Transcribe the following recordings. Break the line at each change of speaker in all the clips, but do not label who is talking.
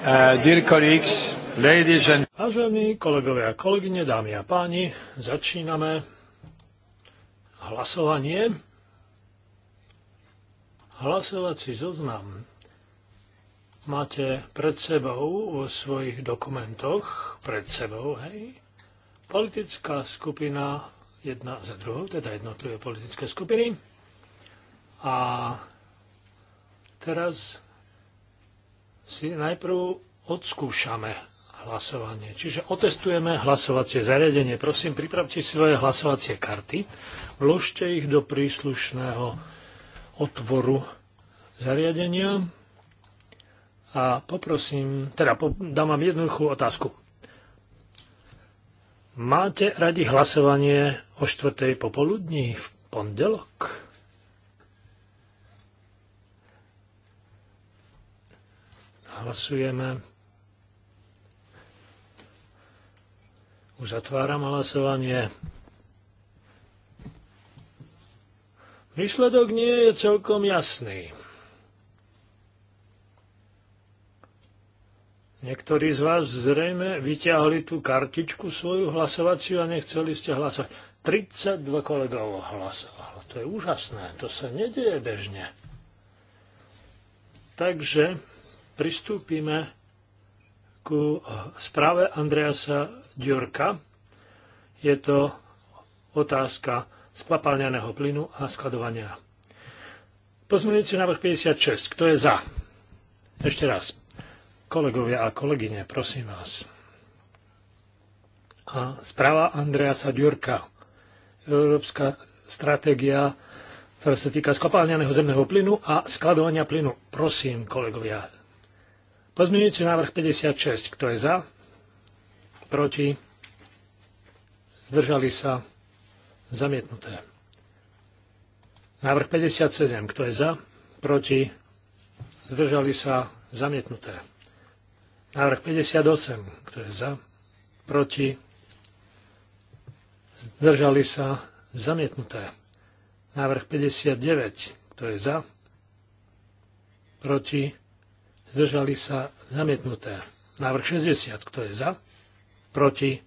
Uh, Vážení kolegovia a kolegyne, dámy a páni, začíname hlasovanie. Hlasovací zoznam máte pred sebou vo svojich dokumentoch, pred sebou, hej. Politická skupina jedna za druhou, teda jednotlivé politické skupiny. A teraz si najprv odskúšame hlasovanie. Čiže otestujeme hlasovacie zariadenie. Prosím, pripravte svoje hlasovacie karty, vložte ich do príslušného otvoru zariadenia a poprosím, teda dám vám jednoduchú otázku. Máte radi hlasovanie o štvrtej popoludní v pondelok? Hlasujeme. Uzatváram hlasovanie. Výsledok nie je celkom jasný. Niektorí z vás zrejme vyťahli tú kartičku svoju hlasovaciu a nechceli ste hlasovať. 32 kolegov hlasovalo. To je úžasné, to sa nedieje bežne. Takže pristúpime ku správe Andreasa Ďurka. Je to otázka skvapalňaného plynu a skladovania. Pozmeňujúci návrh 56. Kto je za? Ešte raz. Kolegovia a kolegyne, prosím vás. A správa Andreasa Ďurka. Európska stratégia, ktorá sa týka skvapalňaného zemného plynu a skladovania plynu. Prosím, kolegovia, Pozmeňujúci návrh 56. Kto je za? Proti? Zdržali sa? Zamietnuté. Návrh 57. Kto je za? Proti? Zdržali sa? Zamietnuté. Návrh 58. Kto je za? Proti? Zdržali sa? Zamietnuté. Návrh 59. Kto je za? Proti? zdržali sa zamietnuté. Návrh 60, kto je za, proti,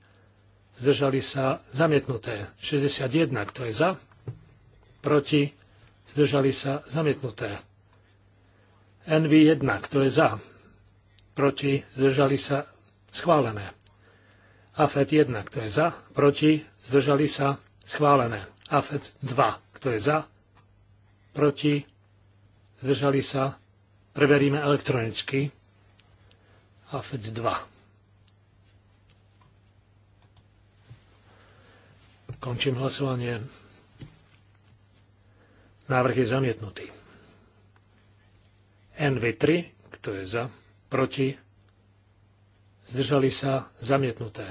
zdržali sa zamietnuté. 61, kto je za, proti, zdržali sa zamietnuté. NV1, kto je za, proti, zdržali sa schválené. AFET 1, kto je za, proti, zdržali sa schválené. AFET 2, kto je za, proti, zdržali sa preveríme elektronicky. AFED 2. Končím hlasovanie. Návrh je zamietnutý. NV3, kto je za, proti, zdržali sa zamietnuté.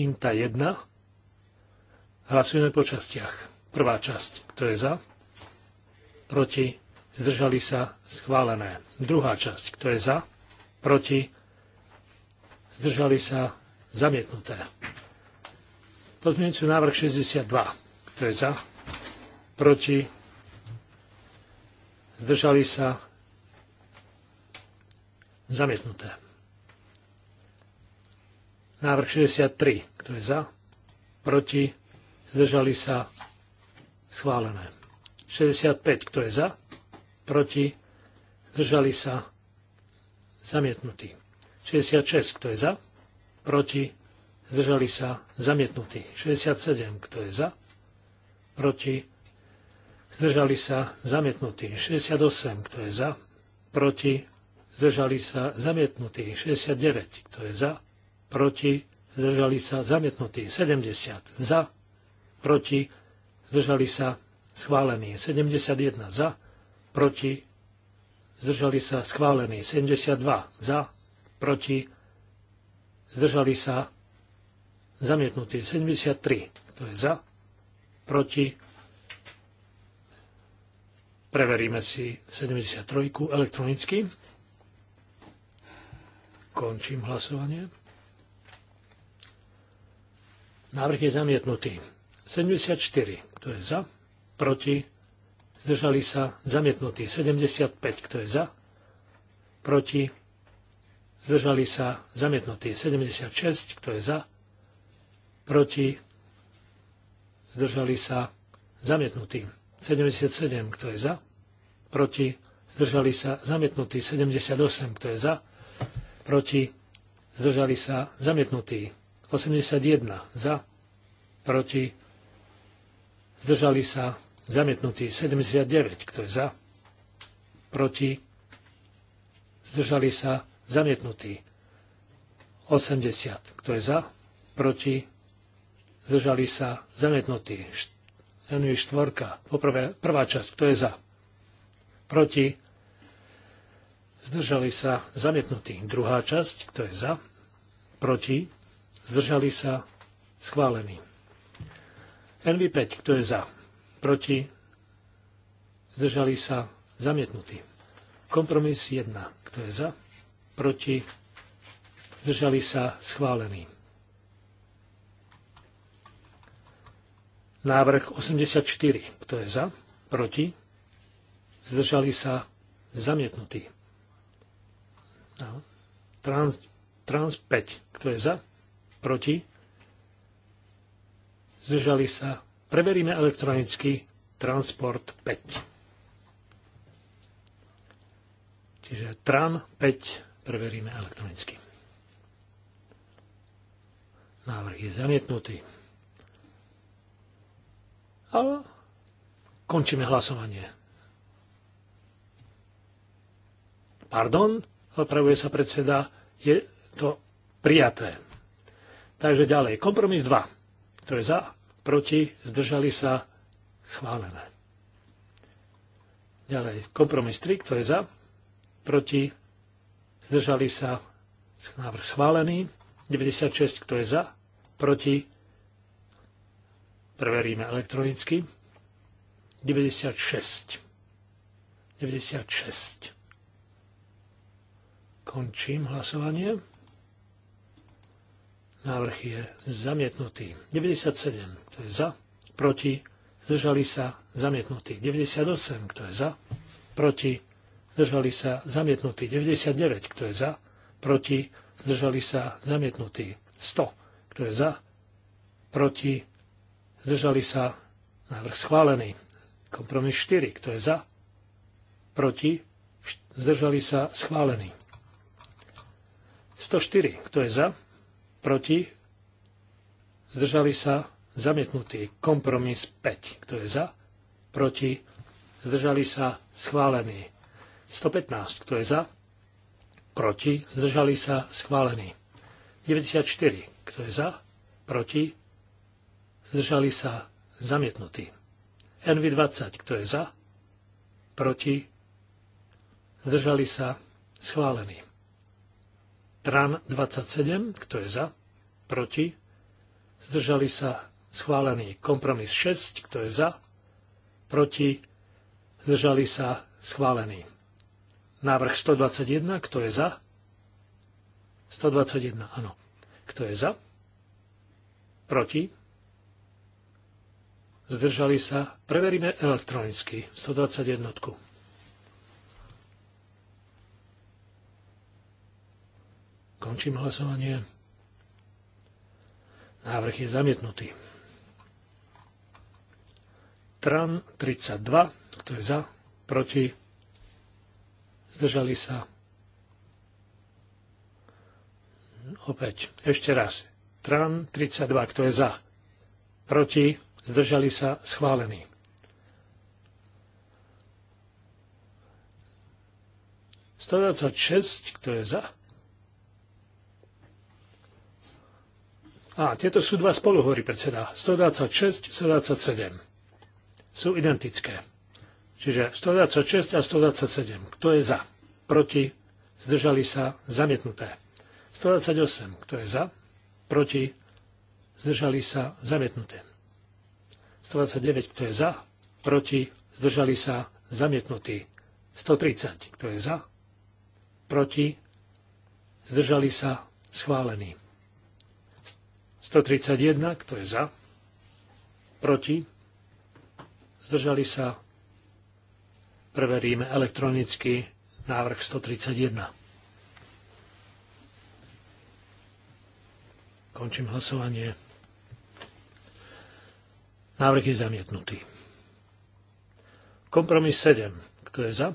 INTA 1, hlasujeme po častiach. Prvá časť, kto je za, proti, zdržali sa, schválené. Druhá časť, kto je za, proti, zdržali sa, zamietnuté. Pozmienujúci návrh 62, kto je za, proti, zdržali sa, zamietnuté. Návrh 63, kto je za, proti, zdržali sa, schválené. 65, kto je za, proti, zdržali sa, zamietnutí. 66, kto je za, proti, zdržali sa, zamietnutí. 67, kto je za, proti, zdržali sa, zamietnutí. 68, kto je za, proti, zdržali sa, zamietnutí. 69, kto je za, proti, zdržali sa, zamietnutí. 70, za, proti, zdržali sa, schválený. 71 za, proti, zdržali sa schválení. 72 za, proti, zdržali sa zamietnutí. 73, to je za, proti, preveríme si 73 elektronicky. Končím hlasovanie. Návrh je zamietnutý. 74, to je za, proti, zdržali sa zamietnutí 75, kto je za, proti, zdržali sa zamietnutí 76, kto je za, proti, zdržali sa zamietnutí 77, kto je za, proti, zdržali sa zamietnutí 78, kto je za, proti, zdržali sa zamietnutí 81, za, proti, zdržali sa Zamietnutý 79. Kto je za? Proti? Zdržali sa? Zamietnutý 80. Kto je za? Proti? Zdržali sa? Zamietnutý Henry štvorka. Poprvé, prvá časť. Kto je za? Proti? Zdržali sa? zamietnutí. Druhá časť. Kto je za? Proti? Zdržali sa? Schválený. NV5. Kto je za? proti, zdržali sa, zamietnutí. Kompromis 1, kto je za, proti, zdržali sa, schválený. Návrh 84, kto je za, proti, zdržali sa, zamietnutí. No. Trans, trans 5, kto je za, proti, zdržali sa, Preveríme elektronicky transport 5. Čiže tran 5 preveríme elektronicky. Návrh je zamietnutý. A končíme hlasovanie. Pardon, opravuje sa predseda, je to prijaté. Takže ďalej, kompromis 2. Kto je za? proti, zdržali sa, schválené. Ďalej, kompromis 3, kto je za, proti, zdržali sa, návrh schválený. 96, kto je za, proti, preveríme elektronicky. 96. 96. Končím hlasovanie. Návrh je zamietnutý. 97, kto je za, proti, zdržali sa, zamietnutý. 98, kto je za, proti, zdržali sa, zamietnutý. 99, kto je za, proti, zdržali sa, zamietnutý. 100, kto je za, proti, zdržali sa, návrh schválený. Kompromis 4, kto je za, proti, zdržali sa, schválený. 104, kto je za, proti, zdržali sa, zamietnutý. Kompromis 5, kto je za, proti, zdržali sa, schválený. 115, kto je za, proti, zdržali sa, schválený. 94, kto je za, proti, zdržali sa, zamietnutý. NV20, kto je za, proti, zdržali sa, schválený. TRAN 27, kto je za, proti, zdržali sa schválený kompromis 6, kto je za, proti, zdržali sa schválený. Návrh 121, kto je za? 121, áno. Kto je za? Proti? Zdržali sa? Preveríme elektronicky 121. Končím hlasovanie. Návrh je zamietnutý. Tran 32, kto je za, proti, zdržali sa. Opäť, ešte raz. Tran 32, kto je za, proti, zdržali sa, schválený. Sto kto je za, A tieto sú dva spoluhory predseda. 126, 127. Sú identické. Čiže 126 a 127. Kto je za? Proti? Zdržali sa? Zamietnuté. 128. Kto je za? Proti? Zdržali sa? Zamietnuté. 129. Kto je za? Proti? Zdržali sa? Zamietnutý. 130. Kto je za? Proti? Zdržali sa? Schválený. 131, kto je za? Proti? Zdržali sa? Preveríme elektronicky návrh 131. Končím hlasovanie. Návrh je zamietnutý. Kompromis 7. Kto je za?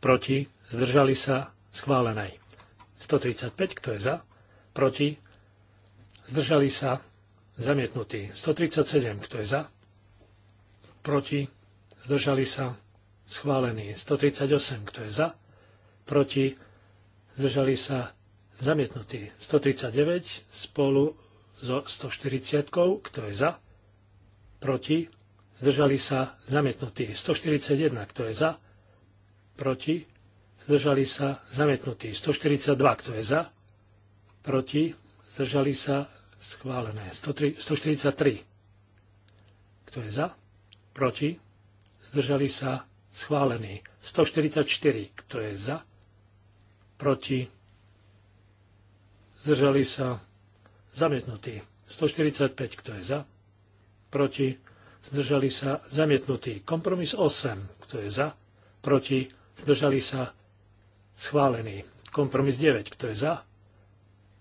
Proti? Zdržali sa? Schválené. 135. Kto je za? Proti? zdržali sa, zamietnutí. 137, kto je za, proti, zdržali sa, schválený. 138, kto je za, proti, zdržali sa, zamietnutí. 139 spolu so 140, kto je za, proti, zdržali sa, zamietnutí. 141, kto je za, proti, zdržali sa, zamietnutí. 142, kto je za, proti, zdržali sa, Schválené. 103, 143. Kto je za? Proti? Zdržali sa? Schválený. 144. Kto je za? Proti? Zdržali sa? Zamietnutý. 145. Kto je za? Proti? Zdržali sa? Zamietnutý. Kompromis 8. Kto je za? Proti? Zdržali sa? Schválený. Kompromis 9. Kto je za?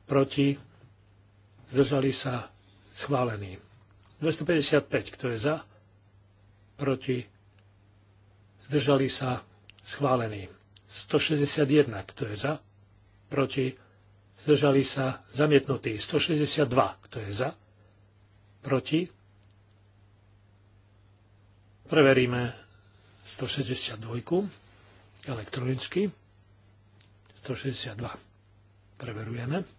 Proti? zdržali sa schválení. 255, kto je za, proti, zdržali sa schválený. 161, kto je za, proti, zdržali sa zamietnutí. 162, kto je za, proti, preveríme 162 elektronicky. 162 preverujeme.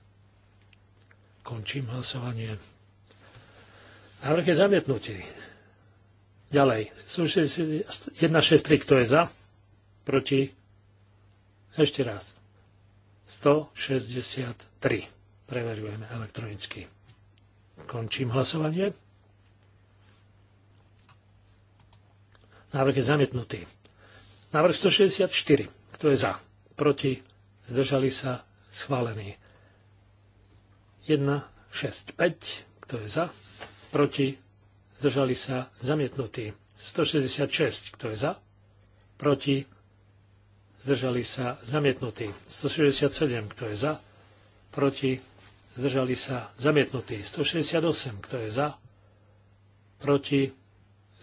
Končím hlasovanie. Návrh je zamietnutý. Ďalej. 163, kto je za? Proti? Ešte raz. 163. Preverujeme elektronicky. Končím hlasovanie. Návrh je zamietnutý. Návrh 164. Kto je za? Proti? Zdržali sa? Schválený. 1 5. kto je za, proti, zdržali sa, zamietnutí. 166, kto je za, proti, zdržali sa, zamietnutí. 167, kto je za, proti, zdržali sa, zamietnutí. 168, kto je za, proti,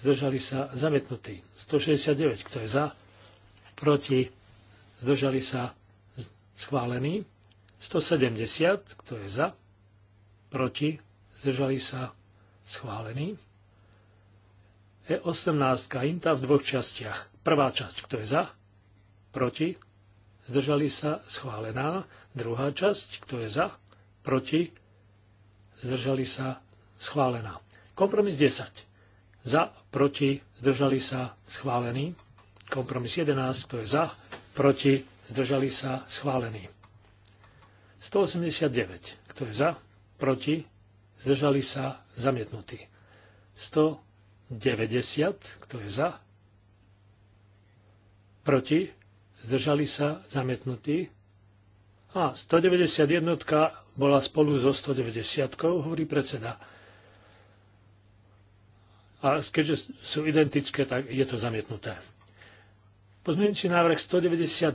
zdržali sa, zamietnutí. 169, kto je za, proti, zdržali sa, schválený. 170, kto je za, proti, zdržali sa, schválený. E18 inta v dvoch častiach. Prvá časť, kto je za, proti, zdržali sa, schválená. Druhá časť, kto je za, proti, zdržali sa, schválená. Kompromis 10. Za, proti, zdržali sa, schválený. Kompromis 11, kto je za, proti, zdržali sa, schválený. 189, kto je za, proti, zdržali sa zamietnutí. 190, kto je za, proti, zdržali sa zamietnutí. A 191 bola spolu so 190, hovorí predseda. A keďže sú identické, tak je to zamietnuté. Pozmienčí návrh 192.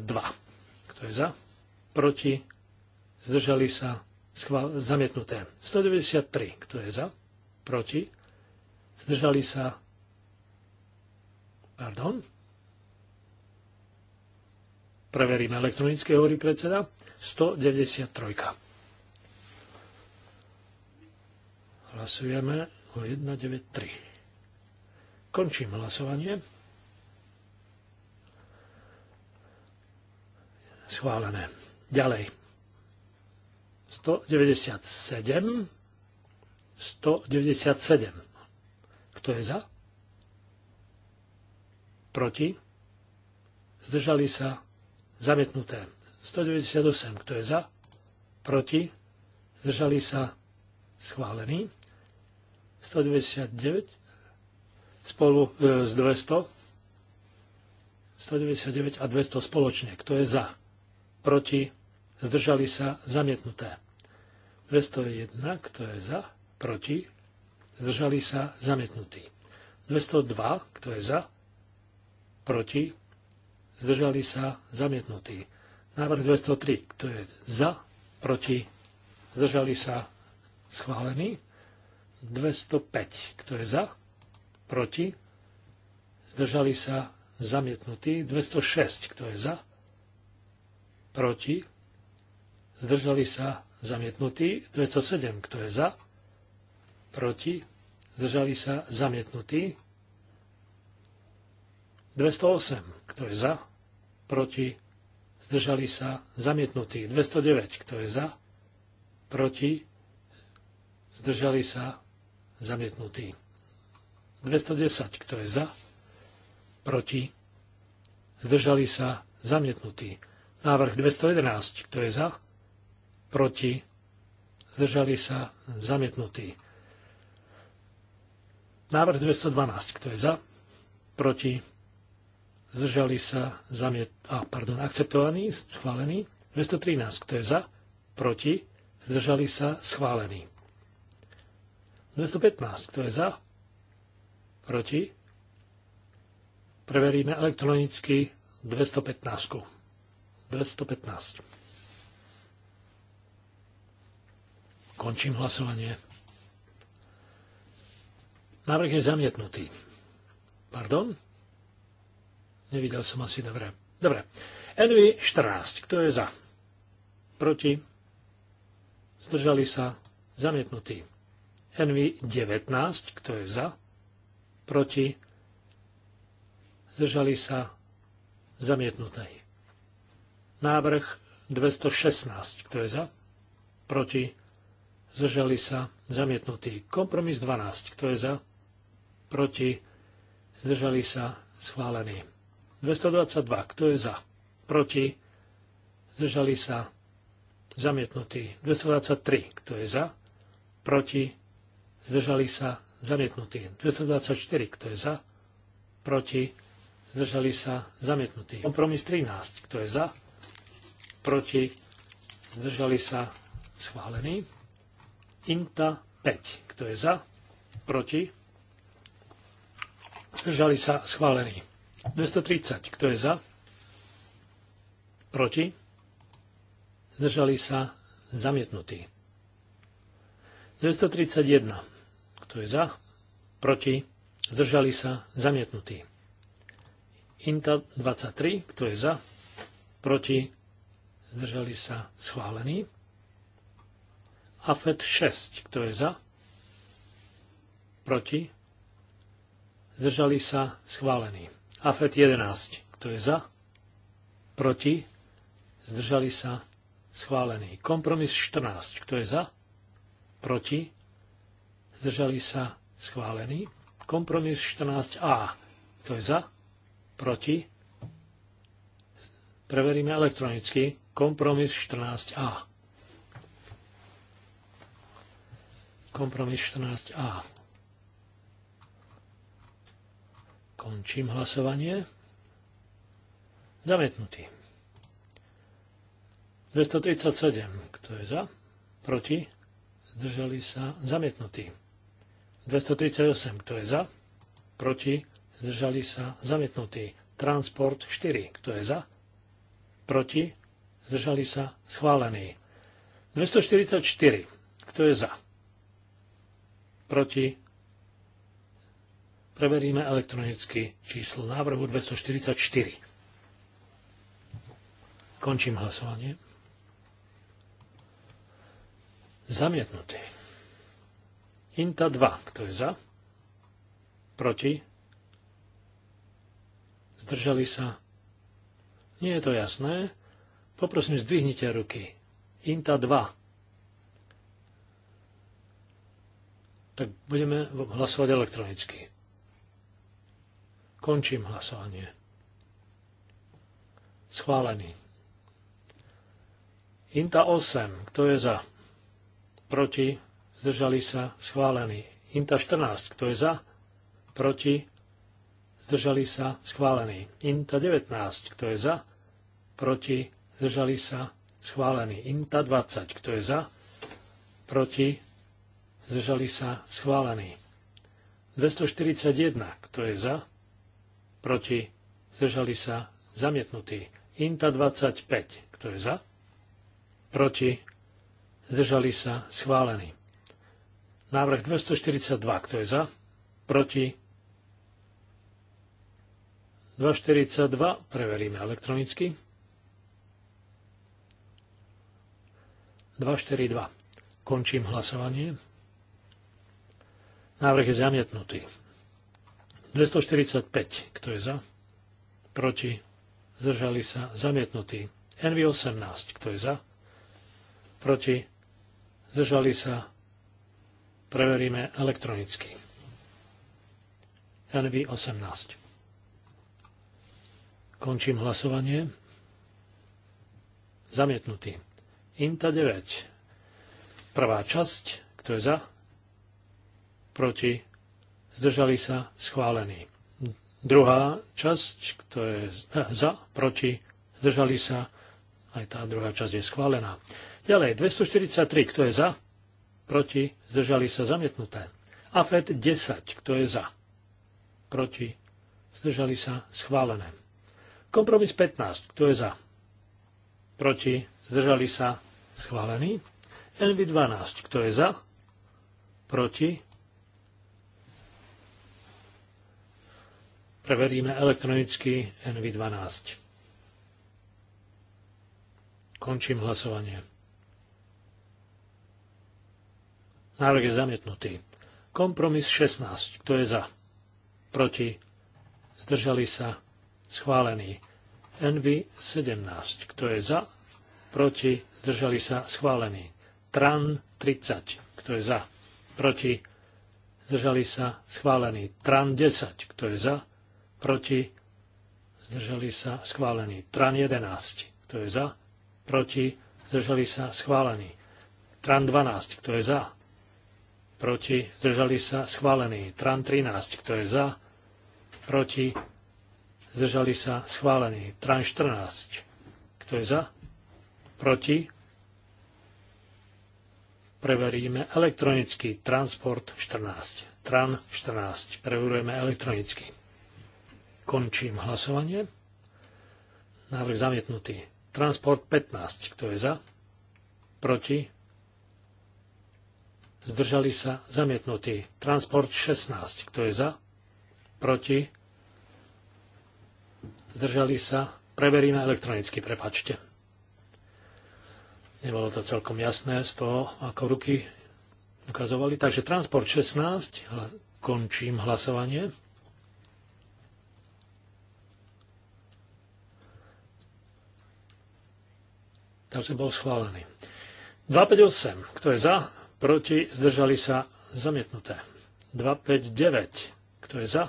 Kto je za? Proti? Zdržali sa? zamietnuté. 193, kto je za, proti, zdržali sa, pardon, preveríme elektronické, hovorí predseda, 193. Hlasujeme o 193. Končím hlasovanie. Schválené. Ďalej. 197. 197. Kto je za? Proti? Zdržali sa? Zamietnuté. 198. Kto je za? Proti? Zdržali sa? Schválený. 199. Spolu e, s 200. 199 a 200 spoločne. Kto je za? Proti? zdržali sa zamietnuté. 201, kto je za, proti, zdržali sa zamietnutí. 202, kto je za, proti, zdržali sa zamietnutí. Návrh 203, kto je za, proti, zdržali sa schválený. 205, kto je za, proti, zdržali sa zamietnutí. 206, kto je za, proti, zdržali sa zamietnutí, 207, kto je za, proti, zdržali sa zamietnutí, 208, kto je za, proti, zdržali sa zamietnutí, 209, kto je za, proti, zdržali sa zamietnutí, 210, kto je za, proti, zdržali sa zamietnutí, návrh 211, kto je za, proti, zdržali sa, zamietnutí. Návrh 212, kto je za, proti, zdržali sa, zamiet... A, pardon, akceptovaný, schválený. 213, kto je za, proti, zdržali sa, schválený. 215, kto je za, proti, preveríme elektronicky 215. 215. Končím hlasovanie. Návrh je zamietnutý. Pardon? Nevidel som asi dobre. Dobre. NV 14. Kto je za? Proti? Zdržali sa? Zamietnutý. NV 19. Kto je za? Proti? Zdržali sa? Zamietnutý. Návrh 216. Kto je za? Proti? zdržali sa, zamietnutý. Kompromis 12, kto je za, proti, zdržali sa, schválený. 222, kto je za, proti, zdržali sa, zamietnutý. 223, kto je za, proti, zdržali sa, zamietnutý. 224, kto je za, proti, zdržali sa, zamietnutý. Kompromis 13, kto je za, proti, zdržali sa, schválený. INTA 5. Kto je za? Proti? Zdržali sa schválení. 230. Kto je za? Proti? Zdržali sa zamietnutí. 231. Kto je za? Proti? Zdržali sa zamietnutí. INTA 23. Kto je za? Proti? Zdržali sa schválení. AFET 6. Kto je za? Proti? Zdržali sa schválení. AFET 11. Kto je za? Proti? Zdržali sa schválení. Kompromis 14. Kto je za? Proti? Zdržali sa schválení. Kompromis 14a. Kto je za? Proti? Preveríme elektronicky. Kompromis 14a. Kompromis 14a. Končím hlasovanie. Zamietnutý. 237. Kto je za? Proti? Zdržali sa? Zamietnutý. 238. Kto je za? Proti? Zdržali sa? Zamietnutý. Transport 4. Kto je za? Proti? Zdržali sa? Schválený. 244. Kto je za? proti. Preveríme elektronicky číslo návrhu 244. Končím hlasovanie. Zamietnutý. Inta 2. Kto je za? Proti? Zdržali sa? Nie je to jasné. Poprosím, zdvihnite ruky. Inta 2. tak budeme hlasovať elektronicky. Končím hlasovanie. Schválený. Inta 8. Kto je za? Proti? Zdržali sa? Schválený. Inta 14. Kto je za? Proti? Zdržali sa? Schválený. Inta 19. Kto je za? Proti? Zdržali sa? Schválený. Inta 20. Kto je za? Proti? zdržali sa schválený. 241, kto je za, proti, zdržali sa zamietnutý. Inta 25, kto je za, proti, zdržali sa schválený. Návrh 242, kto je za, proti, 242, preveríme elektronicky. 242. Končím hlasovanie. Návrh je zamietnutý. 245. Kto je za? Proti? Zdržali sa? Zamietnutý. NV18. Kto je za? Proti? Zdržali sa? Preveríme elektronicky. NV18. Končím hlasovanie. Zamietnutý. INTA 9. Prvá časť. Kto je za? proti, zdržali sa, schválený. Druhá časť, kto je eh, za, proti, zdržali sa, aj tá druhá časť je schválená. Ďalej, 243, kto je za, proti, zdržali sa, zamietnuté. AFET 10, kto je za, proti, zdržali sa, schválené. Kompromis 15, kto je za, proti, zdržali sa, schválený. Envy 12 kto je za, proti, Preveríme elektronicky NV12. Končím hlasovanie. Návrh je zamietnutý. Kompromis 16. Kto je za? Proti? Zdržali sa? Schválený. NV 17. Kto je za? Proti? Zdržali sa? Schválený. TRAN 30. Kto je za? Proti? Zdržali sa? Schválený. TRAN 10. Kto je za? proti, zdržali sa, schválený. Tran 11, kto je za, proti, zdržali sa, schválený. Tran 12, kto je za, proti, zdržali sa, schválený. Tran 13, kto je za, proti, zdržali sa, schválený. Tran 14, kto je za, proti, preveríme elektronický transport 14. Tran 14. Preverujeme elektronicky. Končím hlasovanie. Návrh zamietnutý. Transport 15. Kto je za? Proti? Zdržali sa zamietnutý Transport 16. Kto je za? Proti? Zdržali sa. na elektronicky, prepačte. Nebolo to celkom jasné z toho, ako ruky ukazovali. Takže transport 16. Končím hlasovanie. takže bol schválený. 258, kto je za, proti, zdržali sa, zamietnuté. 259, kto je za,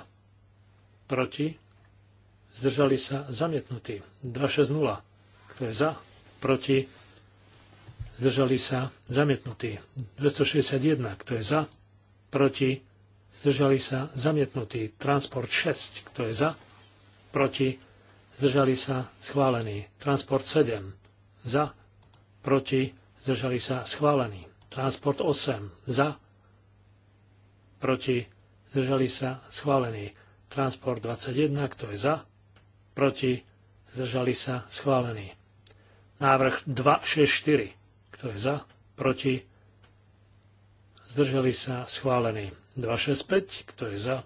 proti, zdržali sa, zamietnutí. 260, kto je za, proti, zdržali sa, zamietnutí. 261, kto je za, proti, zdržali sa, zamietnutí. Transport 6, kto je za, proti, zdržali sa, schválený. Transport 7, za, proti, zdržali sa schválený. Transport 8 za, proti, zdržali sa schválený. Transport 21, kto je za, proti, zdržali sa schválený. Návrh 264, kto je za, proti, zdržali sa schválený. 265, kto je za,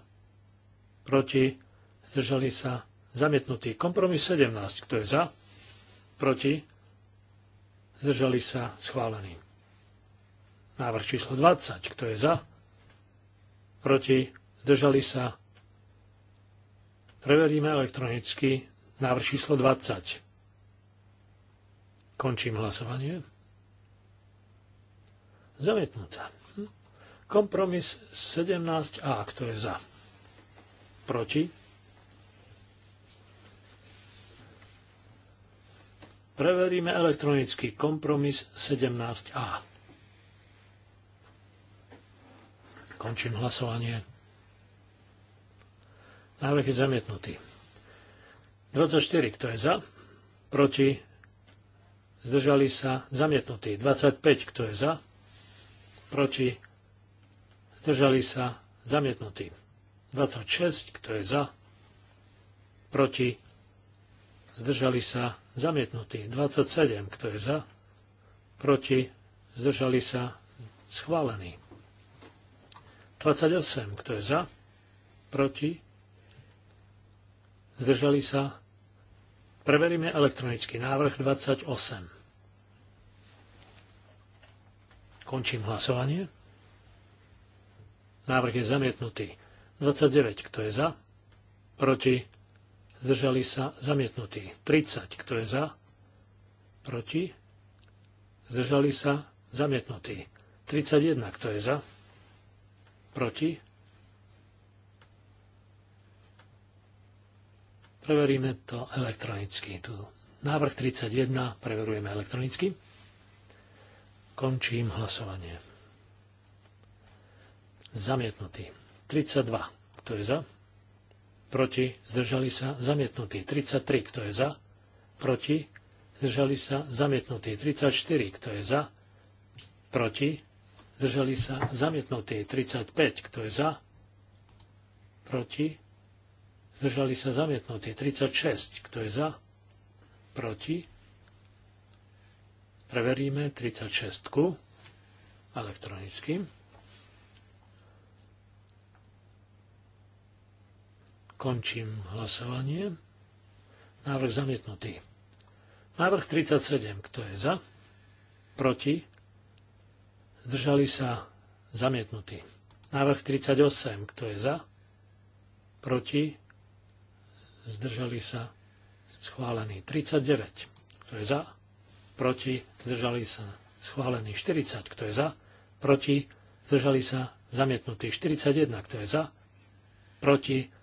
proti, zdržali sa zamietnutý. Kompromis 17, kto je za, proti, zdržali sa schválený. Návrh číslo 20, kto je za, proti, zdržali sa. Preveríme elektronicky návrh číslo 20. Končím hlasovanie. Zamietnutá. Hm? Kompromis 17a, kto je za? Proti? Preveríme elektronický kompromis 17a. Končím hlasovanie. Návrh je zamietnutý. 24, kto je za? Proti? Zdržali sa? Zamietnutý. 25, kto je za? Proti? Zdržali sa? Zamietnutý. 26, kto je za? Proti? Zdržali sa? Zamietnutý. 27. Kto je za? Proti? Zdržali sa? Schválený. 28. Kto je za? Proti? Zdržali sa? Preveríme elektronický návrh 28. Končím hlasovanie. Návrh je zamietnutý. 29. Kto je za? Proti? zdržali sa zamietnutí. 30, kto je za, proti, zdržali sa zamietnutí. 31, kto je za, proti. Preveríme to elektronicky. Tu návrh 31 preverujeme elektronicky. Končím hlasovanie. Zamietnutý. 32. Kto je za? proti, zdržali sa, zamietnutí. 33, kto je za, proti, zdržali sa, zamietnutí. 34, kto je za, proti, zdržali sa, zamietnutí. 35, kto je za, proti, zdržali sa, zamietnutí. 36, kto je za, proti, preveríme 36 elektronicky. Končím hlasovanie. Návrh zamietnutý. Návrh 37. Kto je za? Proti? Zdržali sa? Zamietnutý. Návrh 38. Kto je za? Proti? Zdržali sa? Schválený. 39. Kto je za? Proti? Zdržali sa? Schválený. 40. Kto je za? Proti? Zdržali sa? Zamietnutý. 41. Kto je za? Proti?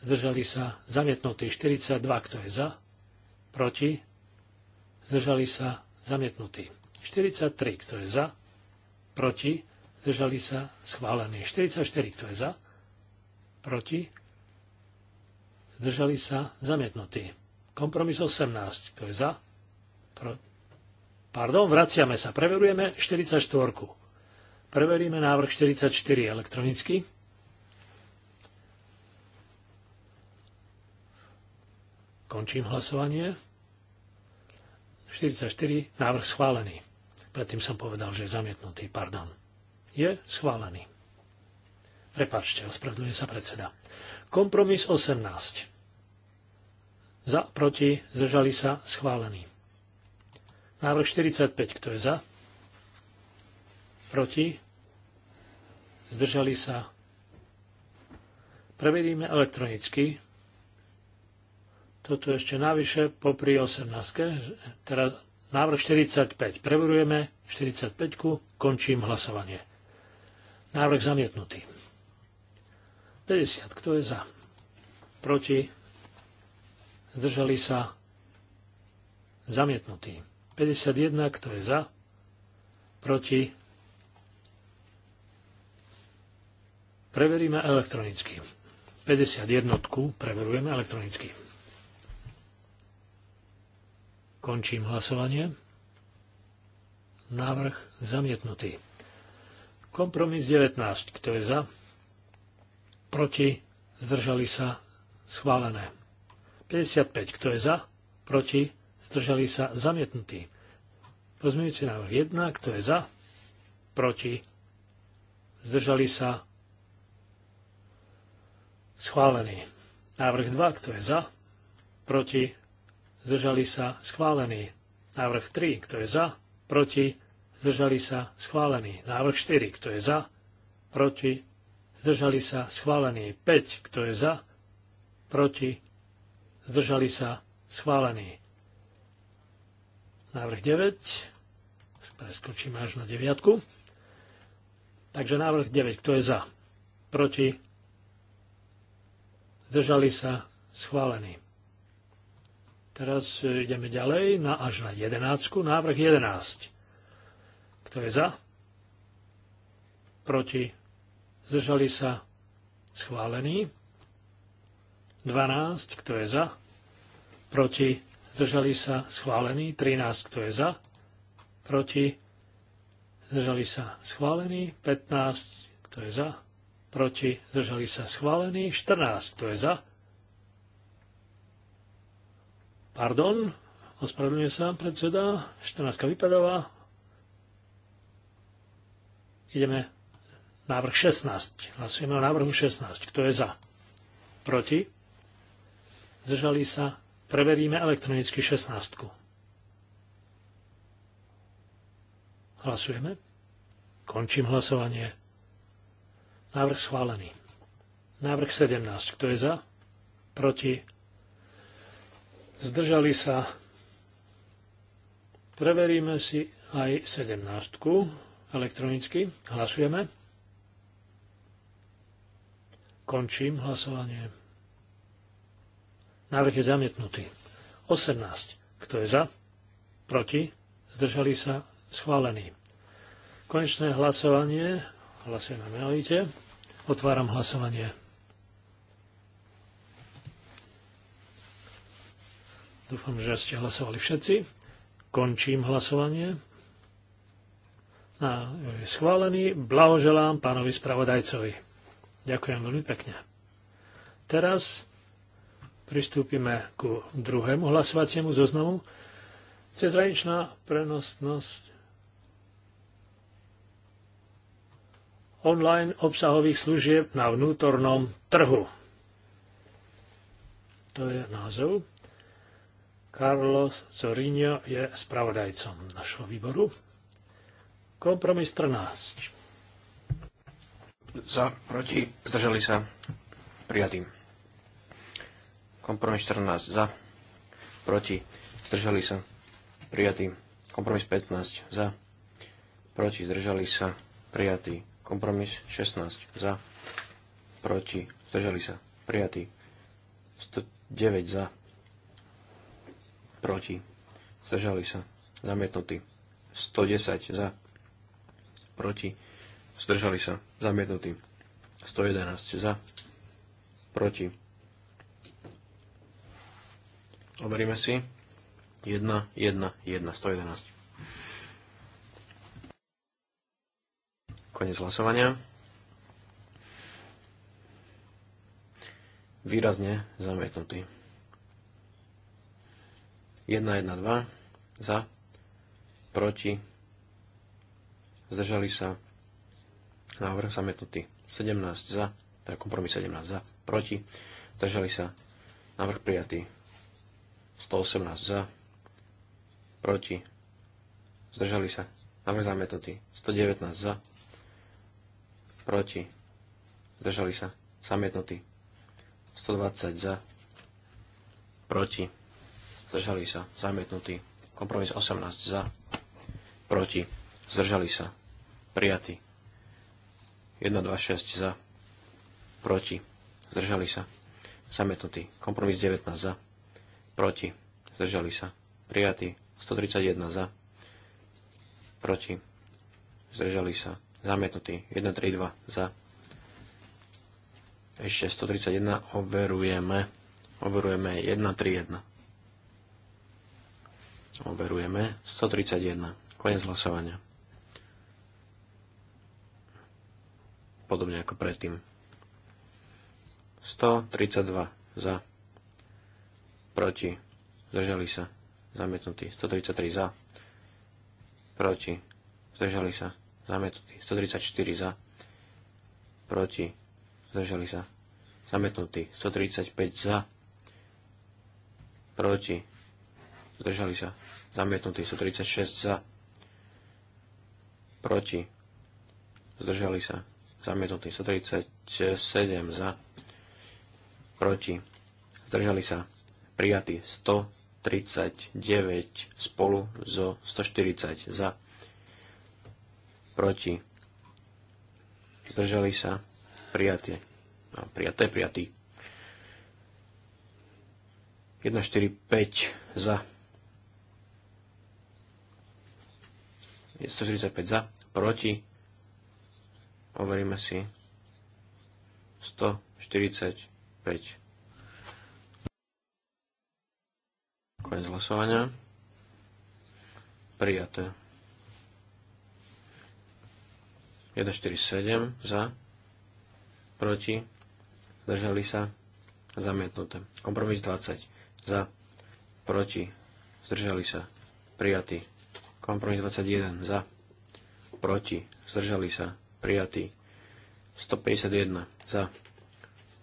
zdržali sa zamietnutí 42, kto je za, proti, zdržali sa zamietnutí 43, kto je za, proti, zdržali sa schválení 44, kto je za, proti, zdržali sa zamietnutí. Kompromis 18, kto je za, pro... pardon, vraciame sa, preverujeme 44. Preveríme návrh 44 elektronicky. Končím hlasovanie. 44, návrh schválený. Predtým som povedal, že je zamietnutý, pardon. Je schválený. Prepačte, ospravedlňuje sa predseda. Kompromis 18. Za, proti, zdržali sa, schválený. Návrh 45, kto je za? Proti? Zdržali sa? Preveríme elektronicky. Toto ešte navyše popri 18. Teraz návrh 45. Preverujeme 45. Končím hlasovanie. Návrh zamietnutý. 50. Kto je za? Proti? Zdržali sa? Zamietnutý. 51. Kto je za? Proti? Preveríme elektronicky. 51. Preverujeme elektronicky. Končím hlasovanie. Návrh zamietnutý. Kompromis 19. Kto je za? Proti? Zdržali sa? Schválené. 55. Kto je za? Proti? Zdržali sa? Zamietnutý. Pozmeňujúci návrh 1. Kto je za? Proti? Zdržali sa? Schválený. Návrh 2. Kto je za? Proti? zdržali sa, schválený. Návrh 3, kto je za, proti, zdržali sa, schválený. Návrh 4, kto je za, proti, zdržali sa, schválený. 5, kto je za, proti, zdržali sa, schválený. Návrh 9, preskočím až na 9. Takže návrh 9, kto je za, proti, zdržali sa, schválený. Teraz e, ideme ďalej na až na 11. Návrh 11. Kto je za? Proti? Zdržali sa? Schválený. 12. Kto je za? Proti? Zdržali sa? Schválený. 13. Kto je za? Proti? Zdržali sa? Schválený. 15. Kto je za? Proti? Zdržali sa? Schválený. 14. Kto je za? Pardon, ospravedlňuje sa predseda, 14 vypadáva. Ideme návrh 16. Hlasujeme o návrhu 16. Kto je za? Proti? Zdržali sa? Preveríme elektronicky 16. Hlasujeme. Končím hlasovanie. Návrh schválený. Návrh 17. Kto je za? Proti? zdržali sa. Preveríme si aj 17 elektronicky. Hlasujeme. Končím hlasovanie. Návrh je zamietnutý. 18. Kto je za? Proti? Zdržali sa? Schválený. Konečné hlasovanie. Hlasujeme menovite. Otváram hlasovanie. Dúfam, že ste hlasovali všetci. Končím hlasovanie. A je schválený blahoželám pánovi spravodajcovi. Ďakujem veľmi pekne. Teraz pristúpime ku druhému hlasovaciemu zoznamu. Cezhraničná prenosnosť online obsahových služieb na vnútornom trhu. To je názov. Carlos Zorinho je spravodajcom našho výboru. Kompromis 13.
Za, proti, zdržali sa prijatým. Kompromis 14 za, proti, zdržali sa prijatým. Kompromis 15 za, proti, zdržali sa prijatý. Kompromis 16 za, proti, zdržali sa prijatý. 109 za, proti, zdržali sa, zamietnutý. 110 za, proti, zdržali sa, zamietnutý. 111 za, proti. Overíme si. 1, 1, 1, 111. Konec hlasovania. Výrazne zamietnutý. 1, 1-1-2 za, proti, zdržali sa, návrh zamietnutý 17 za, teda kompromis 17 za, proti, zdržali sa, návrh prijatý 118 za, proti, zdržali sa, návrh zamietnutý 119 za, proti, zdržali sa, zamietnutý 120 za, proti, zdržali sa, zamietnutý. Kompromis 18 za, proti, zdržali sa, prijatý. 1, 2, 6 za, proti, zdržali sa, zamietnutý. Kompromis 19 za, proti, zdržali sa, prijatý. 131 za, proti, zdržali sa, zamietnutý. 1, 3, 2 za, ešte 131 overujeme, overujeme 1, 3, 1. Overujeme. 131. Konec hlasovania. Podobne ako predtým. 132 za. Proti. Zdržali sa. Zamietnutí. 133 za. Proti. Zdržali sa. Zamietnutý. 134 za. Proti. Zdržali sa. Zamietnutí. 135 za. Proti. Zdržali sa zamietnutý 36 za, proti, zdržali sa, zamietnutý 37 za, proti, zdržali sa, prijatý 139 spolu zo 140 za, proti, zdržali sa, prijatie, no, prijaté, prijatý, 1, 4, 5 za, 145 za, proti, overíme si 145. Konec hlasovania. Prijaté. 147 za, proti, zdržali sa, zamietnuté. Kompromis 20 za, proti, zdržali sa, prijatý. Kompromis 21 za. Proti. Zdržali sa. Prijatý. 151 za.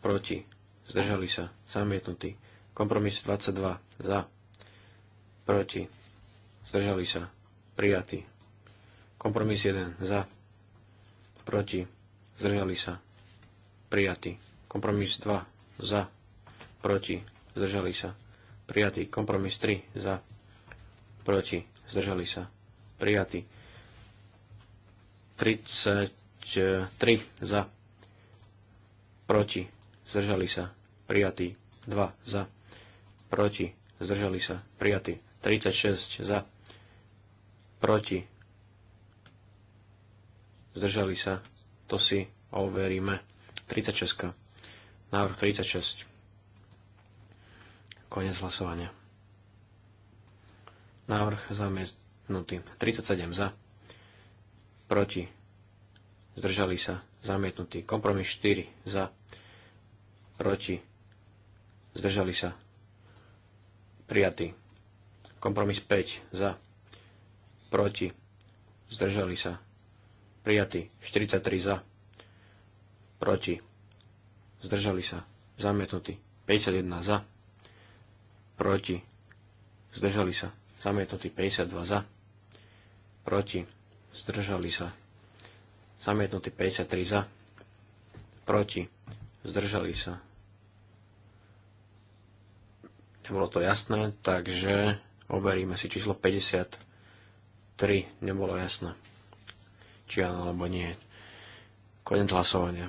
Proti. Zdržali sa. Zamietnutý. Kompromis 22 za. Proti. Zdržali sa. Prijatý. Kompromis 1 za. Proti. Zdržali sa. Prijatý. Kompromis 2 za. Proti. Zdržali sa. Prijatý. Kompromis 3 za. Proti zdržali sa, prijatý. 33 za, proti, zdržali sa, prijatý. 2 za, proti, zdržali sa, prijatý. 36 za, proti, zdržali sa, to si overíme. 36. Návrh 36. Konec hlasovania. Návrh zamietnutý. 37 za. Proti. Zdržali sa. Zamietnutý. Kompromis 4 za. Proti. Zdržali sa. Prijatý. Kompromis 5 za. Proti. Zdržali sa. Prijatý. 43 za. Proti. Zdržali sa. Zamietnutý. 51 za. Proti. Zdržali sa Zamietnutí 52 za, proti, zdržali sa, zamietnutí 53 za, proti, zdržali sa. Nebolo to jasné, takže overíme si číslo 53, nebolo jasné, či áno alebo nie. Konec hlasovania.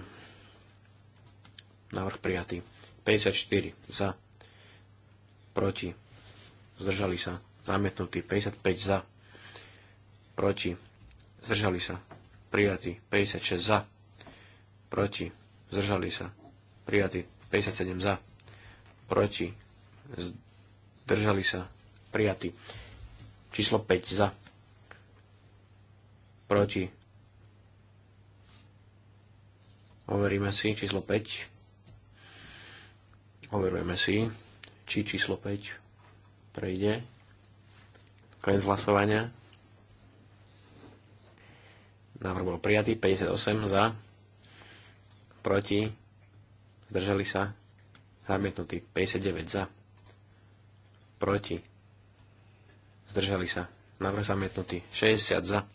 Návrh prijatý. 54 za, proti, zdržali sa zamietnutý, 55 za, proti, zdržali sa, prijatí 56 za, proti, zdržali sa, prijatý, 57 za, proti, zdržali sa, prijatí číslo 5 za, proti, overíme si číslo 5, overujeme si, či číslo 5 prejde. Konec hlasovania. Návrh bol prijatý. 58 za. Proti. Zdržali sa. Zamietnutý. 59 za. Proti. Zdržali sa. Návrh zamietnutý. 60 za.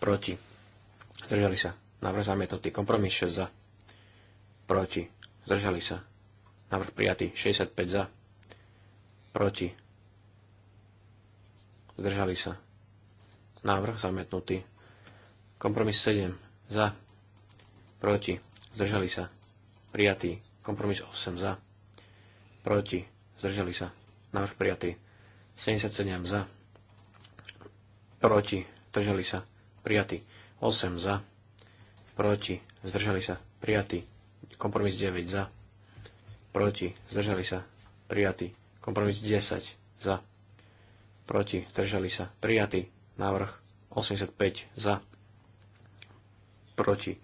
Proti. Zdržali sa. Návrh zamietnutý. Kompromis 6 za. Proti. Zdržali sa. Návrh prijatý. 65 za. Proti zdržali sa. Návrh zamietnutý. Kompromis 7 za, proti, zdržali sa. Prijatý. Kompromis 8 za, proti, zdržali sa. Návrh prijatý. 77 za, proti, zdržali sa. Prijatý. 8 za, proti, zdržali sa. Prijatý. Kompromis 9 za, proti, zdržali sa. Prijatý. Kompromis 10 za, proti, zdržali sa, prijatý. Návrh 85 za, proti.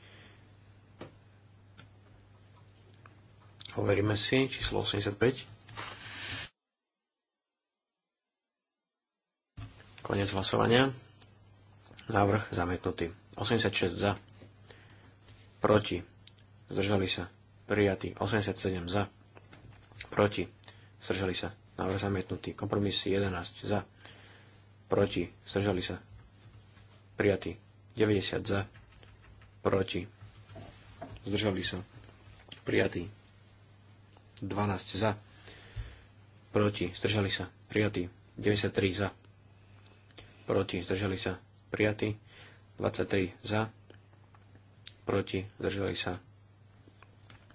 Overíme si číslo 85. Konec hlasovania. Návrh zamietnutý. 86 za, proti, zdržali sa, prijatý. 87 za, proti, zdržali sa, návrh zamietnutý. Kompromis 11 za, proti, zdržali sa, prijatý. 90 za, proti, zdržali sa, prijatý. 12 za, proti, zdržali sa, prijatý. 93 za, proti, zdržali sa, prijatý. 23 za, proti, zdržali sa,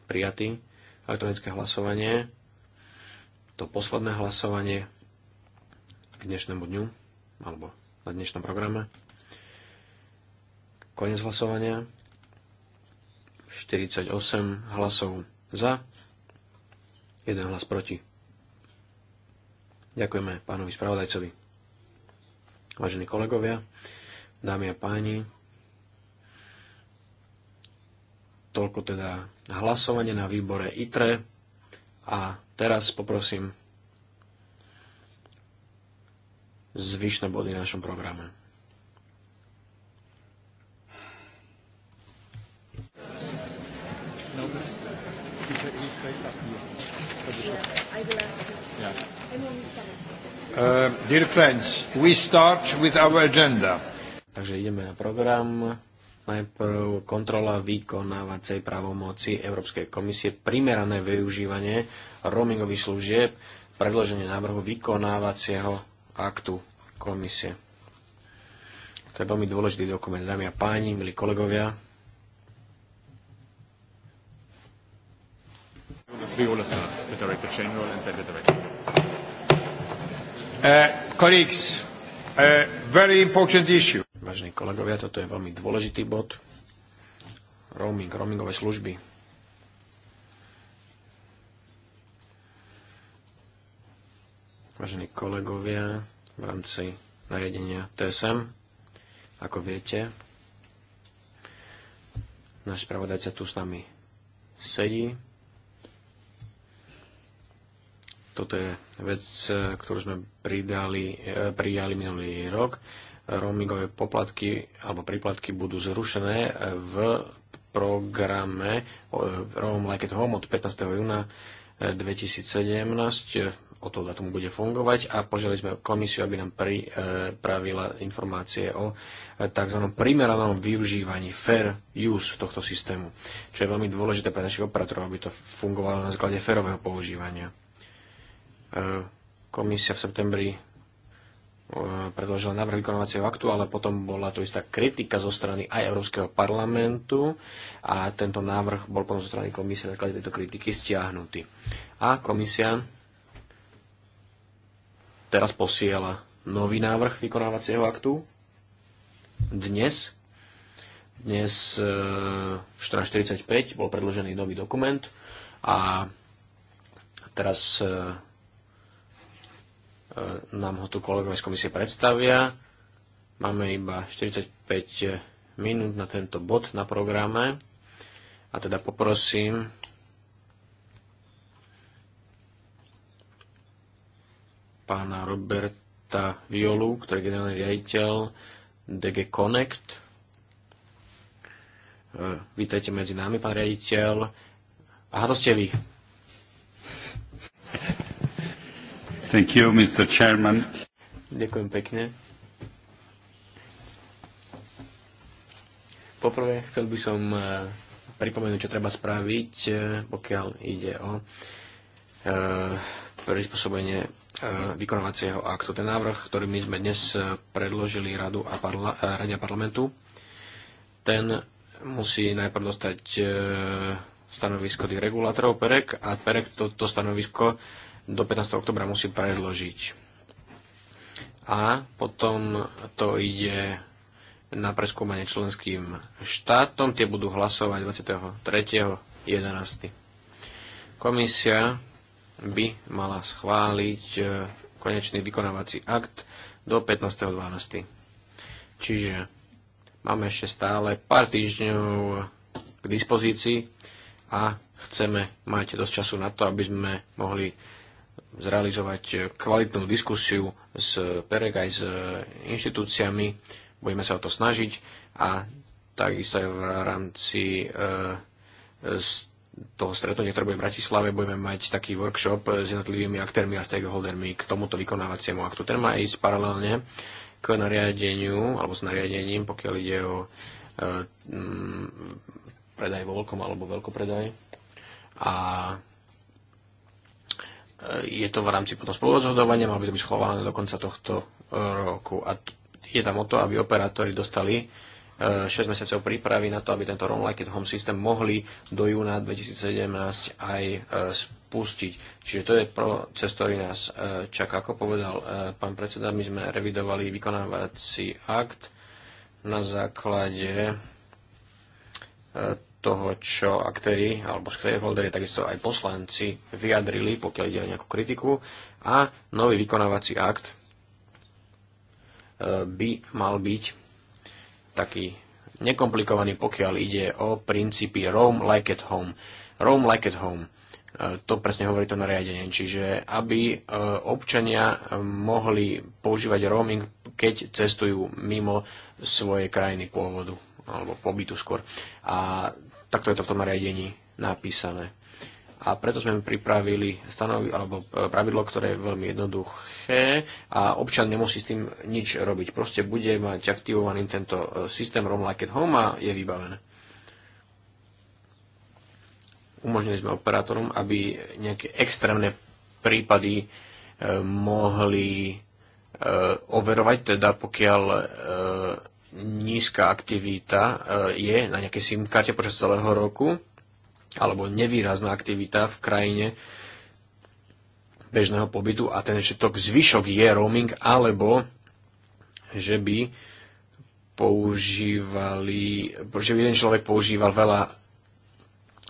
prijatý. Elektronické hlasovanie, to posledné hlasovanie k dnešnému dňu alebo na dnešnom programe. Konec hlasovania. 48 hlasov za, 1 hlas proti. Ďakujeme pánovi spravodajcovi. Vážení kolegovia, dámy a páni, toľko teda hlasovanie na výbore ITRE a teraz poprosím zvyšné body v našom programe. Uh, dear friends, we start with our agenda. Takže ideme na program. Najprv kontrola vykonávacej pravomoci Európskej komisie, primerané využívanie roamingových služieb, predloženie návrhu vykonávacieho aktu komisie. To je veľmi dôležitý dokument, dámy a páni, milí kolegovia. Eh, eh, Vážení kolegovia, toto je veľmi dôležitý bod. Roaming, roamingové služby. Vážení kolegovia, v rámci nariadenia TSM, ako viete, náš spravodajca tu s nami sedí. Toto je vec, ktorú sme pridali, eh, prijali minulý rok. Roamingové poplatky alebo príplatky budú zrušené v programe eh, Roam Like at Home od 15. júna 2017 eh, o to datumu bude fungovať a požiadali sme komisiu, aby nám e, pripravila informácie o e, tzv. primeranom využívaní fair use tohto systému, čo je veľmi dôležité pre našich operátorov, aby to fungovalo na základe férového používania. E, komisia v septembri predložila návrh vykonávacieho aktu, ale potom bola tu istá kritika zo strany aj Európskeho parlamentu a tento návrh bol potom zo strany komisie na základe tejto kritiky stiahnutý. A komisia teraz posiela nový návrh vykonávacieho aktu. Dnes, dnes 14.45 e, bol predložený nový dokument a teraz e, e, nám ho tu kolegovia z komisie predstavia. Máme iba 45 minút na tento bod na programe a teda poprosím pána Roberta Violu, ktorý je generálny riaditeľ DG Connect. E, vítajte medzi nami, pán riaditeľ. Aha, to ste vy.
Thank you, Mr. Chairman.
Ďakujem pekne. Poprvé chcel by som e, pripomenúť, čo treba spraviť, e, pokiaľ ide o prispôsobenie E, vykonávacieho aktu. Ten návrh, ktorý my sme dnes e, predložili radu a parla- e, Rade a parlamentu, ten musí najprv dostať stanovisko tých regulátorov PEREK a PEREK toto to stanovisko do 15. oktobra musí predložiť. A potom to ide na preskúmanie členským štátom. Tie budú hlasovať 23.11. Komisia by mala schváliť e, konečný vykonávací akt do 15.12. Čiže máme ešte stále pár týždňov k dispozícii a chceme mať dosť času na to, aby sme mohli zrealizovať kvalitnú diskusiu s Pereg aj s inštitúciami. Budeme sa o to snažiť a takisto aj v rámci e, toho stretnutia, ktoré bude v Bratislave, budeme mať taký workshop s jednotlivými aktérmi a stakeholdermi k tomuto vykonávaciemu aktu. Ten má ísť paralelne k nariadeniu, alebo s nariadením, pokiaľ ide o e, m, predaj vo veľkom alebo veľkopredaj. A e, je to v rámci potom spolurozhodovania, malo by to byť schované do konca tohto e, roku. A je tam o to, aby operátori dostali 6 eh, mesiacov prípravy na to, aby tento Roam Like It Home systém mohli do júna 2017 aj eh, spustiť. Čiže to je proces, ktorý nás eh, čaká. Ako povedal pán predseda, my sme revidovali vykonávací akt na základe toho, čo aktéry alebo stakeholderi, takisto aj poslanci vyjadrili, pokiaľ ide o nejakú kritiku. A nový vykonávací akt by mal byť taký nekomplikovaný, pokiaľ ide o princípy Roam like at home. Roam like at home. E, to presne hovorí to nariadenie. Čiže aby e, občania e, mohli používať roaming, keď cestujú mimo svojej krajiny pôvodu alebo pobytu skôr. A takto je to v tom nariadení napísané. A preto sme pripravili stanovi, alebo pravidlo, ktoré je veľmi jednoduché jednoduché a občan nemusí s tým nič robiť. Proste bude mať aktivovaný tento e, systém Roam Like at Home a je vybavené. Umožnili sme operátorom, aby nejaké extrémne prípady e, mohli e, overovať, teda pokiaľ nízka aktivita je na nejakej SIM karte počas celého roku, alebo nevýrazná aktivita v krajine, bežného pobytu a ten všetok zvyšok je roaming, alebo že by používali, že by jeden človek používal veľa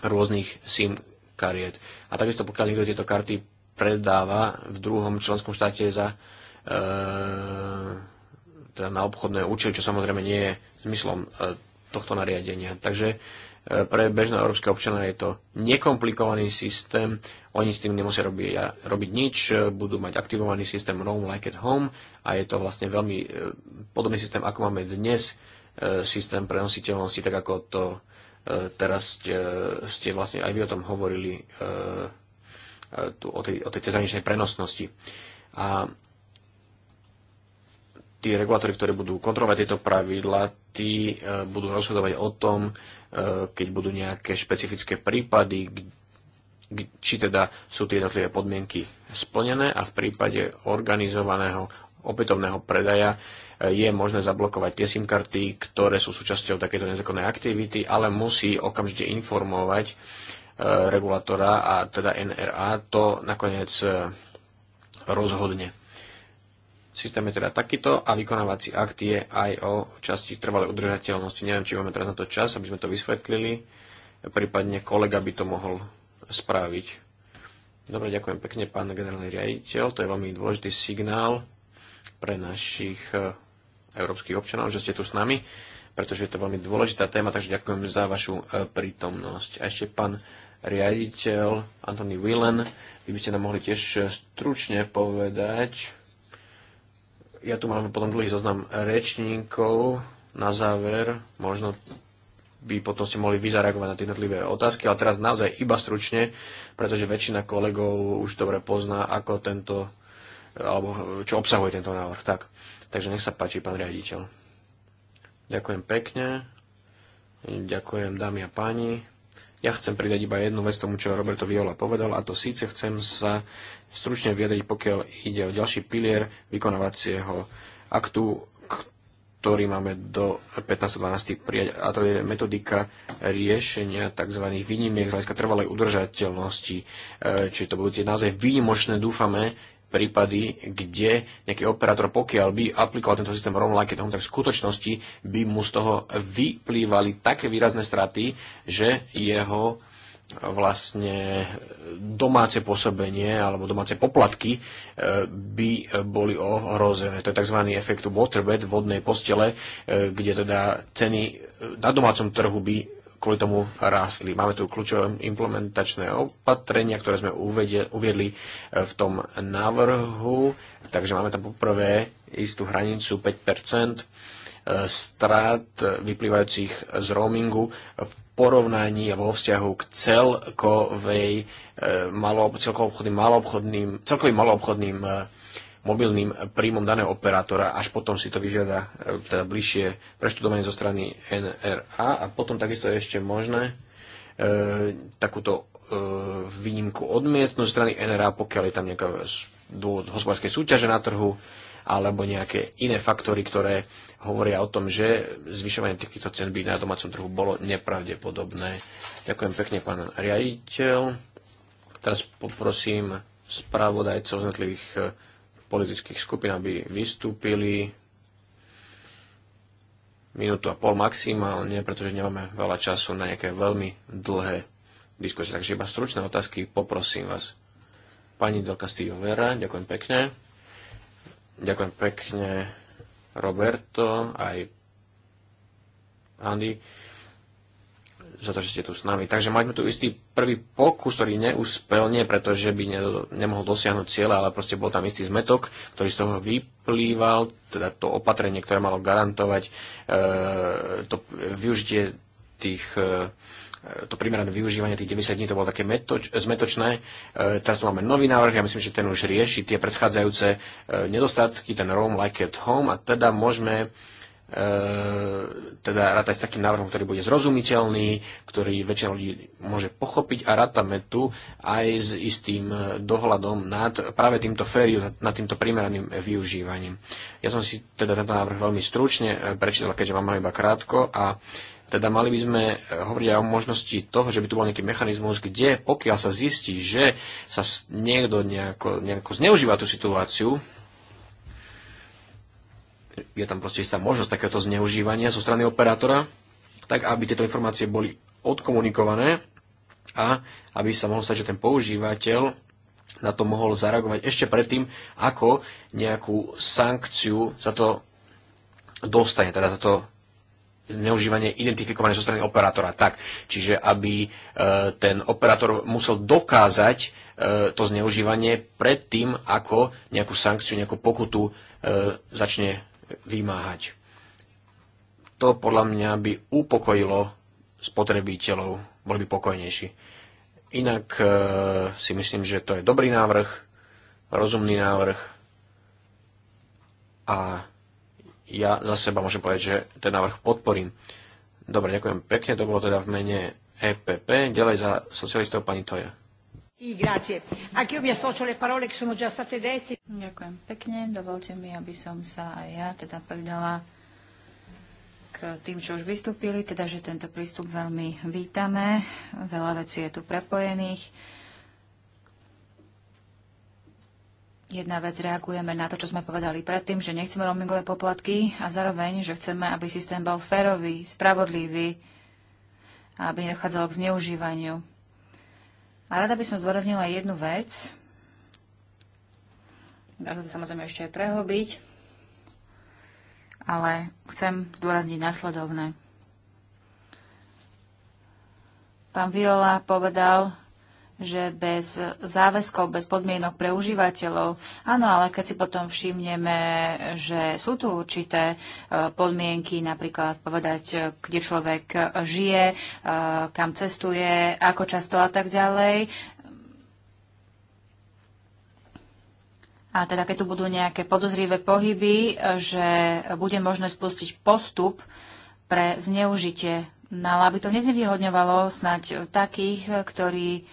rôznych SIM kariet. A takisto pokiaľ niekto tieto karty predáva v druhom členskom štáte za e, teda na obchodné účely, čo samozrejme nie je zmyslom e, tohto nariadenia. Takže E, pre bežného európskeho občana je to nekomplikovaný systém, oni s tým nemusia robiť, robiť nič, e, budú mať aktivovaný systém Roam Like at Home a je to vlastne veľmi e, podobný systém, ako máme dnes systém prenositeľnosti, tak ako to teraz ste vlastne aj vy o tom hovorili tu, o tej, o tej cezraničnej prenosnosti. A tí regulátori, ktorí budú kontrolovať tieto pravidla, tí budú rozhodovať o tom, E, keď budú nejaké špecifické prípady, či teda sú tie jednotlivé podmienky splnené a v prípade organizovaného opätovného predaja e, je možné zablokovať tie SIM karty, ktoré sú súčasťou takéto nezákonnej aktivity, ale musí okamžite informovať e, regulátora a teda NRA to nakoniec rozhodne. Systém je teda takýto a vykonávací akt je aj o časti trvalej udržateľnosti. Neviem, či máme teraz na to čas, aby sme to vysvetlili. Prípadne kolega by to mohol spraviť. Dobre, ďakujem pekne, pán generálny riaditeľ. To je veľmi dôležitý signál pre našich e, európskych občanov, že ste tu s nami, pretože je to veľmi dôležitá téma, takže ďakujem za vašu e, prítomnosť. A ešte pán riaditeľ Anthony Willen. vy by ste nám mohli tiež e, stručne povedať, ja tu mám potom dlhý zoznam rečníkov. Na záver, možno by potom si mohli vyzareagovať na tie jednotlivé otázky, ale teraz naozaj iba stručne, pretože väčšina kolegov už dobre pozná, ako tento, alebo čo obsahuje tento návrh. Tak. Takže nech sa páči, pán riaditeľ. Ďakujem pekne. Ďakujem dámy a páni. Ja chcem pridať iba jednu vec tomu, čo Roberto Viola povedal, a to síce chcem sa stručne vyjadriť, pokiaľ ide o ďalší pilier vykonávacieho aktu, ktorý máme do 15.12. prijať, a to je metodika riešenia tzv. výnimiek z hľadiska trvalej udržateľnosti. E, čiže to budú tie naozaj výnimočné, dúfame, prípady, kde nejaký operátor, pokiaľ by aplikoval tento systém Roam Like tak v skutočnosti by mu z toho vyplývali také výrazné straty, že jeho vlastne domáce pôsobenie alebo domáce poplatky e, by boli ohrozené. To je tzv. efekt waterbed vodnej postele, e, kde teda ceny e, na domácom trhu by kvôli tomu rástli. Máme tu kľúčové implementačné opatrenia, ktoré sme uviedli v tom návrhu, takže máme tam poprvé istú hranicu 5 strát vyplývajúcich z roamingu v porovnaní a vo vzťahu k celkovej e, malo, maloobchodným, celkovým maloobchodným e, mobilným príjmom daného operátora, až potom si to vyžiada e, teda bližšie preštudovanie zo strany NRA a potom takisto je ešte možné e, takúto e, výnimku odmietnúť zo strany NRA, pokiaľ je tam nejaká dôvod hospodárskej súťaže na trhu alebo nejaké iné faktory, ktoré hovoria o tom, že zvyšovanie takýchto cen by na domácom trhu bolo nepravdepodobné. Ďakujem pekne, pán riaditeľ. Teraz poprosím spravodajcov z jednotlivých eh, politických skupín, aby vystúpili minútu a pol maximálne, pretože nemáme veľa času na nejaké veľmi dlhé diskusie. Takže iba stručné otázky, poprosím vás. Pani Delka Castillo Vera, ďakujem pekne. Ďakujem pekne Roberto, aj Andy, za to, že ste tu s nami. Takže mali sme tu istý prvý pokus, ktorý neúspel, nie preto, že by nemohol dosiahnuť cieľa, ale proste bol tam istý zmetok, ktorý z toho vyplýval, teda to opatrenie, ktoré malo garantovať e, to využitie tých e, E, to primerané využívanie tých 90 dní, to bolo také metoč, zmetočné. E, teraz tu máme nový návrh, ja myslím, že ten už rieši tie predchádzajúce e, nedostatky, ten Rome like at home, a teda môžeme teda rátať s takým návrhom, ktorý bude zrozumiteľný, ktorý väčšina ľudí môže pochopiť a rátame tu aj s istým dohľadom nad práve týmto fériu, nad týmto primeraným využívaním. Ja som si teda tento návrh veľmi stručne prečítal, keďže mám ho iba krátko a teda mali by sme eh, hovoriť aj o možnosti toho, že by tu bol nejaký mechanizmus, kde pokiaľ sa zistí, že sa niekto nejako, nejako zneužíva tú situáciu, je tam proste istá možnosť takéhoto zneužívania zo strany operátora, tak aby tieto informácie boli odkomunikované a aby sa mohol stať, že ten používateľ na to mohol zareagovať ešte predtým, ako nejakú sankciu za to dostane, teda za to zneužívanie identifikované zo strany operátora. Tak, čiže aby e, ten operátor musel dokázať e, to zneužívanie pred tým, ako nejakú sankciu, nejakú pokutu e, začne vymáhať. To podľa mňa by upokojilo spotrebiteľov, boli by pokojnejší. Inak e, si myslím, že to je dobrý návrh, rozumný návrh a ja za seba môžem povedať, že ten návrh podporím. Dobre, ďakujem pekne, to bolo teda v mene EPP, ďalej za socialistov pani Toja.
Ďakujem pekne, dovolte mi, aby som sa aj ja teda pridala k tým, čo už vystúpili, teda, že tento prístup veľmi vítame. Veľa vecí je tu prepojených. Jedna vec, reagujeme na to, čo sme povedali predtým, že nechceme roamingové poplatky a zároveň, že chceme, aby systém bol férový, spravodlivý, aby nedochádzalo k zneužívaniu. A rada by som zdôraznila jednu vec, dá sa to samozrejme ešte aj prehobiť, ale chcem zdôrazniť následovné. Pán Viola povedal, že bez záväzkov, bez podmienok pre užívateľov, áno, ale keď si potom všimneme, že sú tu určité e, podmienky, napríklad povedať, e, kde človek e, žije, kam cestuje, ako často a tak ďalej, A teda keď tu budú nejaké podozrivé pohyby, že bude možné spustiť postup pre zneužitie. No aby to neznevýhodňovalo snať takých, ktorí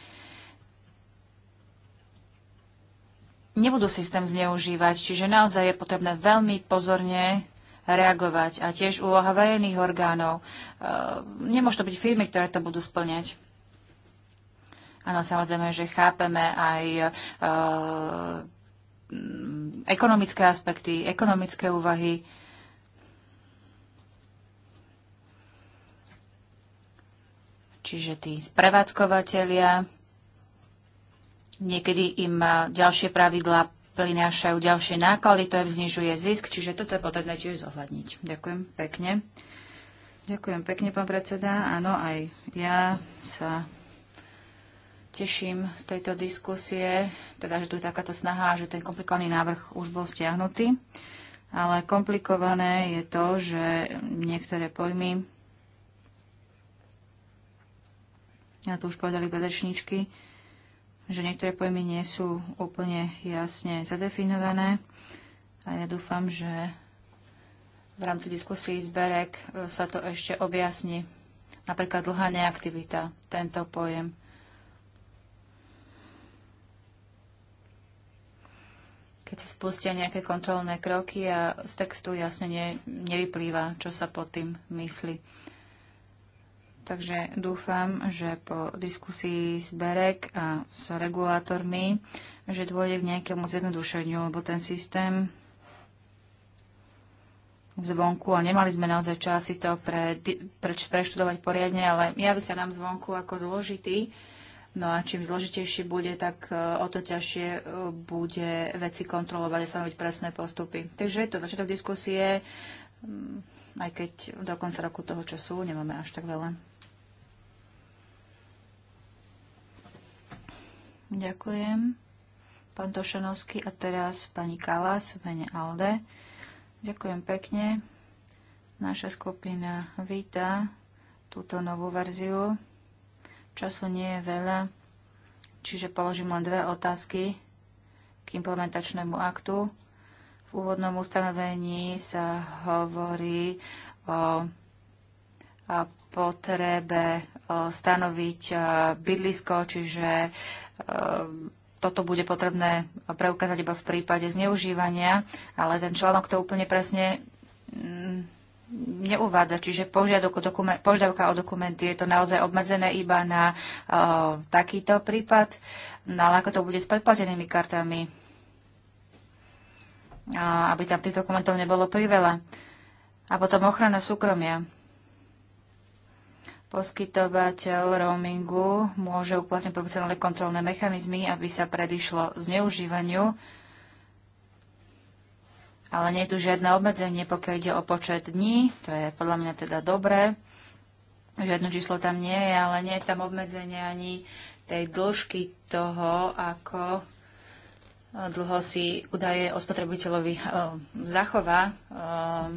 nebudú systém zneužívať. Čiže naozaj je potrebné veľmi pozorne reagovať a tiež úloha verejných orgánov. E, nemôžu to byť firmy, ktoré to budú splňať. Áno, samozrejme, že chápeme aj e, mm, ekonomické aspekty, ekonomické úvahy. Čiže tí sprevádzkovateľia, Niekedy im e, ďalšie pravidlá prinášajú ďalšie náklady, to je znižuje zisk, čiže toto je potrebné tiež zohľadniť. Ďakujem pekne. Ďakujem pekne, pán predseda. Áno, aj ja sa teším z tejto diskusie, teda, že tu je takáto snaha, že ten komplikovaný návrh už bol stiahnutý. Ale komplikované je to, že niektoré pojmy, ja to už povedali predrečníčky, že niektoré pojmy nie sú úplne jasne zadefinované a ja dúfam, že v rámci diskusí zberek e, sa to ešte objasní. Napríklad dlhá neaktivita, tento pojem. Keď si spustia nejaké kontrolné kroky a z textu jasne ne, nevyplýva, čo sa pod tým myslí. Takže dúfam, že po diskusii s Berek a s regulátormi, že dôjde k nejakému zjednodušeniu, lebo ten systém zvonku a nemali sme naozaj čas si to pre, pre, preštudovať poriadne, ale javí sa nám zvonku ako zložitý. No a čím zložitejší bude, tak e, o to ťažšie e, bude veci kontrolovať a stanoviť presné postupy. Takže je to začiatok diskusie, mm, aj keď do konca roku toho času nemáme až tak veľa. Ďakujem. Pán Tošenovský a teraz pani Kalas mene ALDE. Ďakujem pekne. Naša skupina víta túto novú verziu. Času nie je veľa, čiže položím len dve otázky k implementačnému aktu. V úvodnom ustanovení sa hovorí o potrebe e, stanoviť e, bydlisko, čiže e, toto bude potrebné preukázať iba v prípade zneužívania, ale ten článok to úplne presne mm, neuvádza. Čiže požiadavka o dokumenty je to naozaj obmedzené iba na takýto prípad. No ale ako to bude s predplatenými kartami? A, aby tam tých dokumentov nebolo priveľa. A potom ochrana súkromia. Poskytovateľ roamingu môže uplatniť profesionálne kontrolné mechanizmy, aby sa predišlo zneužívaniu, ale nie je tu žiadne obmedzenie, pokiaľ ide o počet dní, to je podľa mňa teda dobré. Žiadne číslo tam nie je, ale nie je tam obmedzenie ani tej dĺžky toho, ako eh, dlho si údaje od spotrebiteľovi eh, zachová eh,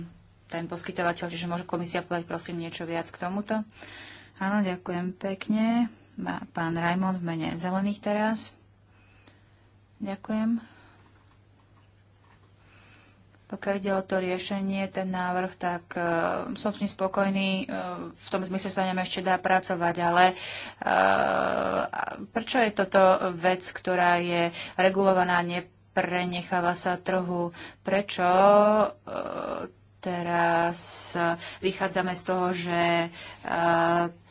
ten poskytovateľ, čiže môže komisia povedať prosím niečo viac k tomuto. Áno, ďakujem pekne. Má pán Rajmond v mene zelených teraz. Ďakujem. Pokiaľ ide o to riešenie, ten návrh, tak uh, som s ním spokojný. Uh, v tom zmysle sa nám ešte dá pracovať, ale uh, prečo je toto vec, ktorá je regulovaná, neprenecháva sa trhu? Prečo uh, Teraz e, vychádzame z toho, že e,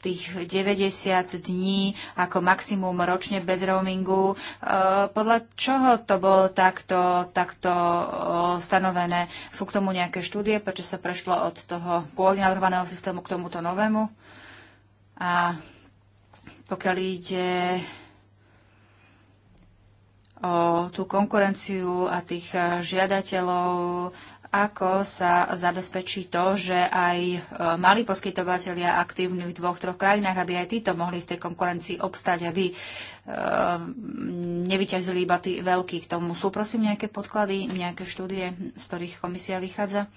tých 90 dní ako maximum ročne bez roamingu. E, podľa čoho to bolo takto, takto stanovené? Sú k tomu nejaké štúdie, prečo sa prešlo od toho pôvodne navrhovaného systému k tomuto novému? A pokiaľ ide o tú konkurenciu a tých žiadateľov, ako sa zabezpečí to, že aj e, mali poskytovateľia aktívni v dvoch, troch krajinách, aby aj títo mohli v tej konkurencii obstať, aby e, nevyťazili iba tí veľkí. K tomu sú prosím nejaké podklady, nejaké štúdie, z ktorých komisia vychádza.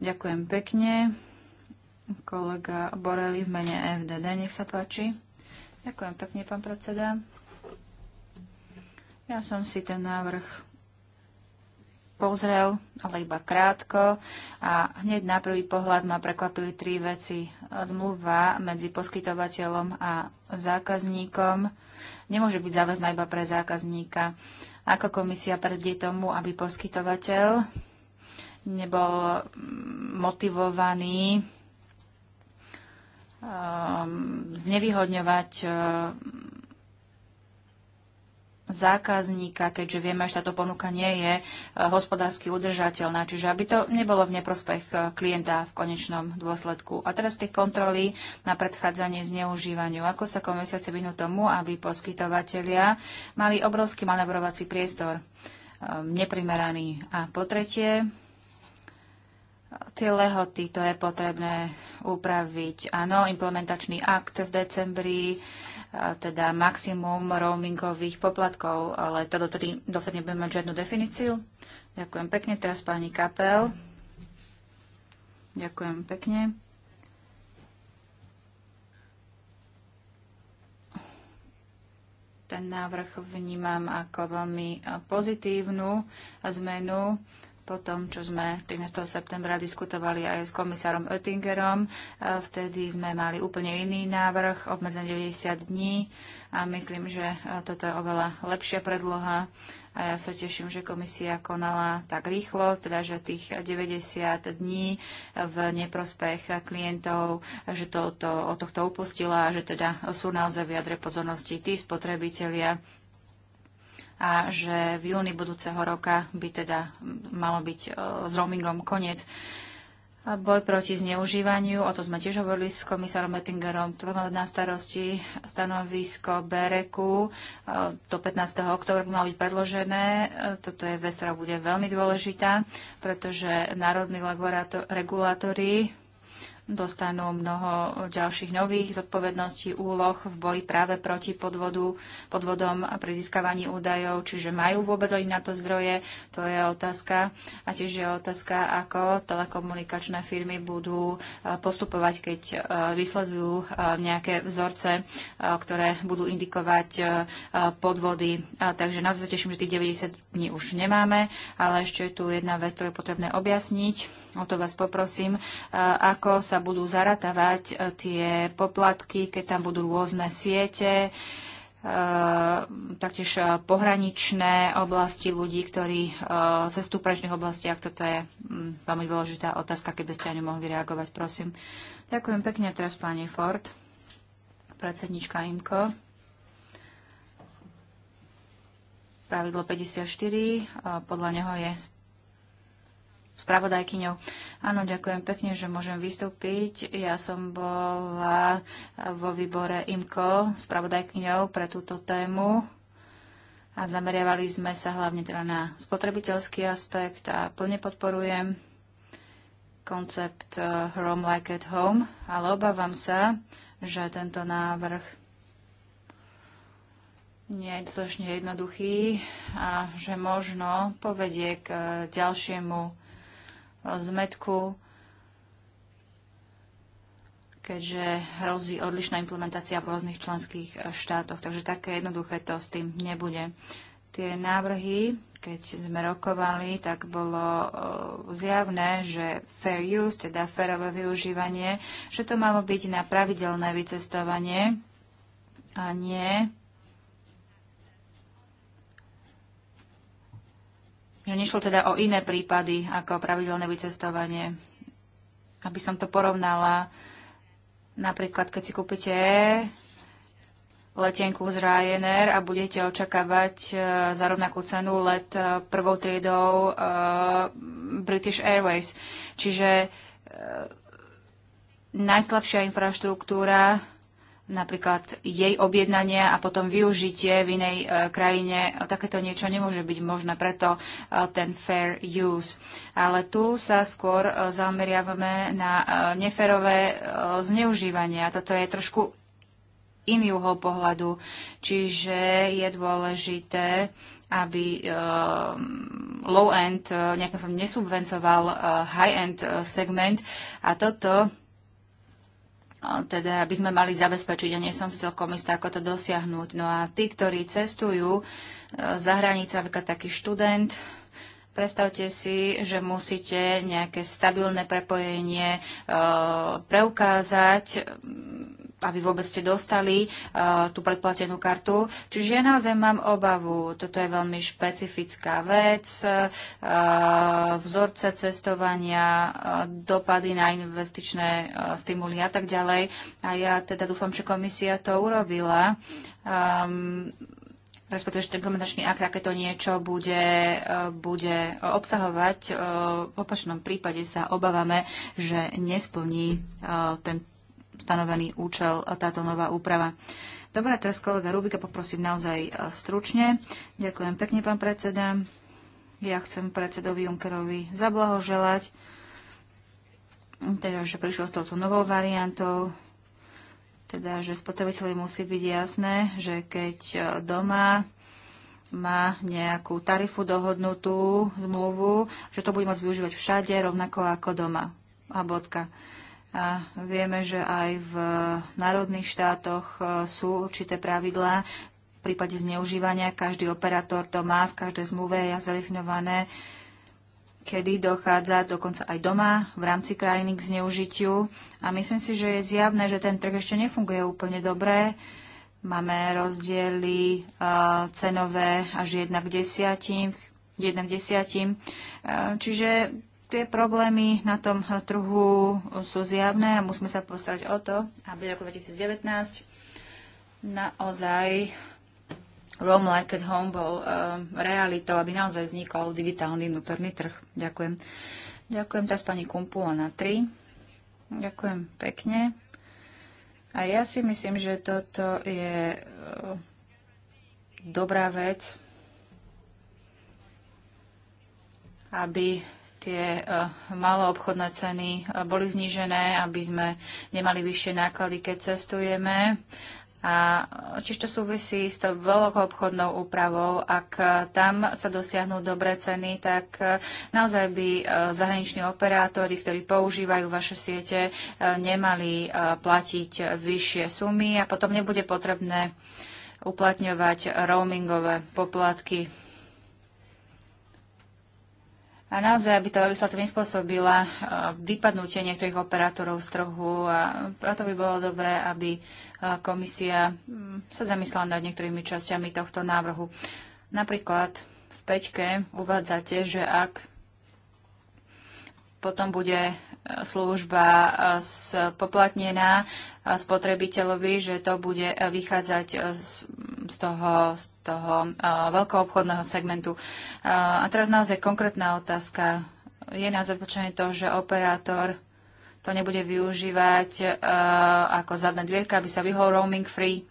Ďakujem pekne. Kolega Boreli v mene FDD, nech sa páči. Ďakujem pekne, pán predseda. Ja som si ten návrh pozrel, ale iba krátko. A hneď na prvý pohľad ma prekvapili tri veci. Zmluva medzi poskytovateľom a zákazníkom nemôže byť záväzná iba pre zákazníka. Ako komisia predie tomu, aby poskytovateľ nebol mm, motivovaný um, znevýhodňovať um, zákazníka, keďže vieme, že táto ponuka nie je e, hospodársky udržateľná, čiže aby to nebolo v neprospech e, klienta v konečnom dôsledku. A teraz tie kontroly na predchádzanie zneužívaniu. Ako sa komisia chce vyhnúť tomu, aby poskytovateľia mali obrovský manevrovací priestor e, neprimeraný. A po tretie, tie lehoty, to je potrebné upraviť. Áno, implementačný akt v decembri, teda maximum roamingových poplatkov, ale to dovtedy, dovtedy nebudeme mať žiadnu definíciu. Ďakujem pekne. Teraz pani Kapel. Ďakujem pekne. Ten návrh vnímam ako veľmi pozitívnu zmenu po tom, čo sme 13. septembra diskutovali aj s komisárom Oettingerom. E, vtedy sme mali úplne iný návrh, obmedzenie 90 dní a myslím, že e, toto je oveľa lepšia predloha a ja sa teším, že komisia konala tak rýchlo, teda že tých 90 dní e, v neprospech klientov, že to, to, od tohto upustila a že teda sú naozaj viadre pozornosti tí spotrebitelia, a že v júni budúceho roka by teda malo byť e, s roamingom koniec. A boj proti zneužívaniu, o to sme tiež hovorili s komisárom Oettingerom, ktorý máme na starosti stanovisko Bereku, e, do 15. oktobra malo byť predložené. E, toto je vec, ktorá bude veľmi dôležitá, pretože národní regulátory dostanú mnoho ďalších nových zodpovedností, úloh v boji práve proti podvodu, podvodom a pri získavaní údajov, čiže majú vôbec oni na to zdroje, to je otázka. A tiež je otázka, ako telekomunikačné firmy budú eh, postupovať, keď eh, vysledujú eh, nejaké vzorce, ktoré budú indikovať podvody. Takže nás teším, že tých 90 dní už nemáme, ale ešte je tu jedna vec, ktorú je potrebné objasniť. O to vás poprosím, ako sa budú zaratávať e, tie poplatky, keď tam budú rôzne siete, e, taktiež e, pohraničné oblasti ľudí, ktorí cestujú v prečných oblastiach. Toto je mm, veľmi dôležitá otázka, keby ste ani mohli reagovať, prosím. Ďakujem pekne teraz pani Ford, predsednička IMKO. Pravidlo 54, podľa neho je spravodajkyňou. Áno, ďakujem pekne, že môžem vystúpiť. Ja som bola vo výbore IMKO spravodajkyňou pre túto tému a zameriavali sme sa hlavne teda na spotrebiteľský aspekt a plne podporujem koncept Home eh, Like at Home, ale obávam sa, že tento návrh nie je dostatočne jednoduchý a že možno povedie k eh, ďalšiemu zmetku, keďže hrozí odlišná implementácia v rôznych členských štátoch. Takže také jednoduché to s tým nebude. Tie návrhy, keď sme rokovali, tak bolo e, zjavné, že fair use, teda férové využívanie, že to malo byť na pravidelné vycestovanie a nie že nešlo teda o iné prípady ako pravidelné vycestovanie. Aby som to porovnala, napríklad keď si kúpite letenku z Ryanair a budete očakávať e, za rovnakú cenu let e, prvou triedou e, British Airways. Čiže najslabšia infraštruktúra napríklad jej objednanie a potom využitie v inej e, krajine. Takéto niečo nemôže byť možné, preto e, ten fair use. Ale tu sa skôr e, zameriavame na neférové zneužívanie a toto je trošku iný uhol pohľadu. Čiže je dôležité, aby low-end nejakým nesubvencoval high-end segment a toto teda aby sme mali zabezpečiť a nie som si celkom istá, ako to dosiahnuť. No a tí, ktorí cestujú e, za hranice, napríklad taký študent, Predstavte si, že musíte nejaké stabilné prepojenie e, preukázať aby vôbec ste dostali eh, tú predplatenú kartu. Čiže ja naozaj mám obavu, toto je veľmi špecifická vec, eh, vzorce cestovania, eh, dopady na investičné stimuly a tak ďalej. A ja teda dúfam, že komisia to urobila. Um, respektíve, že ten komentačný akt takéto niečo bude, bude obsahovať. V opačnom prípade sa obávame, že nesplní ten stanovený účel táto nová úprava. Dobre, teraz kolega Rubika poprosím naozaj stručne. Ďakujem pekne, pán predseda. Ja chcem predsedovi Junkerovi zablahoželať, teda, že prišiel s touto novou variantou, teda, že spotrebiteľi musí byť jasné, že keď doma má nejakú tarifu dohodnutú zmluvu, že to bude môcť využívať všade, rovnako ako doma. A bodka. A vieme, že aj v národných štátoch e, sú určité pravidlá. V prípade zneužívania každý operátor to má v každej zmluve je zalifňované, kedy dochádza dokonca aj doma v rámci krajiny k zneužitiu. A myslím si, že je zjavné, že ten trh ešte nefunguje úplne dobre. Máme rozdiely uh, cenové až jedna k 10, jedna k desiatim. Uh, čiže Tie problémy na tom trhu sú zjavné a musíme sa postarať o to, aby roku 2019 naozaj Rome Like at Home bol um, realitou, aby naozaj vznikol digitálny vnútorný trh. Ďakujem. Ďakujem teraz pani Kumpula na 3. Ďakujem pekne. A ja si myslím, že toto je uh, dobrá vec, aby tie e, maloobchodné ceny e, boli znížené, aby sme nemali vyššie náklady, keď cestujeme. A tiež to súvisí s tou obchodnou úpravou. Ak e, tam sa dosiahnu dobré ceny, tak naozaj by zahraniční operátori, ktorí používajú vaše siete, nemali platiť vyššie sumy a potom nebude potrebné uplatňovať roamingové poplatky a naozaj, aby tá legislatíva nespôsobila eh, vypadnutie niektorých operátorov z trhu a preto by bolo dobré, aby eh, komisia hm, sa zamyslela nad niektorými časťami tohto návrhu. Napríklad v Peťke uvádzate, že ak potom bude eh, služba spoplatnená spotrebiteľovi, že to bude vychádzať z z toho, z toho veľkého obchodného segmentu. A teraz naozaj konkrétna otázka. Je na započenie to, že operátor to nebude využívať ako zadné dvierka, aby sa vyhol roaming free.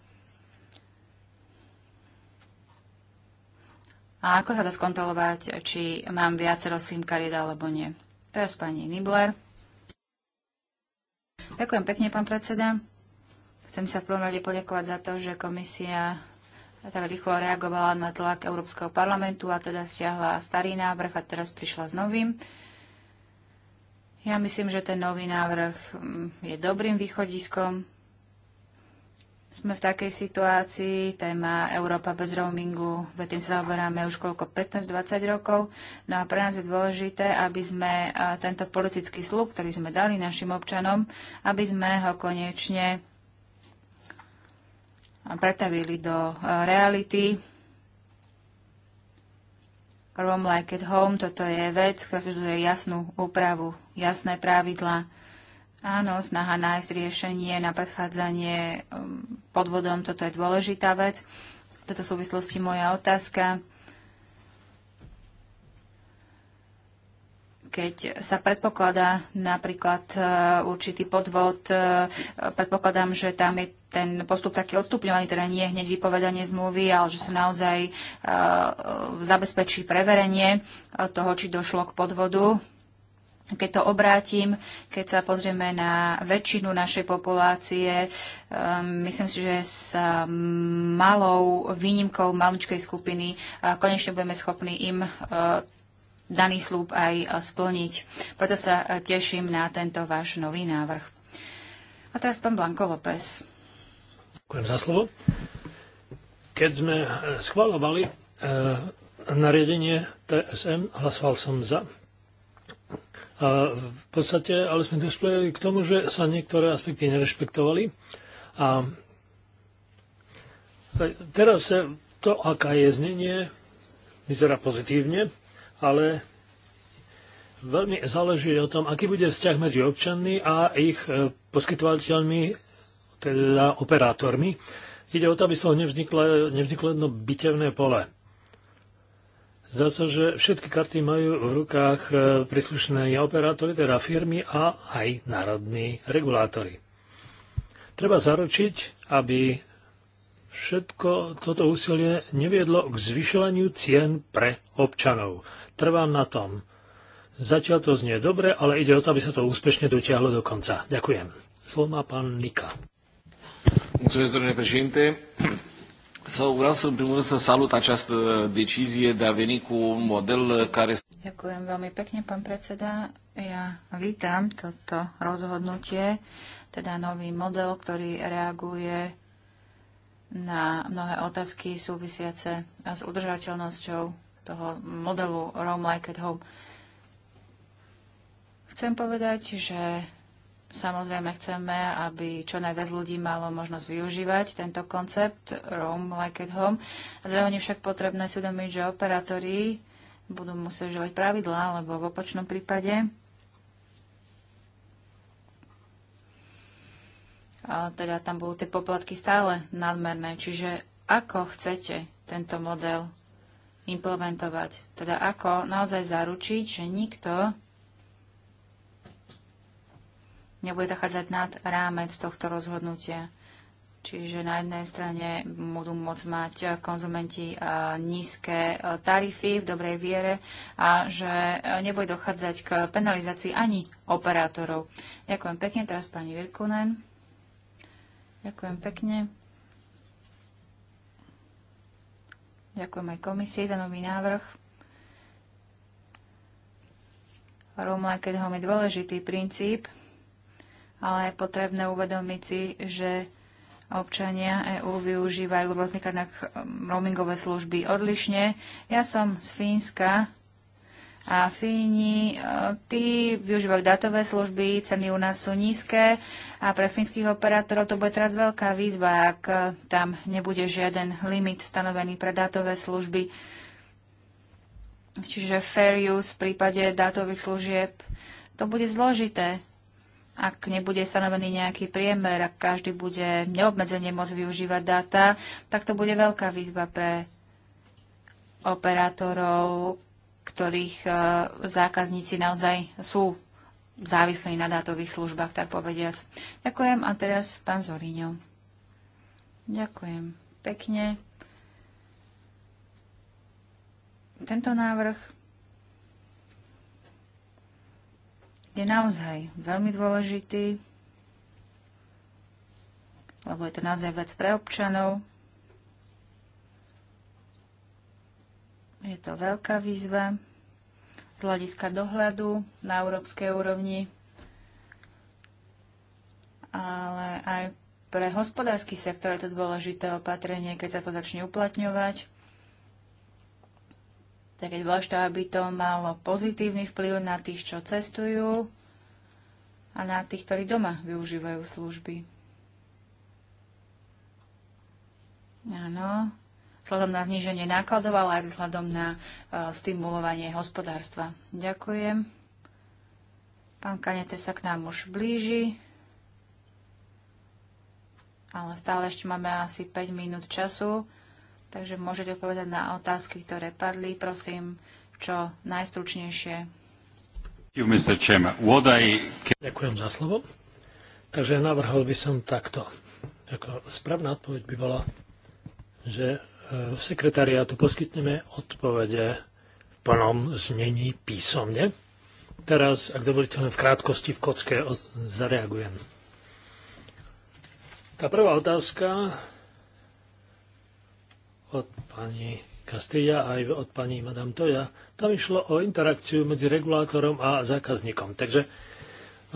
A ako sa dá skontrolovať, či mám viacero SIM kariet alebo nie? Teraz pani Nibler. Ďakujem pekne, pán predseda. Chcem sa v prvom rade poďakovať za to, že komisia tak rýchlo reagovala na tlak Európskeho parlamentu a teda stiahla starý návrh a teraz prišla s novým. Ja myslím, že ten nový návrh mm, je dobrým východiskom. Sme v takej situácii, téma Európa bez roamingu, ve tým sa zaoberáme už koľko, 15-20 rokov. No a pre nás je dôležité, aby sme tento politický slub, ktorý sme dali našim občanom, aby sme ho konečne pretavili do eh, reality. Roam like at home, toto je vec, ktorá je jasnú úpravu, jasné pravidlá. Áno, snaha nájsť riešenie na predchádzanie ehm, podvodom, toto je dôležitá vec. V tejto súvislosti moja otázka. keď sa predpokladá napríklad eh, určitý podvod, eh, predpokladám, že tam je ten postup taký odstupňovaný, teda nie hneď vypovedanie zmluvy, ale že sa naozaj uh, zabezpečí preverenie e, toho, či došlo k podvodu. Keď to obrátim, keď sa pozrieme na väčšinu našej populácie, um, myslím si, že s malou výnimkou maličkej skupiny uh, konečne budeme schopní im uh, daný slúb aj splniť. Preto sa teším na tento váš nový návrh. A teraz pán Blanko López.
Ďakujem za slovo. Keď sme e, schvalovali e, nariadenie TSM, hlasoval som za. E, v podstate, ale sme dospeli k tomu, že sa niektoré aspekty nerešpektovali. A e, teraz e, to, aká je znenie, vyzerá pozitívne, ale veľmi záleží o tom, aký bude vzťah medzi občanmi a ich poskytovateľmi teda operátormi. Ide o to, aby z toho nevzniklo, nevzniklo jedno bitevné pole. Zdá sa, že všetky karty majú v rukách e, príslušné operátory, teda firmy a aj národní regulátory. Treba zaručiť, aby všetko toto úsilie neviedlo k zvyšovaniu cien pre občanov. Trvám na tom. Zatiaľ to znie dobre, ale ide o to, aby sa to úspešne dotiahlo do konca. Ďakujem. Slovo má pán Nika. Mulțumesc, domnule
președinte. vreau să, în primul rând, să salut această decizie de a veni cu un model care...
Ďakujem veľmi pekne, pán predseda. Ja vítam toto rozhodnutie, teda nový model, ktorý reaguje na mnohé otázky súvisiace s udržateľnosťou toho modelu Rome Like at Home. Chcem povedať, že Samozrejme chceme, aby čo najviac ľudí malo možnosť využívať tento koncept Roam Like at Home. zároveň však potrebné si uvedomiť, že operátori budú musieť užívať pravidlá, lebo v opačnom prípade a teda tam budú tie poplatky stále nadmerné. Čiže ako chcete tento model implementovať? Teda ako naozaj zaručiť, že nikto nebude zachádzať nad rámec tohto rozhodnutia. Čiže na jednej strane budú môcť mať konzumenti eh, nízke eh, tarify v dobrej viere a že eh, nebude dochádzať k penalizácii ani operátorov. Ďakujem pekne. Teraz pani Virkunen. Ďakujem pekne. Ďakujem aj komisii za nový návrh. Roma, keď ho je dôležitý princíp, ale je potrebné uvedomiť si, že občania EÚ využívajú v rôznych roamingové služby odlišne. Ja som z Fínska a Fíni, e, tí využívajú datové služby, ceny u nás sú nízke a pre fínskych operátorov to bude teraz veľká výzva, ak e, tam nebude žiaden limit stanovený pre dátové služby. Čiže fair use v prípade dátových služieb. To bude zložité ak nebude stanovený nejaký priemer, ak každý bude neobmedzenie môcť využívať dáta, tak to bude veľká výzva pre operátorov, ktorých e, zákazníci naozaj sú závislí na dátových službách, tak povediac. Ďakujem a teraz pán Zoríňo. Ďakujem pekne. Tento návrh je naozaj veľmi dôležitý, lebo je to naozaj vec pre občanov. Je to veľká výzva z hľadiska dohľadu na európskej úrovni, ale aj pre hospodársky sektor je to dôležité opatrenie, keď sa to začne uplatňovať tak je dôležité, aby to malo pozitívny vplyv na tých, čo cestujú a na tých, ktorí doma využívajú služby. Áno, vzhľadom na zníženie nákladov, ale aj vzhľadom na uh, stimulovanie hospodárstva. Ďakujem. Pán Kanete sa k nám už blíži, ale stále ešte máme asi 5 minút času. Takže môžete odpovedať na otázky, ktoré padli, prosím, čo najstručnejšie.
Ďakujem za slovo. Takže navrhol by som takto. Ako správna odpoveď by bola, že e, v sekretariátu poskytneme odpovede v plnom znení písomne. Teraz, ak dovolíte, len v krátkosti v kocke zareagujem. Tá prvá otázka od pani Castilla aj od pani Madame Toja. Tam išlo o interakciu medzi regulátorom a zákazníkom. Takže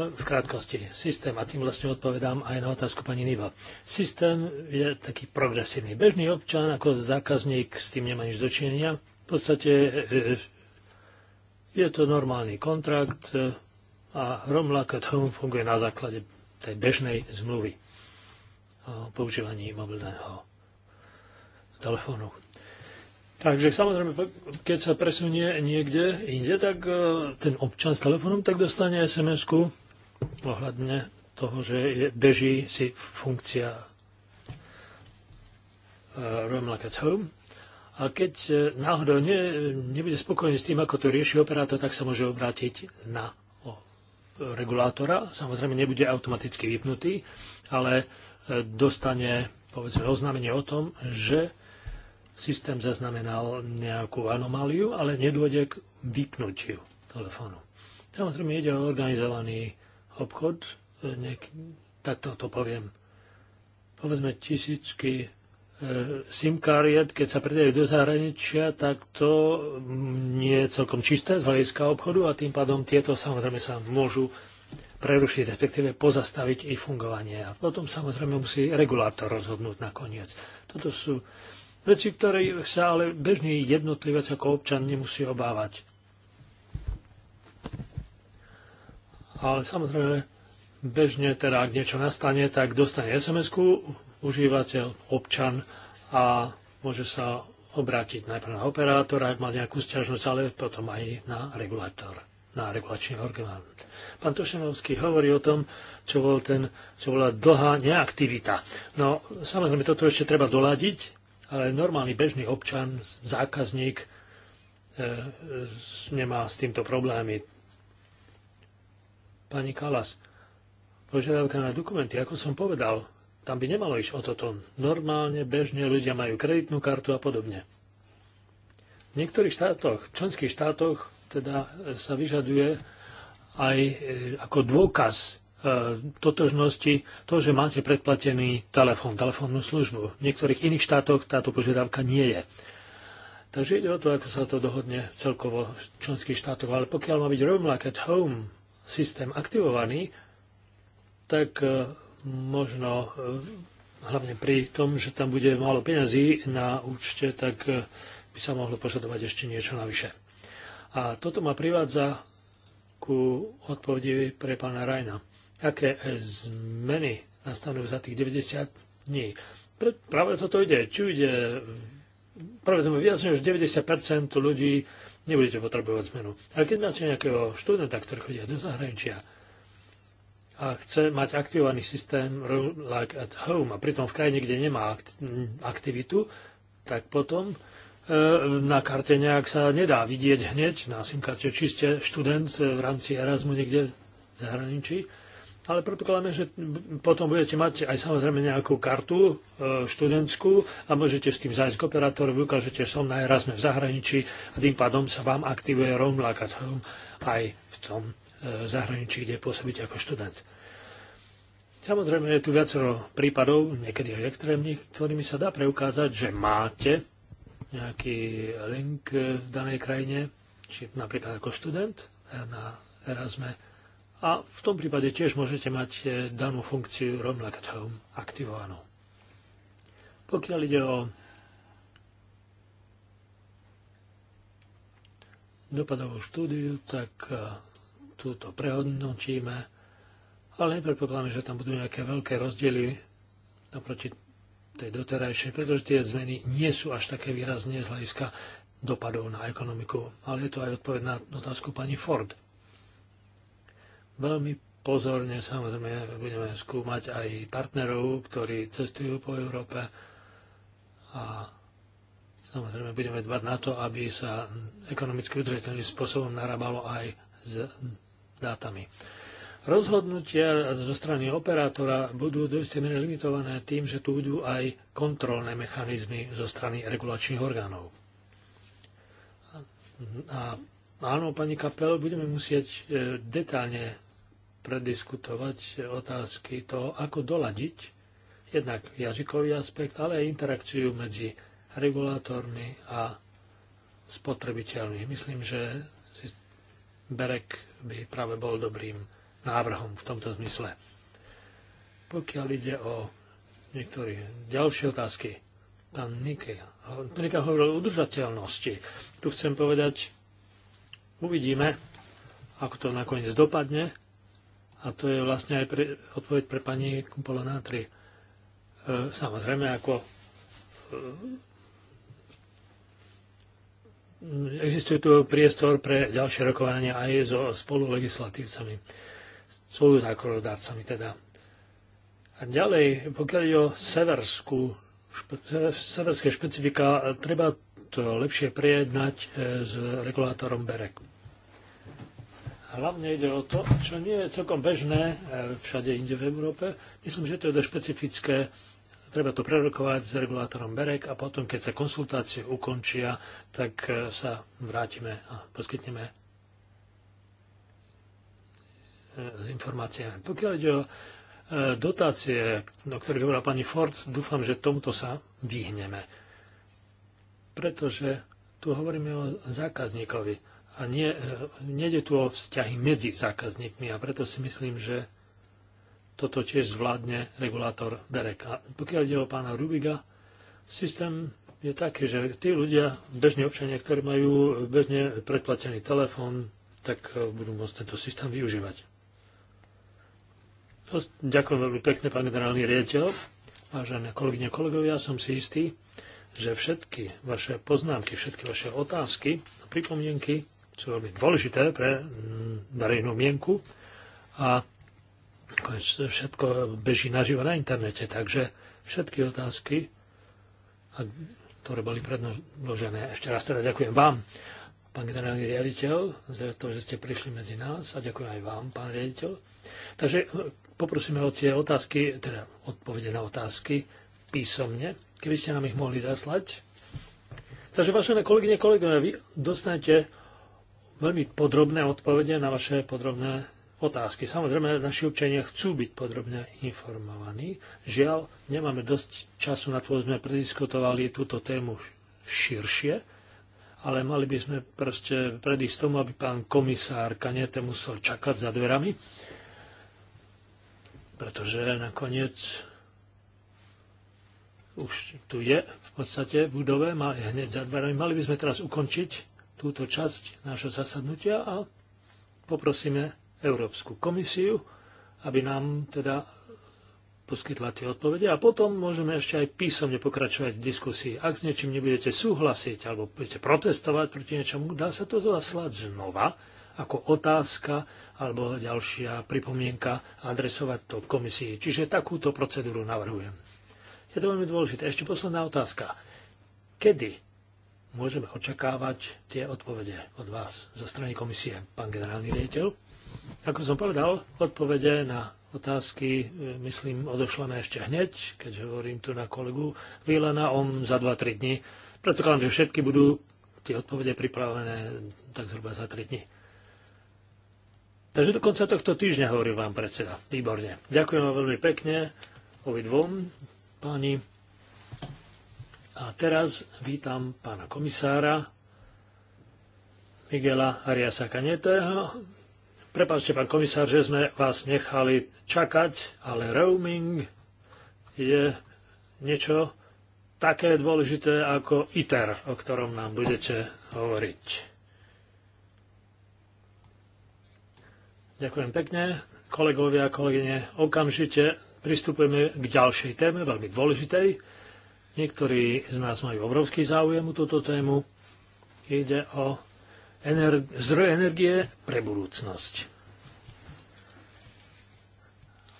no, v krátkosti systém, a tým vlastne odpovedám aj na otázku pani Niva. Systém je taký progresívny. Bežný občan ako zákazník s tým nemá nič dočinenia. V podstate e, e, je to normálny kontrakt e, a Romlock at Home funguje na základe tej bežnej zmluvy o používaní mobilného telefónov. Takže samozrejme, keď sa presunie niekde inde, tak e, ten občan s telefónom tak dostane SMS-ku ohľadne toho, že je, beží si funkcia e, Roam like at home. A keď e, náhodou nie, nebude spokojný s tým, ako to rieši operátor, tak sa môže obrátiť na regulátora. Samozrejme, nebude automaticky vypnutý, ale dostane povedzme oznámenie o tom, že systém zaznamenal nejakú anomáliu, ale nedôjde k vypnutiu telefónu. Samozrejme ide o organizovaný obchod, e, nek- takto to poviem. Povedzme tisícky e, SIM kariet, keď sa predajú do zahraničia, tak to mm, nie je celkom čisté z hľadiska obchodu a tým pádom tieto samozrejme sa môžu prerušiť, respektíve pozastaviť ich fungovanie. A potom samozrejme musí regulátor rozhodnúť nakoniec. Toto sú Veci, ktoré sa ale bežný jednotlivec ako občan nemusí obávať. Ale samozrejme, bežne teda, ak niečo nastane, tak dostane SMS-ku užívateľ, občan a môže sa obrátiť najprv na operátora, ak má nejakú stiažnosť, ale potom aj na regulátor, na regulačný orgán. Pán Tošenovský hovorí o tom, čo, bol ten, čo bola dlhá neaktivita. No, samozrejme, toto ešte treba doladiť, ale normálny bežný občan, zákazník e, nemá s týmto problémy. Pani Kalas, požiadavka na dokumenty, ako som povedal, tam by nemalo ísť o toto. Normálne, bežne ľudia majú kreditnú kartu a podobne. V niektorých štátoch, v členských štátoch, teda sa vyžaduje aj e, ako dôkaz E, totožnosti to, že máte predplatený telefón, telefónnu službu. V niektorých iných štátoch táto požiadavka nie je. Takže ide o to, ako sa to dohodne celkovo v členských štátoch. Ale pokiaľ má byť Roam Like at Home systém aktivovaný, tak e, možno e, hlavne pri tom, že tam bude málo peňazí na účte, tak by sa mohlo požadovať ešte niečo navyše. A toto ma privádza ku odpovedi pre pána Rajna aké zmeny nastanú za tých 90 dní. Práve toto ide. Či ide, Práve sme viac než 90% ľudí nebudete potrebovať zmenu. A keď máte nejakého študenta, ktorý chodí do zahraničia a chce mať aktivovaný systém like at home a pritom v krajine, kde nemá aktivitu, tak potom e, na karte nejak sa nedá vidieť hneď, na SIM karte čiste študent e, v rámci Erasmu niekde v zahraničí, ale predpokladáme, že potom budete mať aj samozrejme nejakú kartu e, študentskú a môžete s tým zájsť k operátorovi, ukážete, že som na Erasme v zahraničí a tým pádom sa vám aktivuje Roam Like aj v tom e, zahraničí, kde pôsobíte ako študent. Samozrejme, je tu viacero prípadov, niekedy aj extrémnych, ktorými sa dá preukázať, že máte nejaký link v danej krajine, či napríklad ako študent na Erasme a v tom prípade tiež môžete mať e, danú funkciu Run like at home aktivovanú. Pokiaľ ide o dopadovú štúdiu, tak e, túto prehodnotíme, ale nepredpokladáme, že tam budú nejaké veľké rozdiely naproti tej doterajšej, pretože tie zmeny nie sú až také výrazne z hľadiska dopadov na ekonomiku. Ale je to aj odpoveď na otázku pani Ford. Veľmi pozorne samozrejme budeme skúmať aj partnerov, ktorí cestujú po Európe a samozrejme budeme dbať na to, aby sa ekonomicky udržateľným spôsobom narábalo aj s dátami. Rozhodnutia zo strany operátora budú do istej miery limitované tým, že tu budú aj kontrolné mechanizmy zo strany regulačných orgánov. A áno, pani Kapel, budeme musieť e, detálne prediskutovať otázky toho, ako doladiť jednak jazykový aspekt, ale aj interakciu medzi regulátormi a spotrebiteľmi. Myslím, že Berek by práve bol dobrým návrhom v tomto zmysle. Pokiaľ ide o niektoré ďalšie otázky, pán Nike, Nike hovoril o udržateľnosti. Tu chcem povedať, uvidíme, ako to nakoniec dopadne, a to je vlastne aj pre, odpoveď pre pani Nátri. E, samozrejme, ako e, existuje tu priestor pre ďalšie rokovania aj so spolulegislatívcami, spoluzákonodárcami teda. A ďalej, pokiaľ je o severskú, špe, severské špecifika, treba to lepšie prejednať e, s regulátorom BEREKU. Hlavne ide o to, čo nie je celkom bežné e, všade inde v Európe. Myslím, že to je dosť špecifické. Treba to prerokovať s regulátorom BEREK a potom, keď sa konsultácie ukončia, tak e, sa vrátime a poskytneme e, s informáciami. Pokiaľ ide o dotácie, o ktorých hovorila pani Ford, dúfam, že tomuto sa vyhneme. Pretože tu hovoríme o zákazníkovi a nie, e, nejde tu o vzťahy medzi zákazníkmi a preto si myslím, že toto tiež zvládne regulátor A Pokiaľ ide o pána Rubiga, systém je taký, že tí ľudia, bežní občania, ktorí majú bežne predplatený telefón, tak e, budú môcť tento systém využívať. Ďakujem veľmi pekne, pán generálny riaditeľ. Vážené kolegyne, kolegovia, som si istý, že všetky vaše poznámky, všetky vaše otázky a pripomienky je veľmi dôležité pre mm, verejnú mienku a všetko beží naživo na internete, takže všetky otázky, ktoré boli predložené, ešte raz teda ďakujem vám, pán generálny riaditeľ, za to, že ste prišli medzi nás a ďakujem aj vám, pán riaditeľ. Takže e, poprosíme o tie otázky, teda odpovede na otázky písomne, keby ste nám ich mohli zaslať. Takže, vážené kolegyne, kolegovia, vy dostanete veľmi podrobné odpovede na vaše podrobné otázky. Samozrejme, naši občania chcú byť podrobne informovaní. Žiaľ, nemáme dosť času na to, sme prediskutovali túto tému širšie, ale mali by sme proste predísť tomu, aby pán komisár Kanete musel čakať za dverami, pretože nakoniec už tu je v podstate v budove, hneď za dverami. Mali by sme teraz ukončiť túto časť nášho zasadnutia a poprosíme Európsku komisiu, aby nám teda poskytla tie odpovede a potom môžeme ešte aj písomne pokračovať v diskusii. Ak s niečím nebudete súhlasiť alebo budete protestovať proti niečomu, dá sa to zaslať znova ako otázka alebo ďalšia pripomienka adresovať to komisii. Čiže takúto procedúru navrhujem. Je to veľmi dôležité. Ešte posledná otázka. Kedy môžeme očakávať tie odpovede od vás zo strany komisie, pán generálny riaditeľ? Ako som povedal, odpovede na otázky, e, myslím, odošleme ešte hneď, keď hovorím tu na kolegu Vilana om za 2-3 dní. Predpokladám, že všetky budú tie odpovede pripravené tak zhruba za 3 dní. Takže do konca tohto týždňa hovorím vám predseda. Výborne. Ďakujem vám veľmi pekne dvom páni. A teraz vítam pána komisára Miguela Ariasa Kanetého. Prepáčte, pán komisár, že sme vás nechali čakať, ale roaming je niečo také dôležité ako ITER, o ktorom nám budete hovoriť. Ďakujem pekne. Kolegovia a kolegyne, okamžite pristupujeme k ďalšej téme, veľmi dôležitej, Niektorí z nás majú obrovský záujem o túto tému. Ide o ener- zdroj energie pre budúcnosť.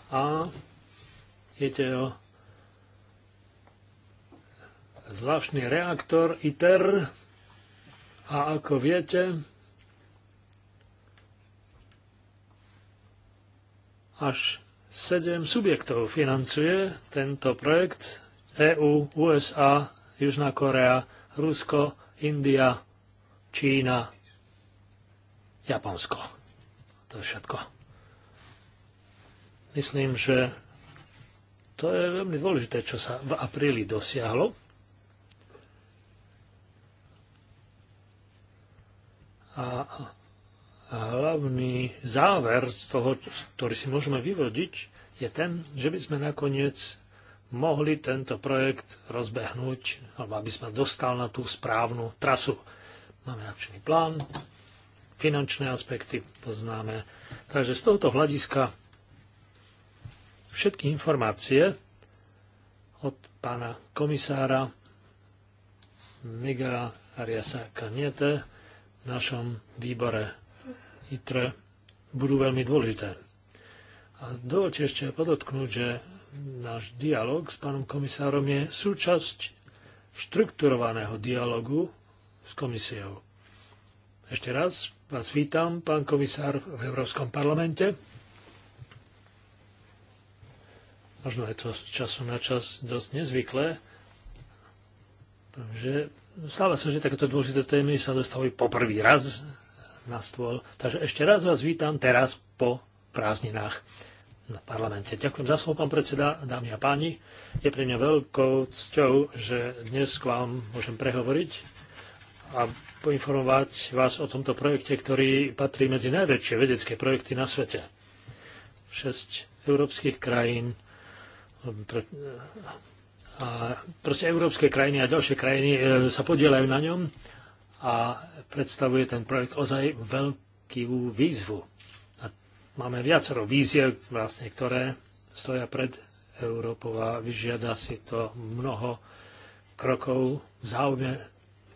A ide o zvláštny reaktor ITER. A ako viete, až 7 subjektov financuje tento projekt EÚ, USA, Južná Korea, Rusko, India, Čína, Japonsko. To je všetko. Myslím, že to je veľmi dôležité, čo sa v apríli dosiahlo. A hlavný záver z toho, ktorý si môžeme vyvodiť, je ten, že by sme nakoniec mohli tento projekt rozbehnúť, alebo aby sme dostal na tú správnu trasu. Máme akčný plán, finančné aspekty poznáme. Takže z tohoto hľadiska všetky informácie od pána komisára Miguela Ariasa Kaniete v našom výbore ITRE budú veľmi dôležité. A dovolte ešte podotknúť, že náš dialog s pánom komisárom je súčasť štrukturovaného dialogu s komisiou. Ešte raz vás vítam, pán komisár v Európskom parlamente. Možno je to z času na čas dosť nezvyklé, Takže stáva sa, že takéto dôležité témy sa dostávajú prvý raz na stôl. Takže ešte raz vás vítam teraz po prázdninách v parlamente. Ďakujem za slovo, pán predseda, dámy a páni. Je pre mňa veľkou cťou, že dnes k vám môžem prehovoriť a poinformovať vás o tomto projekte, ktorý patrí medzi najväčšie vedecké projekty na svete. Šesť európskych krajín a proste európske krajiny a ďalšie krajiny e, sa podielajú na ňom a predstavuje ten projekt ozaj veľkú výzvu máme viacero víziev, vlastne, ktoré stoja pred Európou a vyžiada si to mnoho krokov v záujme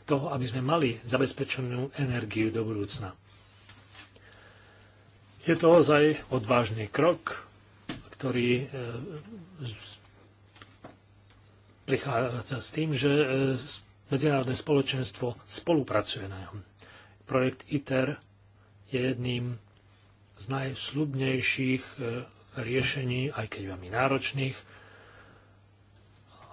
toho, aby sme mali zabezpečenú energiu do budúcna. Je to ozaj odvážny krok, ktorý e, prichádza s tým, že e, medzinárodné spoločenstvo spolupracuje na ňom. Projekt ITER je jedným z najslubnejších e, riešení, aj keď veľmi náročných.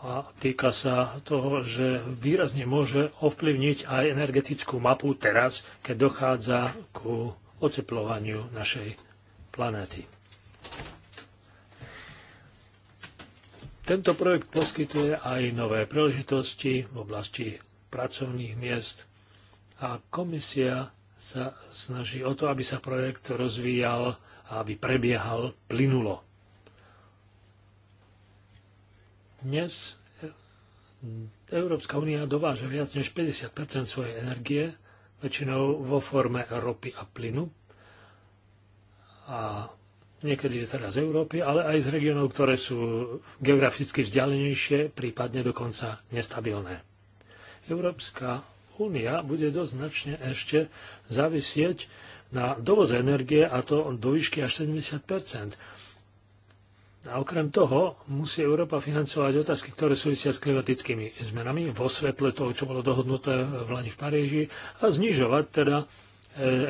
A týka sa toho, že výrazne môže ovplyvniť aj energetickú mapu teraz, keď dochádza ku oteplovaniu našej planéty. Tento projekt poskytuje aj nové príležitosti v oblasti pracovných miest a komisia sa snaží o to, aby sa projekt rozvíjal a aby prebiehal plynulo. Dnes Európska únia dováža viac než 50 svojej energie, väčšinou vo forme ropy a plynu. A niekedy je teda z Európy, ale aj z regiónov, ktoré sú geograficky vzdialenejšie, prípadne dokonca nestabilné. Európska únia bude dosť značne ešte závisieť na dovoz energie a to do výšky až 70 a okrem toho musí Európa financovať otázky, ktoré súvisia s klimatickými zmenami vo svetle toho, čo bolo dohodnuté v Lani v Paríži a znižovať teda e,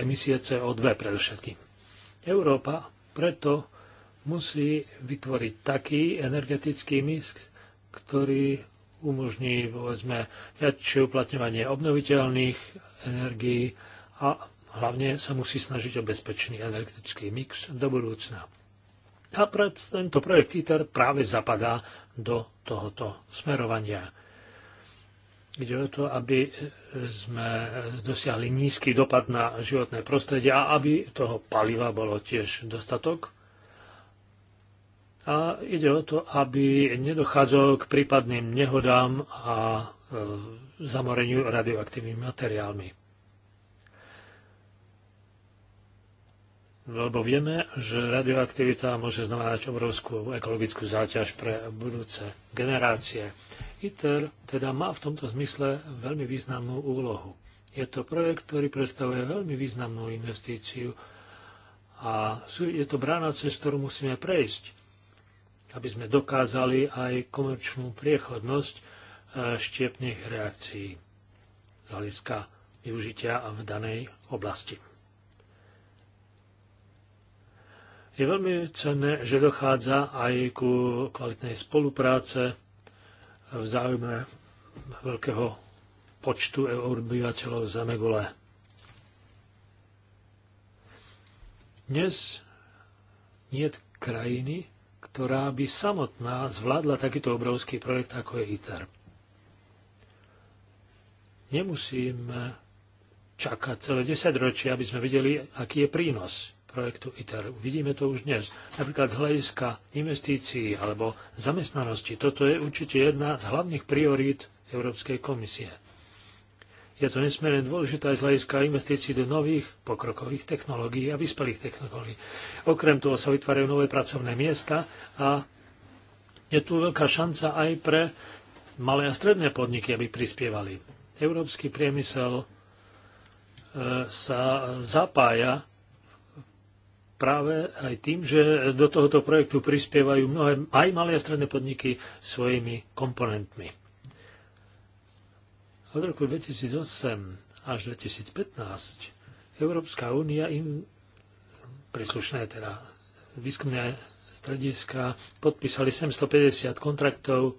emisie CO2 predovšetkým. Európa preto musí vytvoriť taký energetický mix, ktorý umožní povedzme väčšie uplatňovanie obnoviteľných energií a hlavne sa musí snažiť o bezpečný energetický mix do budúcna. A pred tento projekt ITER práve zapadá do tohoto smerovania. Ide o to, aby sme dosiahli nízky dopad na životné prostredie a aby toho paliva bolo tiež dostatok. A ide o to, aby nedochádzalo k prípadným nehodám a e, zamoreniu radioaktívnymi materiálmi. Lebo vieme, že radioaktivita môže znamenať obrovskú ekologickú záťaž pre budúce generácie. ITER teda má v tomto zmysle veľmi významnú úlohu. Je to projekt, ktorý predstavuje veľmi významnú investíciu a je to brána, cez ktorú musíme prejsť aby sme dokázali aj komerčnú priechodnosť e, štiepných reakcií z hľadiska využitia v danej oblasti. Je veľmi cenné, že dochádza aj ku kvalitnej spolupráce v záujme veľkého počtu obyvateľov Zemegule. Dnes nie krajiny, ktorá by samotná zvládla takýto obrovský projekt, ako je ITER. Nemusíme čakať celé 10 ročia, aby sme videli, aký je prínos projektu ITER. Vidíme to už dnes. Napríklad z hľadiska investícií alebo zamestnanosti. Toto je určite jedna z hlavných priorít Európskej komisie. Je to nesmierne dôležité aj z hľadiska investícií do nových pokrokových technológií a vyspelých technológií. Okrem toho sa vytvárajú nové pracovné miesta a je tu veľká šanca aj pre malé a stredné podniky, aby prispievali. Európsky priemysel e, sa zapája práve aj tým, že do tohoto projektu prispievajú mnohé aj malé a stredné podniky svojimi komponentmi. Od roku 2008 až 2015 Európska únia im príslušné teda výskumné strediska podpísali 750 kontraktov,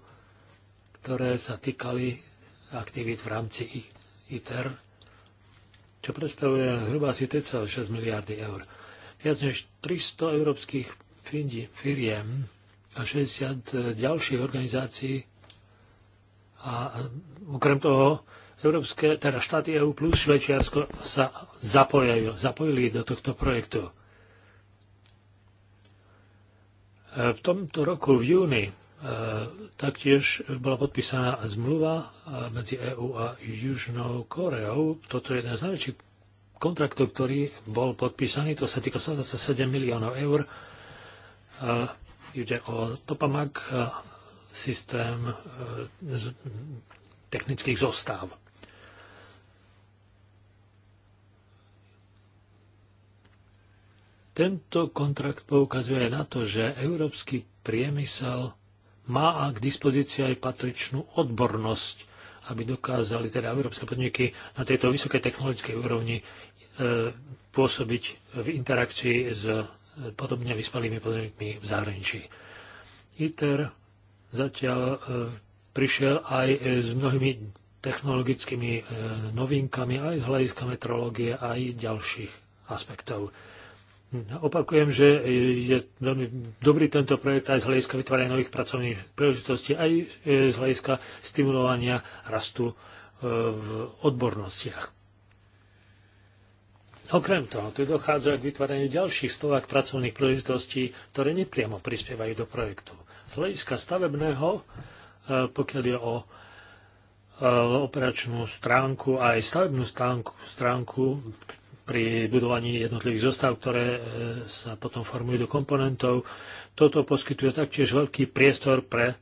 ktoré sa týkali aktivít v rámci ITER, čo predstavuje hruba asi 3,6 miliardy eur. Viac než 300 európskych firiem a 60 e, ďalších organizácií a okrem toho, Európske, teda štáty EU plus Švečiarsko sa zapojajú, zapojili do tohto projektu. E, v tomto roku v júni e, taktiež bola podpísaná zmluva e, medzi EU a Južnou Koreou. Toto je jeden z najväčších kontraktov, ktorý bol podpísaný. To sa týka 7 miliónov eur. Ide o Topamak systém e, technických zostáv. Tento kontrakt poukazuje na to, že európsky priemysel má k dispozícii aj patričnú odbornosť, aby dokázali teda európske podniky na tejto vysokej technologickej úrovni e, pôsobiť v interakcii s e, podobne vyspelými podnikmi v zahraničí. ITER zatiaľ e, prišiel aj e, s mnohými technologickými e, novinkami, aj z hľadiska metrológie, aj ďalších aspektov. Opakujem, že je veľmi dobrý tento projekt aj z hľadiska vytvárania nových pracovných príležitostí, aj z hľadiska stimulovania rastu v odbornostiach. Okrem toho, tu dochádza k vytváraniu ďalších stovák pracovných príležitostí, ktoré nepriamo prispievajú do projektu z hľadiska stavebného, e, pokiaľ je o e, operačnú stránku aj stavebnú stránku, stránku pri budovaní jednotlivých zostav, ktoré e, sa potom formujú do komponentov. Toto poskytuje taktiež veľký priestor pre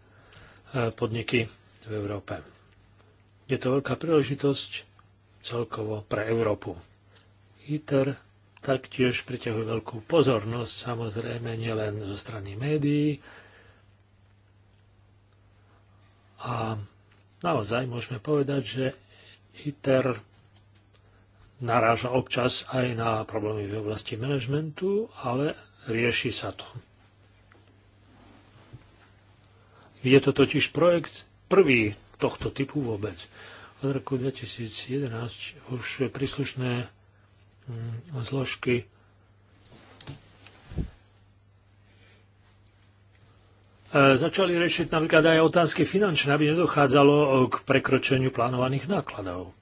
podniky v Európe. Je to veľká príležitosť celkovo pre Európu. ITER taktiež priťahuje veľkú pozornosť, samozrejme nielen zo strany médií, a naozaj môžeme povedať, že ITER naráža občas aj na problémy v oblasti manažmentu, ale rieši sa to. Je to totiž projekt prvý tohto typu vôbec. Od roku 2011 už príslušné mm, zložky E, začali riešiť napríklad aj otázky finančné, aby nedochádzalo e, k prekročeniu plánovaných nákladov.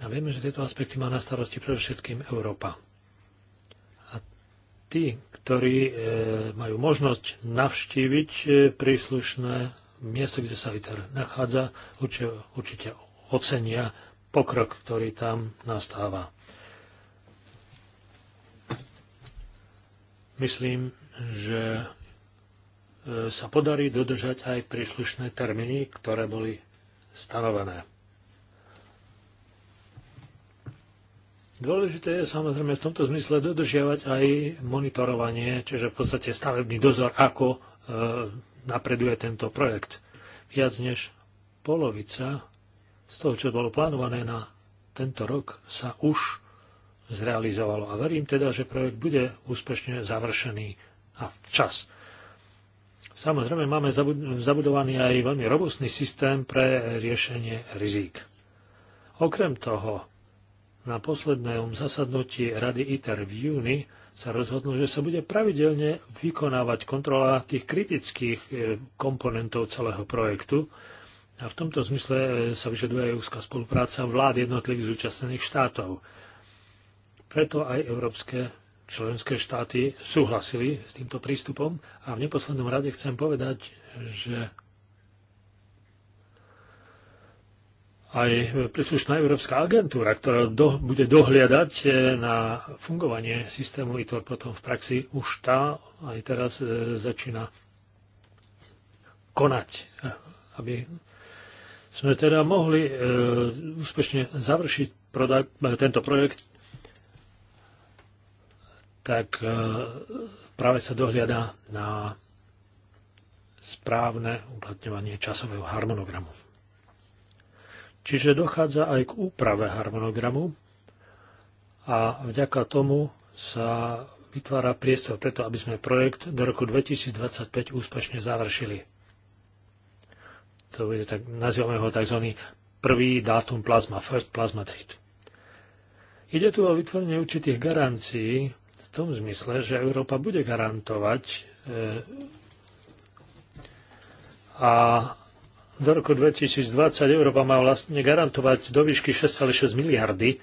A vieme, že tieto aspekty má na starosti predovšetkým Európa. A tí, ktorí e, majú možnosť navštíviť príslušné miesto, kde sa ITER nachádza, určite, určite ocenia pokrok, ktorý tam nastáva. Myslím, že E, sa podarí dodržať aj príslušné termíny, ktoré boli stanovené. Dôležité je samozrejme v tomto zmysle dodržiavať aj monitorovanie, čiže v podstate stavebný dozor, ako e, napreduje tento projekt. Viac než polovica z toho, čo bolo plánované na tento rok, sa už zrealizovalo. A verím teda, že projekt bude úspešne završený a včas. Samozrejme, máme zabudovaný aj veľmi robustný systém pre riešenie rizík. Okrem toho, na poslednom zasadnutí Rady ITER v júni sa rozhodnú, že sa bude pravidelne vykonávať kontrola tých kritických e, komponentov celého projektu a v tomto zmysle e, sa vyžaduje aj úzka spolupráca vlád jednotlivých zúčastnených štátov. Preto aj Európske členské štáty súhlasili s týmto prístupom a v neposlednom rade chcem povedať, že aj príslušná Európska agentúra, ktorá do, bude dohliadať e, na fungovanie systému ITOR potom v praxi, už tá aj teraz e, začína konať, e, aby sme teda mohli e, úspešne završiť e, tento projekt tak e, práve sa dohliada na správne uplatňovanie časového harmonogramu. Čiže dochádza aj k úprave harmonogramu a vďaka tomu sa vytvára priestor preto, aby sme projekt do roku 2025 úspešne završili. To bude tak, nazývame ho tzv. prvý dátum plazma, first plasma date. Ide tu o vytvorenie určitých garancií tom zmysle, že Európa bude garantovať eh, a do roku 2020 Európa má vlastne garantovať do výšky 6,6 miliardy eh,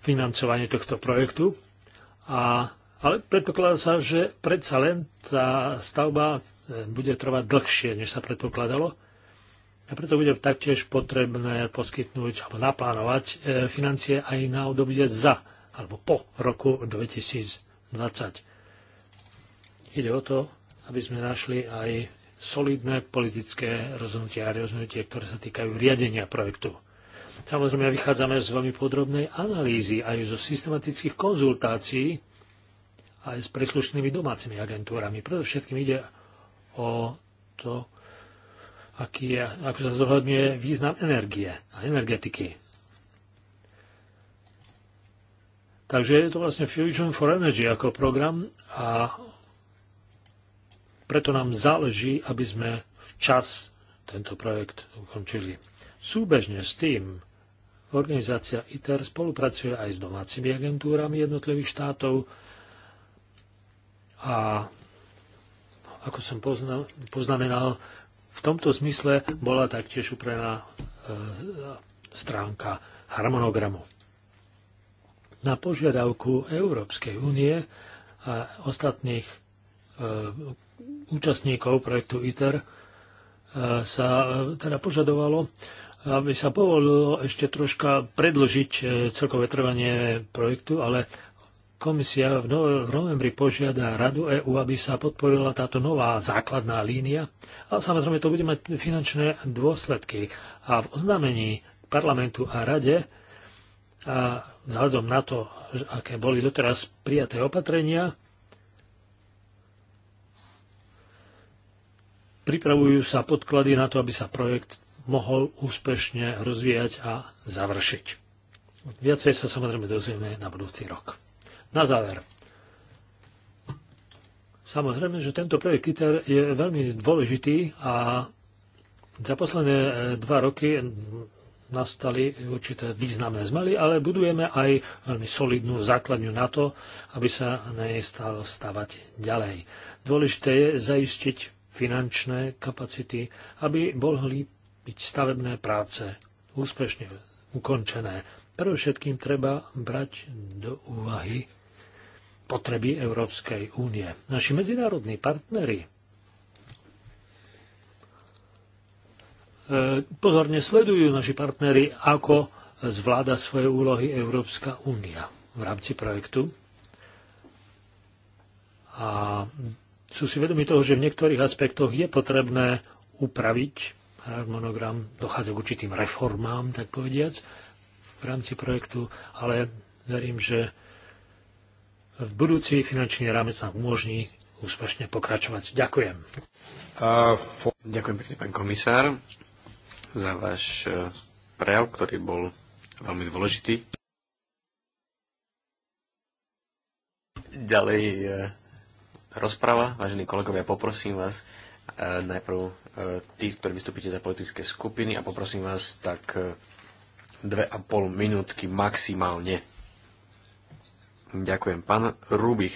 financovanie tohto projektu. A, ale predpokladá sa, že predsa len tá stavba eh, bude trvať dlhšie, než sa predpokladalo. A preto bude taktiež potrebné poskytnúť alebo naplánovať financie aj na obdobie za alebo po roku 2020. Ide o to, aby sme našli aj solidné politické rozhodnutia a rozhodnutie, ktoré sa týkajú riadenia projektu. Samozrejme, vychádzame z veľmi podrobnej analýzy aj zo systematických konzultácií aj s príslušnými domácimi agentúrami. Predovšetkým ide o to, aký je, ako sa zohľadňuje význam energie a energetiky Takže je to vlastne Fusion for Energy ako program a preto nám záleží, aby sme včas tento projekt ukončili. Súbežne s tým organizácia ITER spolupracuje aj s domácimi agentúrami jednotlivých štátov a ako som poznamenal, v tomto zmysle bola taktiež uprená e, stránka harmonogramu na požiadavku Európskej únie a ostatných e, účastníkov projektu ITER e, sa e, teda požadovalo, aby sa povolilo ešte troška predlžiť e, celkové trvanie projektu, ale komisia v, no- v novembri požiada Radu EÚ, aby sa podporila táto nová základná línia a samozrejme to bude mať finančné dôsledky. A v oznámení parlamentu a rade a vzhľadom na to, aké boli doteraz prijaté opatrenia, pripravujú sa podklady na to, aby sa projekt mohol úspešne rozvíjať a završiť. Viacej sa samozrejme dozvieme na budúci rok. Na záver. Samozrejme, že tento projekt ITER je veľmi dôležitý a za posledné eh, dva roky nastali určité významné zmely, ale budujeme aj veľmi solidnú základňu na to, aby sa na stavať ďalej. Dôležité je zaistiť finančné kapacity, aby mohli byť stavebné práce úspešne ukončené. Pre všetkým treba brať do úvahy potreby Európskej únie. Naši medzinárodní partnery E, pozorne sledujú naši partnery, ako zvláda svoje úlohy Európska únia v rámci projektu. A sú si vedomi toho, že v niektorých aspektoch je potrebné upraviť harmonogram, dochádza k určitým reformám, tak povediac, v rámci projektu, ale verím, že v budúci finančný rámec nám umožní úspešne pokračovať. Ďakujem.
Uh, for... Ďakujem pekne, pán komisár za váš e, prejav, ktorý bol veľmi dôležitý. Ďalej e, rozprava. Vážení kolegovia, poprosím vás e, najprv e, tých, ktorí vystúpite za politické skupiny a poprosím vás tak dve a pol minútky maximálne. Ďakujem. Pán Rubich,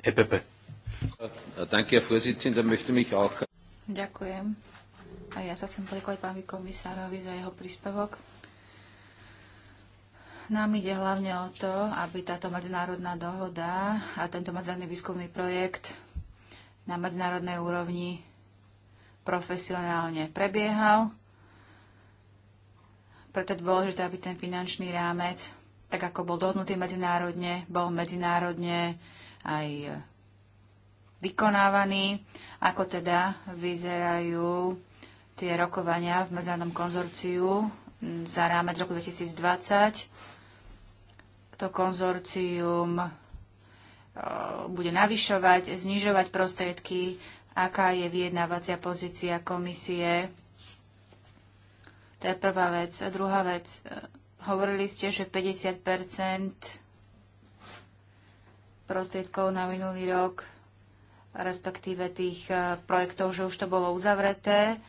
EPP.
Ďakujem. A ja sa chcem poďakovať pánovi komisárovi za jeho príspevok. Nám ide hlavne o to, aby táto medzinárodná dohoda a tento medzinárodný výskumný projekt na medzinárodnej úrovni profesionálne prebiehal. Preto je dôležité, aby ten finančný rámec, tak ako bol dohodnutý medzinárodne, bol medzinárodne aj vykonávaný, ako teda vyzerajú tie rokovania v medzinárodnom konzorciu za rámec roku 2020. To konzorcium e, bude navyšovať, znižovať prostriedky, aká je vyjednávacia pozícia komisie. To je prvá vec. A druhá vec, e, hovorili ste, že 50 prostriedkov na minulý rok, respektíve tých e, projektov, že už to bolo uzavreté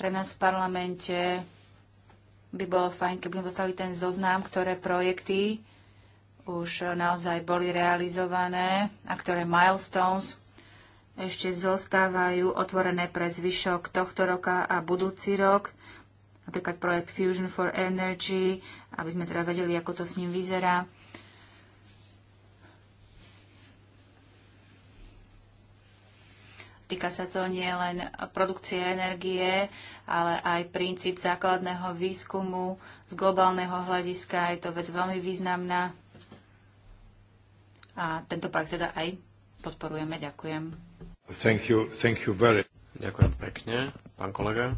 pre nás v parlamente by bolo fajn, keby sme dostali ten zoznam, ktoré projekty už naozaj boli realizované a ktoré milestones ešte zostávajú otvorené pre zvyšok tohto roka a budúci rok. Napríklad projekt Fusion for Energy, aby sme teda vedeli, ako to s ním vyzerá Týka sa to nielen produkcie energie, ale aj princíp základného výskumu z globálneho hľadiska. Je to vec veľmi významná. A tento projekt teda aj podporujeme. Ďakujem.
Thank you, thank you very... Ďakujem pekne, pán kolega.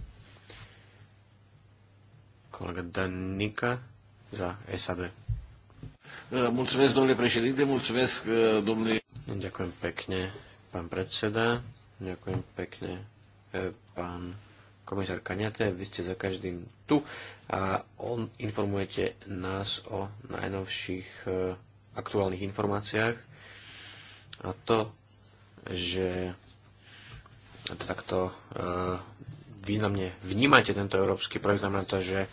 Kolega Danika za SAD. E, mulțumesc, domnule președinte, mulțumesc, e, domnule... Ďakujem pekne, pán predseda. Ďakujem pekne, e, pán komisár Kaňate. Vy ste za každým tu a on informujete nás o najnovších e, aktuálnych informáciách a to, že takto e, významne vnímate tento európsky projekt, znamená to, že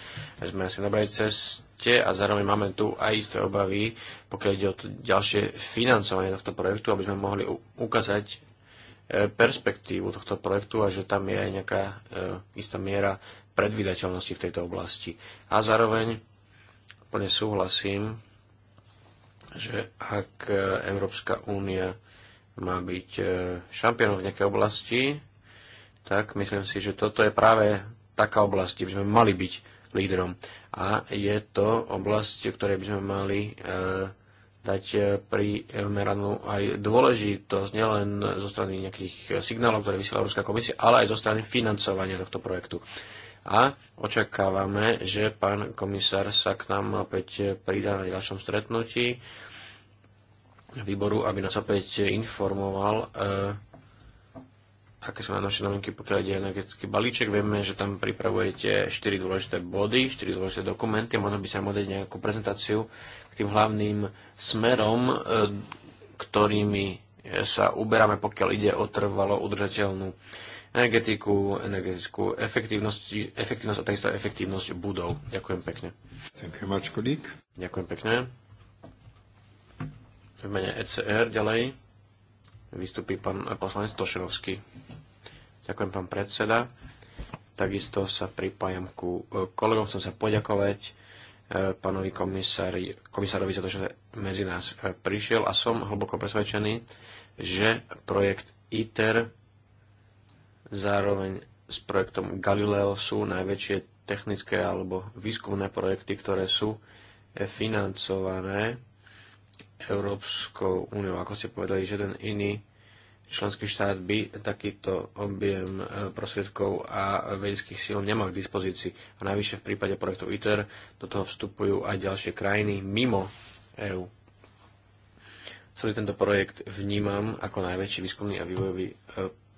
sme asi na dobrej ceste a zároveň máme tu aj isté obavy, pokiaľ ide o to ďalšie financovanie tohto projektu, aby sme mohli ukázať perspektívu tohto projektu a že tam je aj nejaká e, istá miera predvydateľnosti v tejto oblasti. A zároveň plne súhlasím, že ak e, Európska únia má byť e, šampiónom v nejakej oblasti, tak myslím si, že toto je práve taká oblasť, kde by sme mali byť lídrom. A je to oblasť, ktorej by sme mali e, dať e, primeranú aj dôležitosť nielen zo strany nejakých signálov, ktoré vysiela Európska komisia, ale aj zo strany financovania tohto projektu. A očakávame, že pán komisár sa k nám opäť pridá na ďalšom stretnutí výboru, aby nás opäť informoval e, aké sú najnovšie novinky, pokiaľ ide energetický balíček. Vieme, že tam pripravujete 4 dôležité body, 4 dôležité dokumenty. Možno by sa mohli nejakú prezentáciu k tým hlavným smerom, e, ktorými e, sa uberáme, pokiaľ ide o trvalo udržateľnú energetiku, energetickú efektívnosť, efektívnosť a takisto efektívnosť budov. Ďakujem pekne. Ďakujem pekne. V mene ECR ďalej vystupí pán poslanec Tošerovský. Ďakujem, pán predseda. Takisto sa pripájam ku e, kolegom, chcem sa poďakovať e, pánovi komisári, komisárovi za to, že medzi nás e, prišiel a som hlboko presvedčený, že projekt ITER zároveň s projektom Galileo sú najväčšie technické alebo výskumné projekty, ktoré sú financované Európskou úniou. Ako ste povedali, že ten iný členský štát by takýto objem e, prostriedkov a vedeckých síl nemal k dispozícii. A najvyššie v prípade projektu ITER do toho vstupujú aj ďalšie krajiny mimo EÚ. Celý tento projekt vnímam ako najväčší výskumný a vývojový e,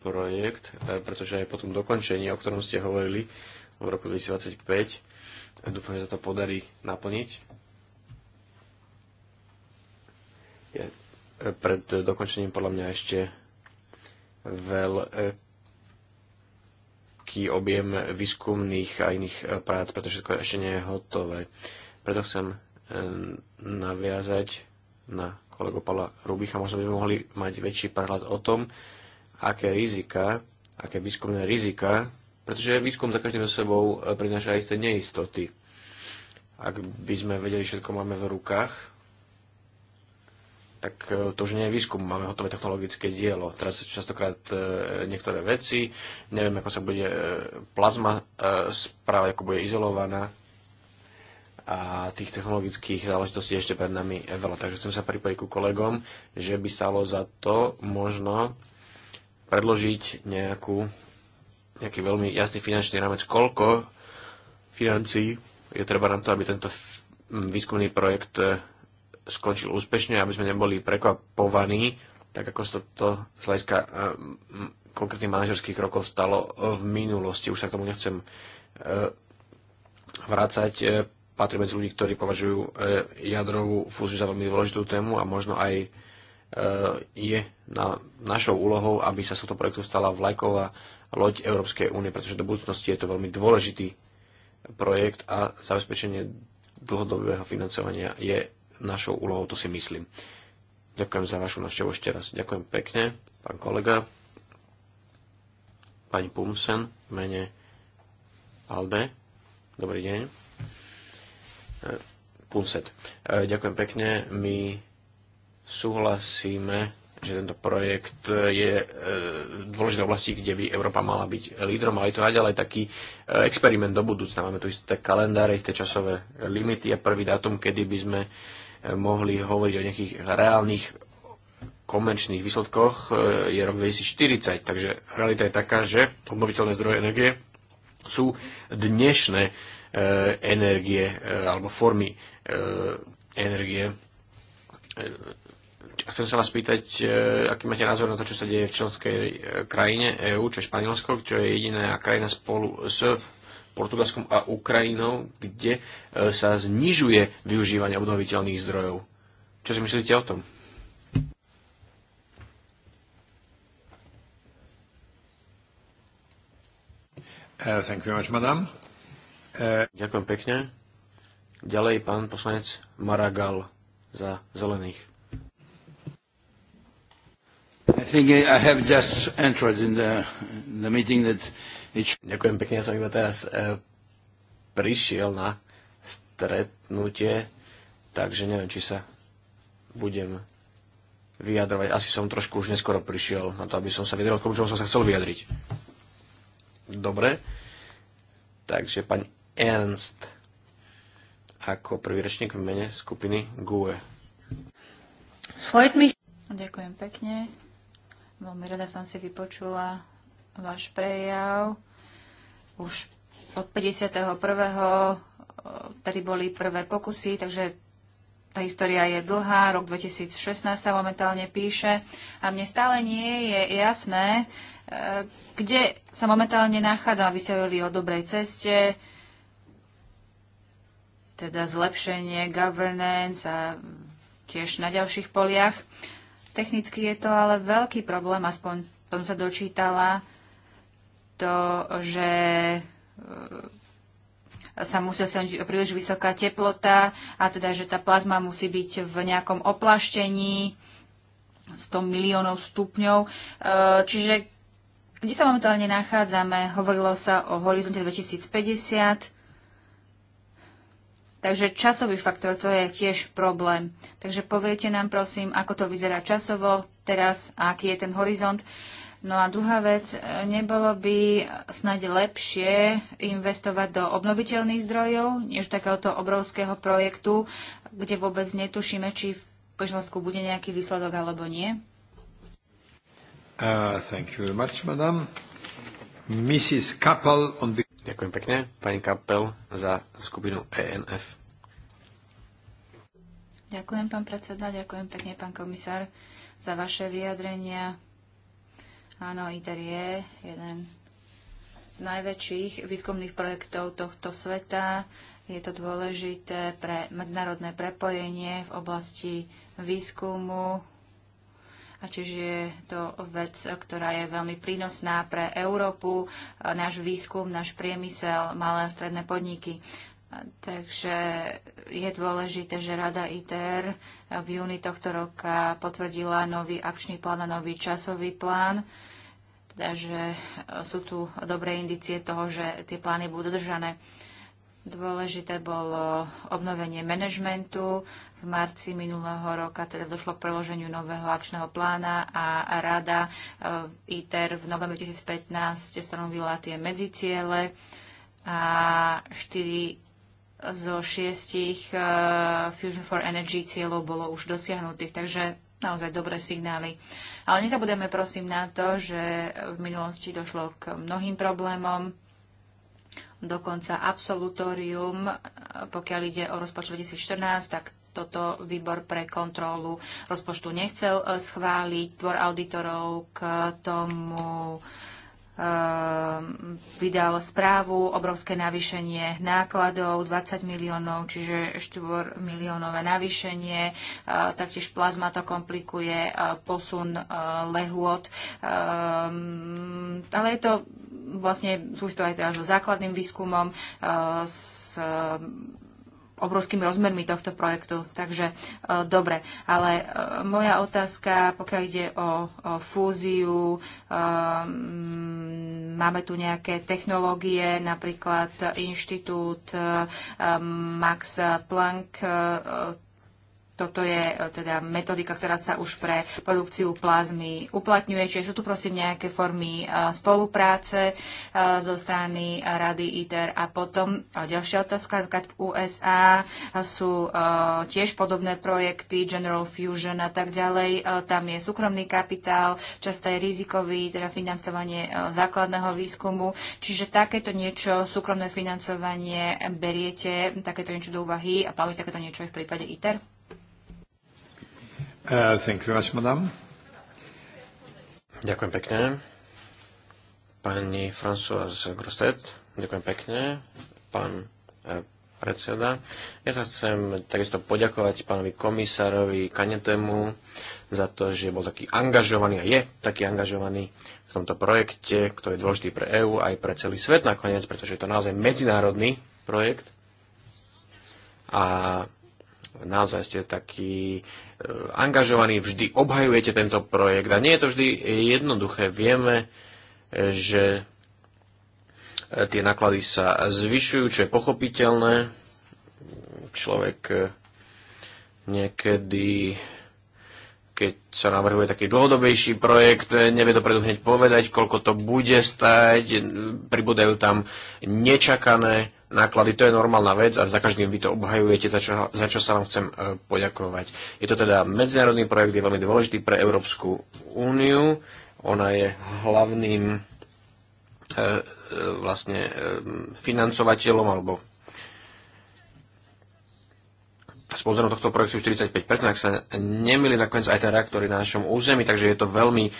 projekt, e, pretože aj po tom dokončení, o ktorom ste hovorili v roku 2025, dúfam, že sa to podarí naplniť. pred dokončením podľa mňa ešte veľký objem výskumných a iných eh, prác, pretože všetko ešte nie je hotové. Preto chcem eh, naviazať na kolegu Pala Rubicha. Možno by sme mohli mať väčší prehľad o tom, aké rizika, aké výskumné rizika, pretože výskum za každým sebou eh, prináša isté neistoty. Ak by sme vedeli, všetko máme v rukách, tak e, to už nie je výskum, máme hotové technologické dielo. Teraz častokrát e, niektoré veci, neviem, ako sa bude e, plazma správať, ako bude izolovaná a tých technologických záležitostí ešte pred nami je veľa. Takže chcem sa pripojiť ku kolegom, že by stalo za to možno predložiť nejakú, nejaký veľmi jasný finančný rámec, koľko financií je treba na to, aby tento výskumný projekt skončil úspešne, aby sme neboli prekvapovaní, tak ako sa to z hľadiska eh, konkrétnych manažerských krokov stalo eh, v minulosti. Už sa k tomu nechcem eh, vrácať. Patrí medzi ľudí, ktorí považujú jadrovú fúziu za veľmi dôležitú tému a možno aj je na našou úlohou, aby sa z tohto projektu stala vlajková loď Európskej únie, pretože do budúcnosti je to veľmi dôležitý projekt a zabezpečenie dlhodobého financovania je našou úlohou, to si myslím. Ďakujem za vašu návštevu ešte raz. Ďakujem pekne, pán kolega, pani Pumsen, mene Alde. Dobrý deň. E, Pumset. E, ďakujem pekne. My súhlasíme, že tento projekt je v e, dôležitý oblasti, kde by Európa mala byť lídrom, ale je to naďalej taký experiment do budúcna. Máme tu isté kalendáre, isté časové limity a prvý dátum, kedy by sme mohli hovoriť o nejakých reálnych komerčných výsledkoch, e, je rok 2040. Takže realita je taká, že obnoviteľné zdroje energie sú dnešné e, energie e, alebo formy energie. Chcem sa vás spýtať, aký máte názor na to, čo sa deje v členskej krajine EÚ, čo je Španielsko, čo je jediná krajina spolu s Portugalskom a Ukrajinou, kde e, sa znižuje využívanie obnoviteľných zdrojov. Čo si myslíte o tom? Uh, much, uh... Ďakujem pekne. Ďalej pán poslanec Maragal za zelených. I think I have just entered in the, in the meeting that Ďakujem pekne, ja som iba teraz e, prišiel na stretnutie, takže neviem, či sa budem vyjadrovať. Asi som trošku už neskoro prišiel na to, aby som sa vyjadril k som sa chcel vyjadriť. Dobre. Takže pani Ernst ako prvý rečník v mene skupiny GUE.
Ďakujem pekne. Veľmi rada som si vypočula váš prejav už od 51. Eh, Tady boli prvé pokusy, takže tá história je dlhá, rok 2016 sa momentálne píše a mne stále nie je jasné, eh, kde sa momentálne nachádza aby sa o dobrej ceste, teda zlepšenie governance a tiež na ďalších poliach. Technicky je to ale veľký problém, aspoň tom sa dočítala, to, že e, sa musí osiahnuť príliš vysoká teplota a teda, že tá plazma musí byť v nejakom oplaštení 100 miliónov stupňov. E, čiže kde sa momentálne nachádzame? Hovorilo sa o horizonte 2050. Takže časový faktor to je tiež problém. Takže poviete nám prosím, ako to vyzerá časovo teraz a aký je ten horizont. Uh, No a druhá vec, e, nebolo by snáď lepšie investovať do obnoviteľných zdrojov, než takéhoto obrovského projektu, kde vôbec netušíme, či v Koželsku bude nejaký výsledok alebo nie?
Uh, thank you very much, madam. Mrs. Kappel on the... Ďakujem pekne, pani Kapel za skupinu ENF.
Ďakujem, pán predseda, ďakujem pekne, pán komisár, za vaše vyjadrenia Áno, ITER je jeden z najväčších výskumných projektov tohto sveta. Je to dôležité pre medzinárodné prepojenie v oblasti výskumu a čiže je to vec, ktorá je veľmi prínosná pre Európu, náš výskum, náš priemysel, malé a stredné podniky. Takže je dôležité, že Rada ITER v júni tohto roka potvrdila nový akčný plán a nový časový plán teda, že e, sú tu dobré indicie toho, že tie plány budú dodržané. Dôležité bolo obnovenie manažmentu. V marci minulého roka teda došlo k preloženiu nového akčného plána a rada e, ITER v novembri 2015 stanovila tie medziciele a štyri zo šiestich e, Fusion for Energy cieľov bolo už dosiahnutých. Takže naozaj dobré signály. Ale nezabudeme prosím na to, že v minulosti došlo k mnohým problémom, dokonca absolutórium, pokiaľ ide o rozpočet 2014, tak toto výbor pre kontrolu rozpočtu nechcel eh, schváliť. Dvor auditorov k tomu Ehm, vydal správu, obrovské navýšenie nákladov, 20 miliónov, čiže 4 miliónové navýšenie. Ehm, taktiež plazma to komplikuje ehm, posun lehôd. Ale je to vlastne, sú to aj teraz so základným výskumom, s obrovskými rozmermi tohto projektu. Takže e, dobre, ale e, moja otázka, pokiaľ ide o, o fúziu, e, máme tu nejaké technológie, napríklad inštitút Max Planck, toto je e, teda metodika, ktorá sa už pre produkciu plazmy uplatňuje, čiže sú tu prosím nejaké formy e, spolupráce e, zo strany Rady ITER. A potom ďalšia otázka, napríklad v USA sú tiež podobné projekty, General Fusion a tak ďalej. Tam je súkromný kapitál, často je rizikový, teda financovanie základného výskumu. Čiže takéto niečo, súkromné financovanie beriete, takéto niečo do úvahy a plánujete takéto niečo aj v prípade ITER?
Uh, thank you much, madam. Ďakujem pekne. Pani Françoise Grostet, ďakujem pekne. Pán eh, predseda. Ja sa chcem takisto poďakovať pánovi komisárovi Kanetemu za to, že bol taký angažovaný a je taký angažovaný v tomto projekte, ktorý je dôležitý pre EÚ aj pre celý svet nakoniec, pretože je to naozaj medzinárodný projekt. A naozaj ste taký e, angažovaní, vždy obhajujete tento projekt a nie je to vždy jednoduché. Vieme, e, že e, tie náklady sa zvyšujú, čo je pochopiteľné. Človek niekedy keď sa navrhuje taký dlhodobejší projekt, nevie dopredu hneď povedať, koľko to bude stať, pribúdajú tam nečakané náklady, to je normálna vec a za každým vy to obhajujete, za čo, za čo sa vám chcem e, poďakovať. Je to teda medzinárodný projekt, je veľmi dôležitý pre Európsku úniu. Ona je hlavným e, e, vlastne financovateľom alebo sponzorom tohto projektu 45%, ak sa nemili nakoniec aj ten reaktor na našom území, takže je to veľmi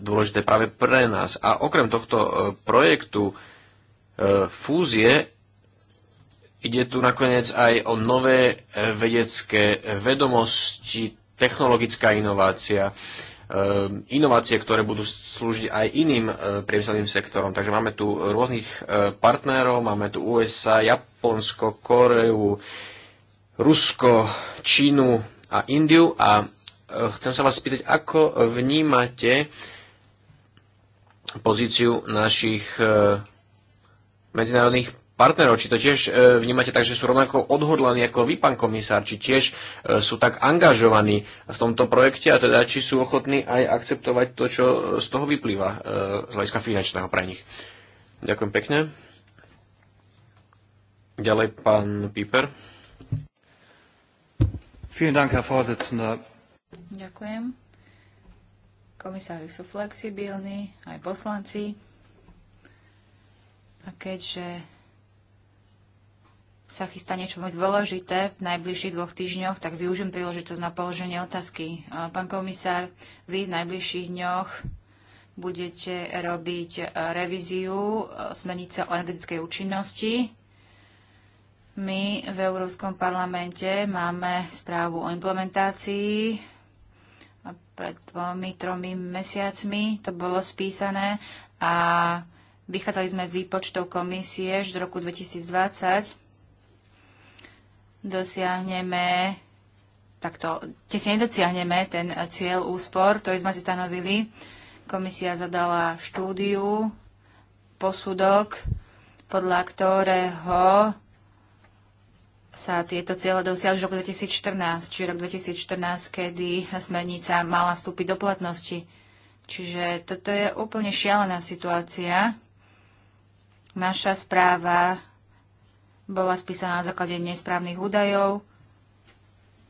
dôležité práve pre nás. A okrem tohto projektu fúzie Ide tu nakoniec aj o nové e, vedecké e, vedomosti, technologická inovácia, e, inovácie, ktoré budú slúžiť aj iným priemyselným sektorom. Takže máme tu rôznych partnerov, máme tu USA, Japonsko, Koreu, Rusko, Čínu a Indiu a chcem sa vás spýtať, ako vnímate pozíciu našich medzinárodných partnerov, či to tiež e, vnímate tak, že sú rovnako odhodlaní ako vy, pán komisár, či tiež e, sú tak angažovaní v tomto projekte a teda či sú ochotní aj akceptovať to, čo z toho vyplýva e, z hľadiska finančného pre nich. Ďakujem pekne. Ďalej pán Piper.
Ďakujem. Komisári sú flexibilní, aj poslanci. A keďže sa chystá niečo veľmi dôležité v najbližších dvoch týždňoch, tak využijem príležitosť na položenie otázky. Pán komisár, vy v najbližších dňoch budete robiť e, revíziu e, smernice o energetickej účinnosti. My v Európskom parlamente máme správu o implementácii a pred dvomi, tromi mesiacmi to bolo spísané a vychádzali sme výpočtov komisie až do roku 2020 dosiahneme takto si nedociahneme ten cieľ úspor, ktorý sme si stanovili. Komisia zadala štúdiu, posudok, podľa ktorého sa tieto ciele dosiahli v roku 2014, čiže rok 2014, kedy smernica mala vstúpiť do platnosti. Čiže toto je úplne šialená situácia. Naša správa bola spísaná na základe nesprávnych údajov,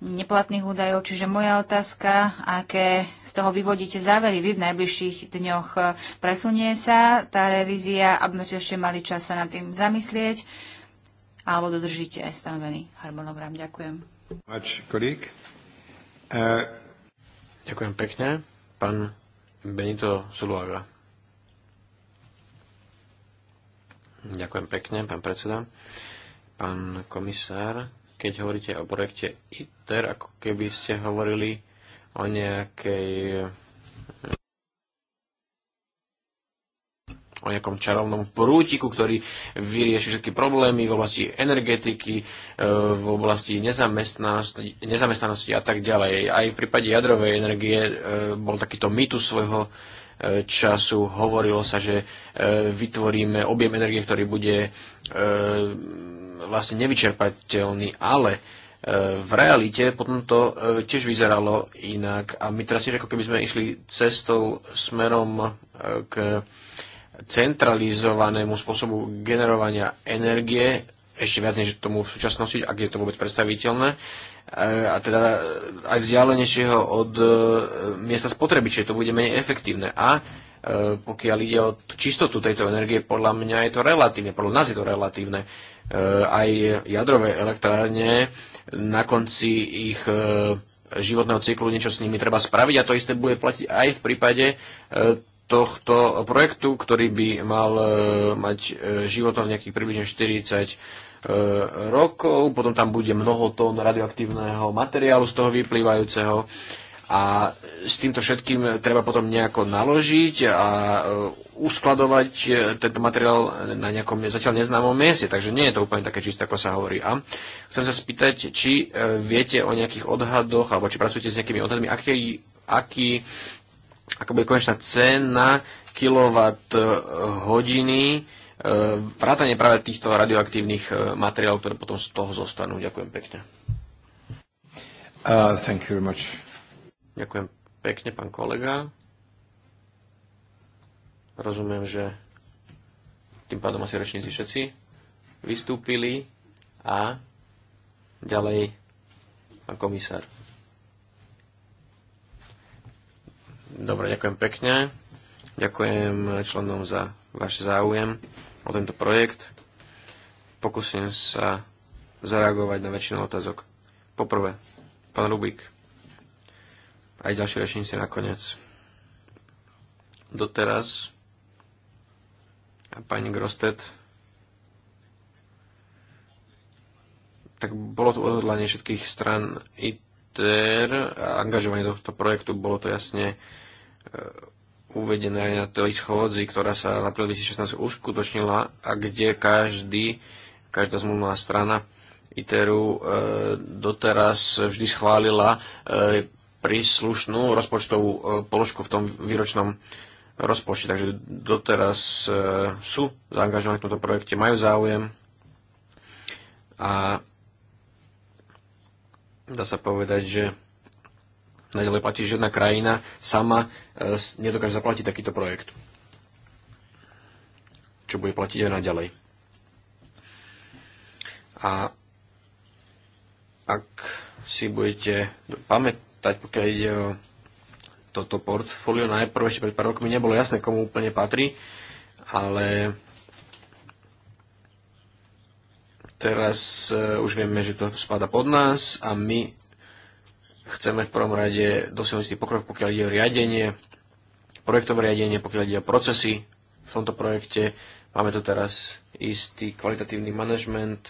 neplatných údajov. Čiže moja otázka, aké z toho vyvodíte závery vy v najbližších dňoch, eh, presunie sa tá revízia, aby sme ešte mali čas sa nad tým zamyslieť, alebo dodržíte stanovený harmonogram. Ďakujem.
Eh, Ďakujem pekne. Pán Benito Zuluaga. Ďakujem pekne, pán predseda. Pán komisár, keď hovoríte o projekte ITER, ako keby ste hovorili o nejakej o nejakom čarovnom prútiku, ktorý vyrieši všetky problémy v oblasti energetiky, e, v oblasti nezamestnanosti, nezamestnanosti a tak ďalej. Aj v prípade jadrovej energie e, bol takýto mýtus svojho e, času. Hovorilo sa, že vytvoríme objem energie, ktorý bude vlastne nevyčerpateľný, ale e, v realite potom to e, tiež vyzeralo inak a my teraz tiež ako keby sme išli cestou smerom e, k centralizovanému spôsobu generovania energie, ešte viac než tomu v súčasnosti, ak je to vôbec predstaviteľné, a teda aj vzdialenejšieho od miesta spotreby, čiže to bude menej efektívne. A pokiaľ ide o čistotu tejto energie, podľa mňa je to relatívne, podľa nás je to relatívne. Eh, aj jadrové elektrárne na konci ich eh, životného cyklu niečo s nimi treba spraviť a to isté bude platiť aj v prípade eh, tohto projektu, ktorý by mal mať životnosť nejakých približne 40 rokov, potom tam bude mnoho tón radioaktívneho materiálu z toho vyplývajúceho a s týmto všetkým treba potom nejako naložiť a e, uskladovať e, tento materiál na nejakom zatiaľ neznámom mieste, takže nie je to úplne také čisté, ako sa hovorí. A chcem sa spýtať, či e, viete o nejakých odhadoch, alebo či pracujete s nejakými odhadmi, aký, aký, aká bude konečná cena kilowatt hodiny vrátanie práve týchto radioaktívnych materiálov, ktoré potom z toho zostanú. Ďakujem pekne. Uh, thank you very much. Ďakujem pekne, pán kolega. Rozumiem, že tým pádom asi rečníci všetci vystúpili a ďalej pán komisár. Dobre, ďakujem pekne. Ďakujem členom za váš záujem o tento projekt. Pokúsim sa zareagovať na väčšinu otázok. Poprvé, pán Rubik aj ďalšie rečníci nakoniec. Doteraz a pani Grostet tak bolo tu odhodlanie všetkých stran ITER a angažovanie do tohto projektu, bolo to jasne e, uvedené aj na tej schôdzi, ktorá sa na 2016 uskutočnila a kde každý, každá zmluvná strana ITERu e, doteraz vždy schválila e, príslušnú rozpočtovú e, položku v tom výročnom rozpočte. Takže doteraz e, sú zaangažovaní v tomto projekte, majú záujem a dá sa povedať, že naďalej platí, že jedna krajina sama e, nedokáže zaplatiť takýto projekt. Čo bude platiť aj naďalej. A ak si budete pamätať, pýtať, pokiaľ ide o toto portfólio. Najprv ešte pred pár rokmi nebolo jasné, komu úplne patrí, ale teraz e, už vieme, že to spada pod nás a my chceme v prvom rade dosiahnuť pokrok, pokiaľ ide o riadenie, projektové riadenie, pokiaľ ide o procesy v tomto projekte. Máme tu teraz istý kvalitatívny manažment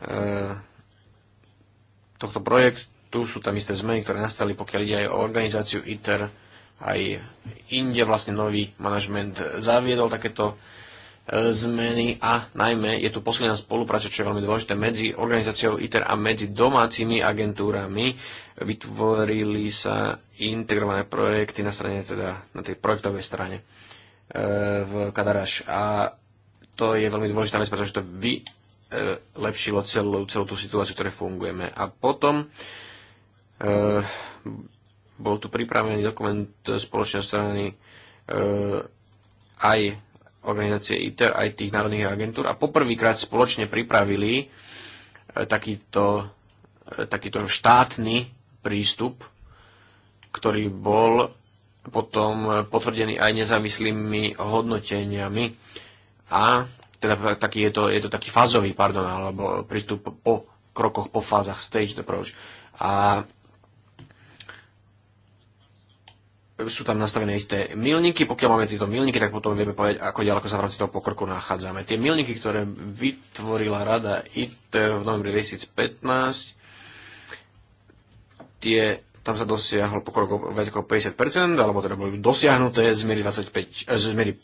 e, tohto projektu tu sú tam isté zmeny, ktoré nastali, pokiaľ ide aj o organizáciu ITER, aj inde vlastne nový manažment zaviedol takéto e, zmeny a najmä je tu posilnená spolupráca, čo je veľmi dôležité, medzi organizáciou ITER a medzi domácimi agentúrami. Vytvorili sa integrované projekty na strane, teda na tej projektovej strane e, v Kadaraš. A to je veľmi dôležitá vec, pretože to vylepšilo e, celú, celú tú situáciu, ktoré fungujeme. A potom Eh, bol tu pripravený dokument spoločnej strany eh, aj organizácie ITER, aj tých národných agentúr a poprvýkrát spoločne pripravili eh, takýto, takýto štátny prístup, ktorý bol potom potvrdený aj nezávislými hodnoteniami a teda taký je, to, je to taký fázový, pardon, alebo prístup po krokoch, po fázach, stage approach. A sú tam nastavené isté milníky. Pokiaľ máme tieto milníky, tak potom vieme povedať, ako ďaleko sa v rámci toho pokroku nachádzame. Tie milníky, ktoré vytvorila rada ITER v novembri 2015, tie, tam sa dosiahol pokrok viac ako 50%, alebo teda boli dosiahnuté z miery 25, eh, z miery,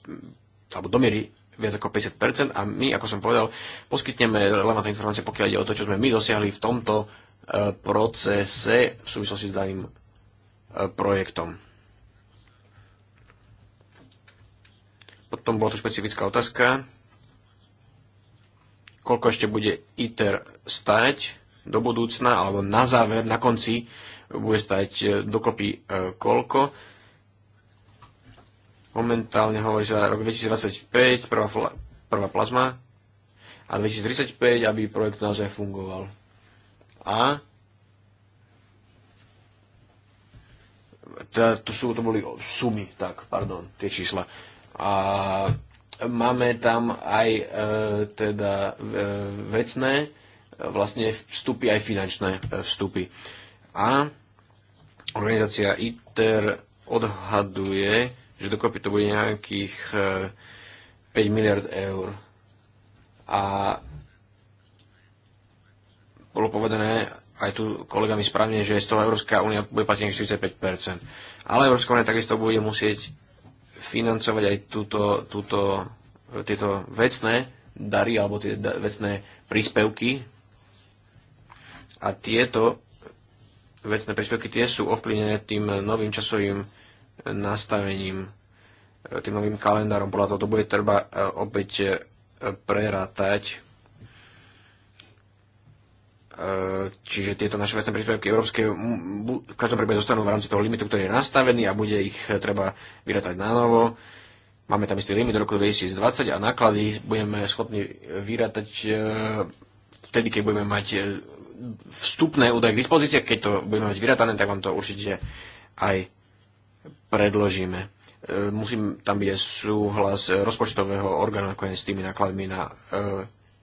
alebo do miery viac ako 50% a my, ako som povedal, poskytneme relevantné informácie, pokiaľ ide o to, čo sme my dosiahli v tomto eh, procese v súvislosti s daným eh, projektom. Potom bola to špecifická otázka, koľko ešte bude ITER stať do budúcna, alebo na záver, na konci bude stať e, dokopy e, koľko. Momentálne hovorí sa rok 2025, prvá, prvá plazma a 2035, aby projekt naozaj fungoval. A teda to, sú, to boli sumy, tak, pardon, tie čísla. A máme tam aj e, teda e, vecné, vlastne vstupy, aj finančné e, vstupy. A organizácia ITER odhaduje, že dokopy to bude nejakých 5 e, miliard eur. A bolo povedané aj tu kolegami správne, že z toho Európska únia bude platiť 45%. Ale Európska únia takisto bude musieť financovať aj túto, túto, tieto vecné dary alebo tie vecné príspevky. A tieto vecné príspevky tie sú ovplyvnené tým novým časovým nastavením, tým novým kalendárom. Podľa toho to bude treba e, opäť e, prerátať E, čiže tieto naše vecné príspevky európske v každom prípade zostanú v rámci toho limitu, ktorý je nastavený a bude ich e, treba vyratať na novo. Máme tam istý limit do roku 2020 a náklady budeme schopní vyratať e, vtedy, keď budeme mať vstupné údaje k dispozícii. Keď to budeme mať vyratané, tak vám to určite aj predložíme. Musím tam byť súhlas rozpočtového orgánu nakoniec s tými nákladmi na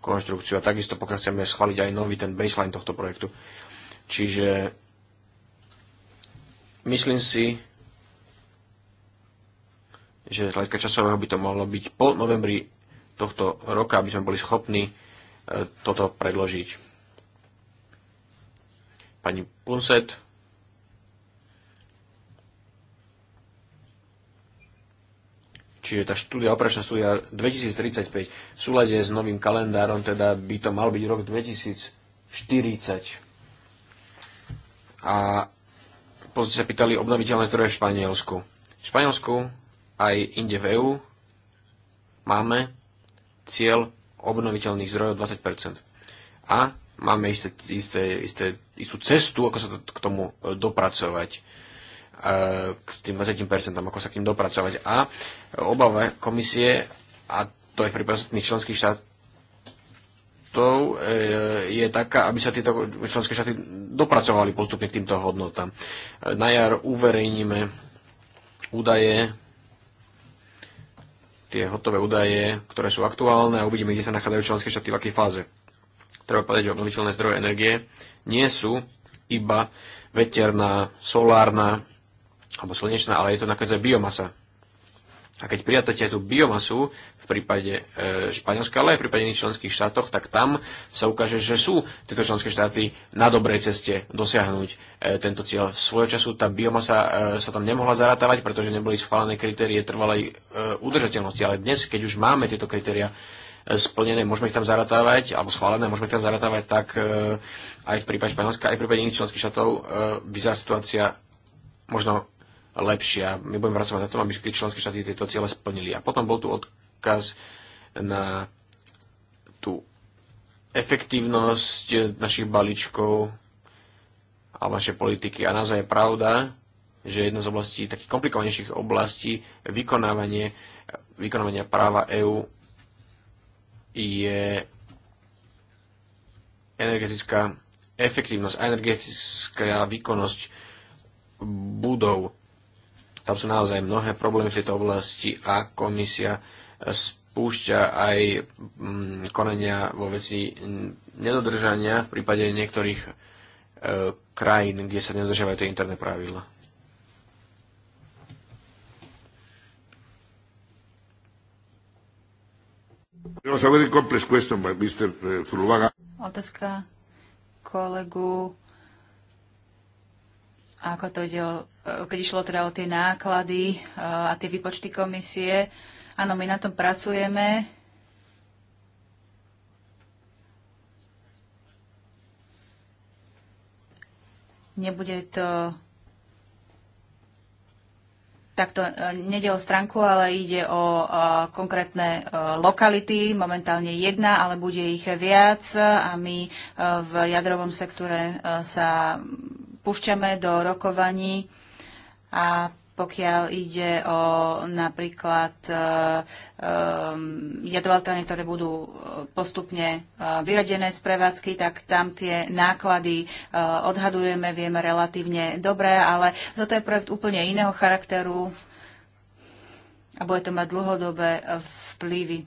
konštrukciu a takisto pokiaľ chceme schváliť aj nový ten baseline tohto projektu. Čiže myslím si, že z hľadiska časového by to mohlo byť po novembri tohto roka, aby sme boli schopní e, toto predložiť. Pani Punset Čiže tá štúdia, operačná štúdia 2035 v súlade s novým kalendárom, teda by to mal byť rok 2040. A potom sa pýtali obnoviteľné zdroje v Španielsku. V Španielsku aj inde v EÚ máme cieľ obnoviteľných zdrojov 20%. A máme isté, isté, isté, istú cestu, ako sa to k tomu e, dopracovať k tým 20%, ako sa k tým dopracovať. A obava komisie, a to je v prípade členských štátov, štátov e, je taká, aby sa tieto členské štáty dopracovali postupne k týmto hodnotám. Na jar uverejníme údaje, tie hotové údaje, ktoré sú aktuálne a uvidíme, kde sa nachádzajú členské štáty v akej fáze. Treba povedať, že obnoviteľné zdroje energie nie sú iba veterná, solárna alebo slnečná, ale je to nakoniec aj biomasa. A keď prijatate tú biomasu v prípade e, Španielska, ale aj v prípade iných členských štátoch, tak tam sa ukáže, že sú tieto členské štáty na dobrej ceste dosiahnuť e, tento cieľ. V svojho času tá biomasa e, sa tam nemohla zarátavať, pretože neboli schválené kritérie trvalej e, udržateľnosti. Ale dnes, keď už máme tieto kritéria e, splnené, môžeme ich tam zaratávať, alebo schválené, môžeme ich tam zaratávať, tak e, aj v prípade Španielska, aj v prípade iných členských štátov e, vyzerá situácia možno lepšia. My budeme pracovať na tom, aby členské štáty tieto ciele splnili. A potom bol tu odkaz na tú efektívnosť našich balíčkov alebo našej politiky. A naozaj je pravda, že jedna z oblastí, takých komplikovanejších oblastí, vykonávanie, vykonávania práva EÚ je energetická efektívnosť a energetická výkonnosť budov. Tam sú naozaj mnohé problémy v tejto oblasti a komisia spúšťa aj mm, konania vo veci nedodržania v prípade niektorých e, krajín, kde sa nedodržiavajú tie interné pravidla.
No eh, Otázka kolegu ako to ide, e, keď išlo teda o tie náklady e, a tie výpočty komisie. Áno, my na tom pracujeme. Nebude to takto, e, nede o stránku, ale ide o konkrétne lokality, momentálne jedna, ale bude ich viac a my v jadrovom sektore sa púšťame do rokovaní a pokiaľ ide o napríklad e, e, jadovateľne, ktoré budú e, postupne vyradené z prevádzky, tak tam tie náklady odhadujeme, vieme relatívne dobre, ale toto je projekt úplne iného charakteru a bude to mať dlhodobé vplyvy.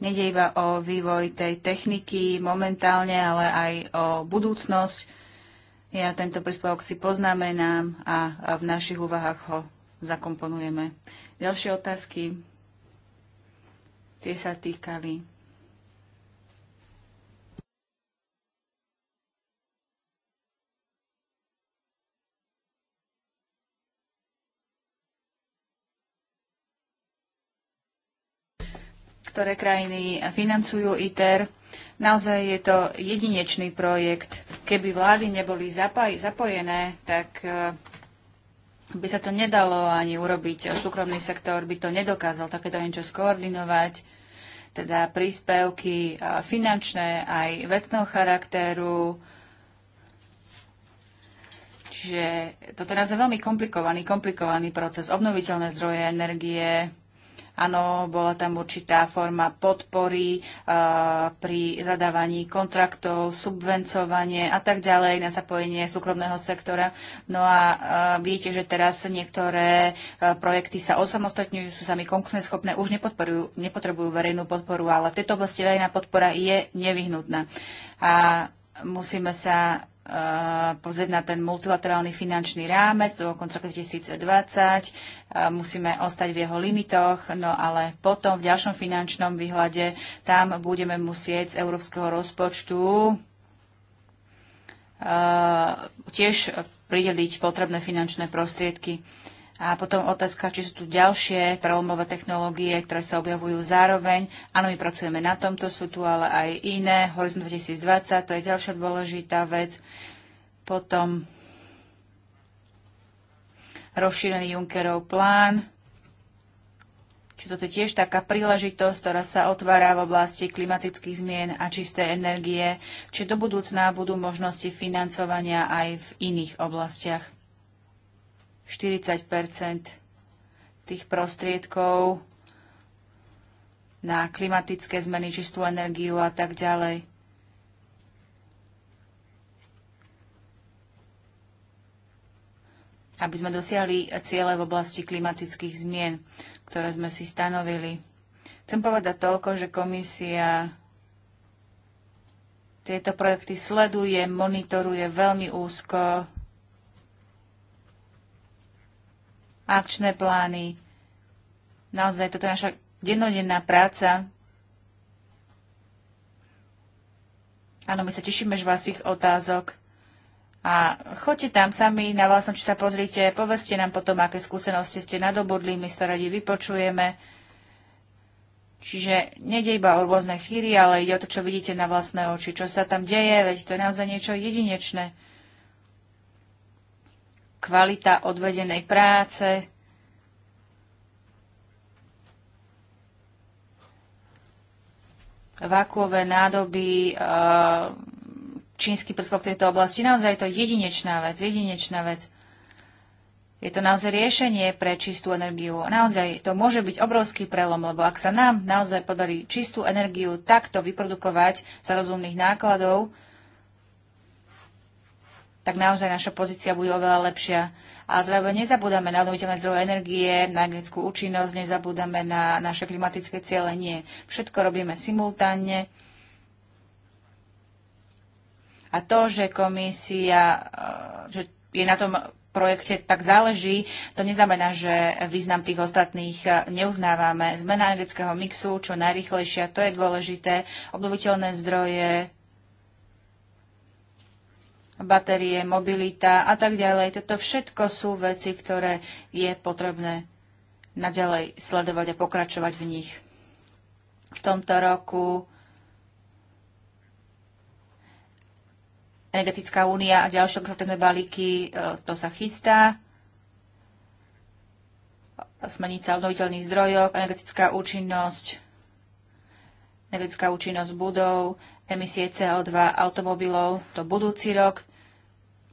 Nede iba o vývoj tej techniky momentálne, ale aj o budúcnosť. Ja tento príspevok si poznamenám a, a v našich úvahách ho zakomponujeme. Ďalšie otázky, tie sa týkali ktoré krajiny financujú ITER. Naozaj je to jedinečný projekt. Keby vlády neboli zapojené, tak e, by sa to nedalo ani urobiť. Súkromný sektor by to nedokázal takéto niečo skoordinovať. Teda príspevky e, finančné aj vetného charakteru. Čiže toto je naozaj veľmi komplikovaný, komplikovaný proces. Obnoviteľné zdroje energie, Áno, bola tam určitá forma podpory e, pri zadávaní kontraktov, subvencovanie a tak ďalej na zapojenie súkromného sektora. No a, e, viete, že teraz niektoré e, projekty sa osamostatňujú, sú sami schopné, už nepotrebujú verejnú podporu, ale v tejto oblasti verejná podpora je nevyhnutná. A musíme sa Eh, pozrieť na ten multilaterálny finančný rámec do konca 2020. Eh, musíme ostať v jeho limitoch, no ale potom v ďalšom finančnom výhľade tam budeme musieť z európskeho rozpočtu eh, tiež prideliť potrebné finančné prostriedky. A potom otázka, či sú tu ďalšie prelomové technológie, ktoré sa objavujú zároveň. Áno, my pracujeme na tomto, sú tu ale aj iné. Horizon 2020, to je ďalšia dôležitá vec. Potom rozšírený Junckerov plán. Či toto je tiež taká príležitosť, ktorá sa otvára v oblasti klimatických zmien a čisté energie. Či do budúcna budú možnosti financovania aj v iných oblastiach. 40 tých prostriedkov na klimatické zmeny, čistú energiu a tak ďalej. aby sme dosiahli ciele v oblasti klimatických zmien, ktoré sme si stanovili. Chcem povedať toľko, že komisia tieto projekty sleduje, monitoruje veľmi úzko, akčné plány. Naozaj, toto je naša dennodenná práca. Áno, my sa tešíme z vašich otázok. A choďte tam sami, na vlastnom či sa pozrite, povedzte nám potom, aké skúsenosti ste nadobudli, my sa radi vypočujeme. Čiže nejde iba o rôzne chýry, ale ide o to, čo vidíte na vlastné oči, čo sa tam deje, veď to je naozaj niečo jedinečné kvalita odvedenej práce, vakuové nádoby, čínsky prskok v tejto oblasti. Naozaj je to jedinečná vec, jedinečná vec. Je to naozaj riešenie pre čistú energiu. Naozaj to môže byť obrovský prelom, lebo ak sa nám naozaj podarí čistú energiu takto vyprodukovať za rozumných nákladov, tak naozaj naša pozícia bude oveľa lepšia. A zároveň nezabúdame na obnoviteľné zdroje energie, na energetickú účinnosť, nezabúdame na naše klimatické ciele. Nie. Všetko robíme simultánne. A to, že komisia e, že je na tom projekte tak záleží, to neznamená, že význam tých ostatných e, neuznávame. Zmena energetického mixu, čo najrychlejšia, to je dôležité. Obnoviteľné zdroje, batérie, mobilita a tak ďalej. Toto všetko sú veci, ktoré je potrebné naďalej sledovať a pokračovať v nich. V tomto roku energetická únia a ďalšie legislatívne balíky, e, to sa chystá. Smenica obnoviteľných zdrojov, energetická účinnosť, energetická účinnosť budov, emisie CO2 automobilov, to budúci rok.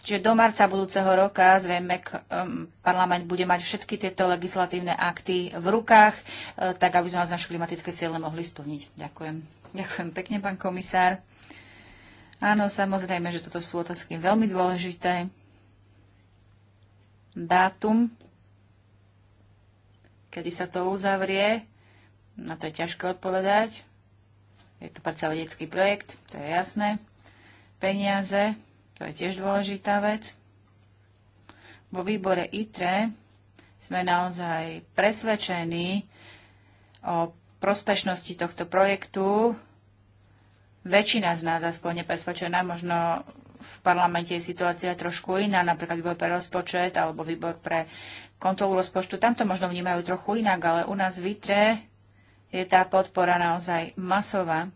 Čiže do marca budúceho roka zrejme um, parlament bude mať všetky tieto legislatívne akty v rukách, eh, tak aby sme naše klimatické ciele mohli splniť. Ďakujem. Ďakujem pekne, pán komisár. Áno, samozrejme, že toto sú otázky veľmi dôležité. Dátum, kedy sa to uzavrie, na to je ťažko odpovedať. Je to parcela projekt, to je jasné. Peniaze, to je tiež dôležitá vec. Vo výbore ITRE sme naozaj presvedčení o prospešnosti tohto projektu. Väčšina z nás aspoň nepresvedčená, možno v parlamente je situácia trošku iná, napríklad výbor pre rozpočet alebo výbor pre kontrolu rozpočtu. Tam to možno vnímajú trochu inak, ale u nás v ITRE je tá podpora naozaj masová.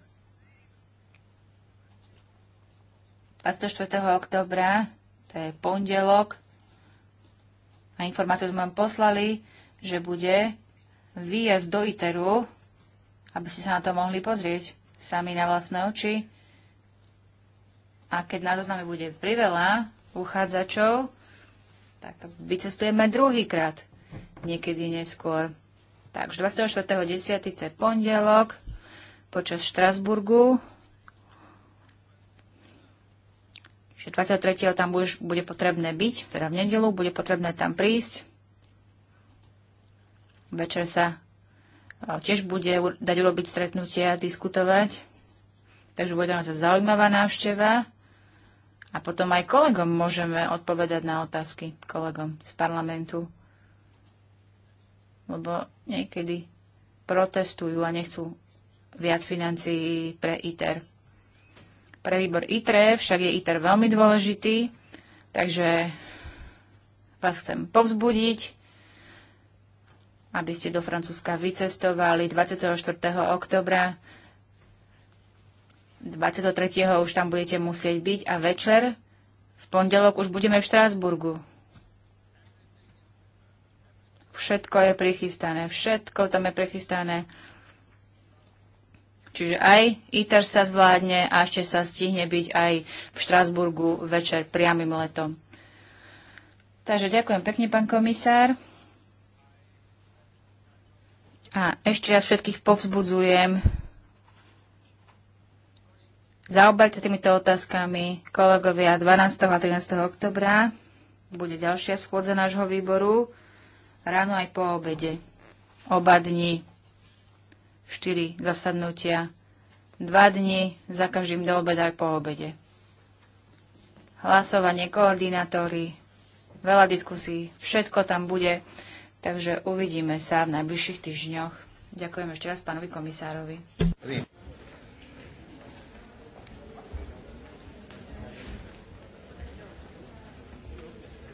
24. oktobra, to je pondelok, a informáciu sme vám poslali, že bude výjazd do ITERu, aby ste sa na to mohli pozrieť sami na vlastné oči. A keď na zozname bude priveľa uchádzačov, tak vycestujeme druhýkrát, niekedy neskôr. Takže 24.10. to je pondelok počas Štrasburgu že 23. tam bude, bude potrebné byť, teda v nedelu, bude potrebné tam prísť. Večer sa tiež bude dať urobiť stretnutie a diskutovať. Takže bude to naozaj zaujímavá návšteva. A potom aj kolegom môžeme odpovedať na otázky, kolegom z parlamentu. Lebo niekedy protestujú a nechcú viac financií pre ITER. Pre výbor ITRE však je ITER veľmi dôležitý, takže vás chcem povzbudiť, aby ste do Francúzska vycestovali 24. oktobra. 23. už tam budete musieť byť a večer v pondelok už budeme v Štrásburgu. Všetko je prichystané, všetko tam je prichystané. Čiže aj ITER sa zvládne a ešte sa stihne byť aj v Štrásburgu večer priamým letom. Takže ďakujem pekne, pán komisár. A ešte raz všetkých povzbudzujem. Zaoberte týmito otázkami kolegovia 12. a 13. oktobra. Bude ďalšia schôdza nášho výboru ráno aj po obede. Oba dní 4 zasadnutia, 2 dni za každým do obeda aj po obede. Hlasovanie, koordinátory, veľa diskusí, všetko tam bude, takže uvidíme sa v najbližších týždňoch. Ďakujem ešte raz pánovi komisárovi.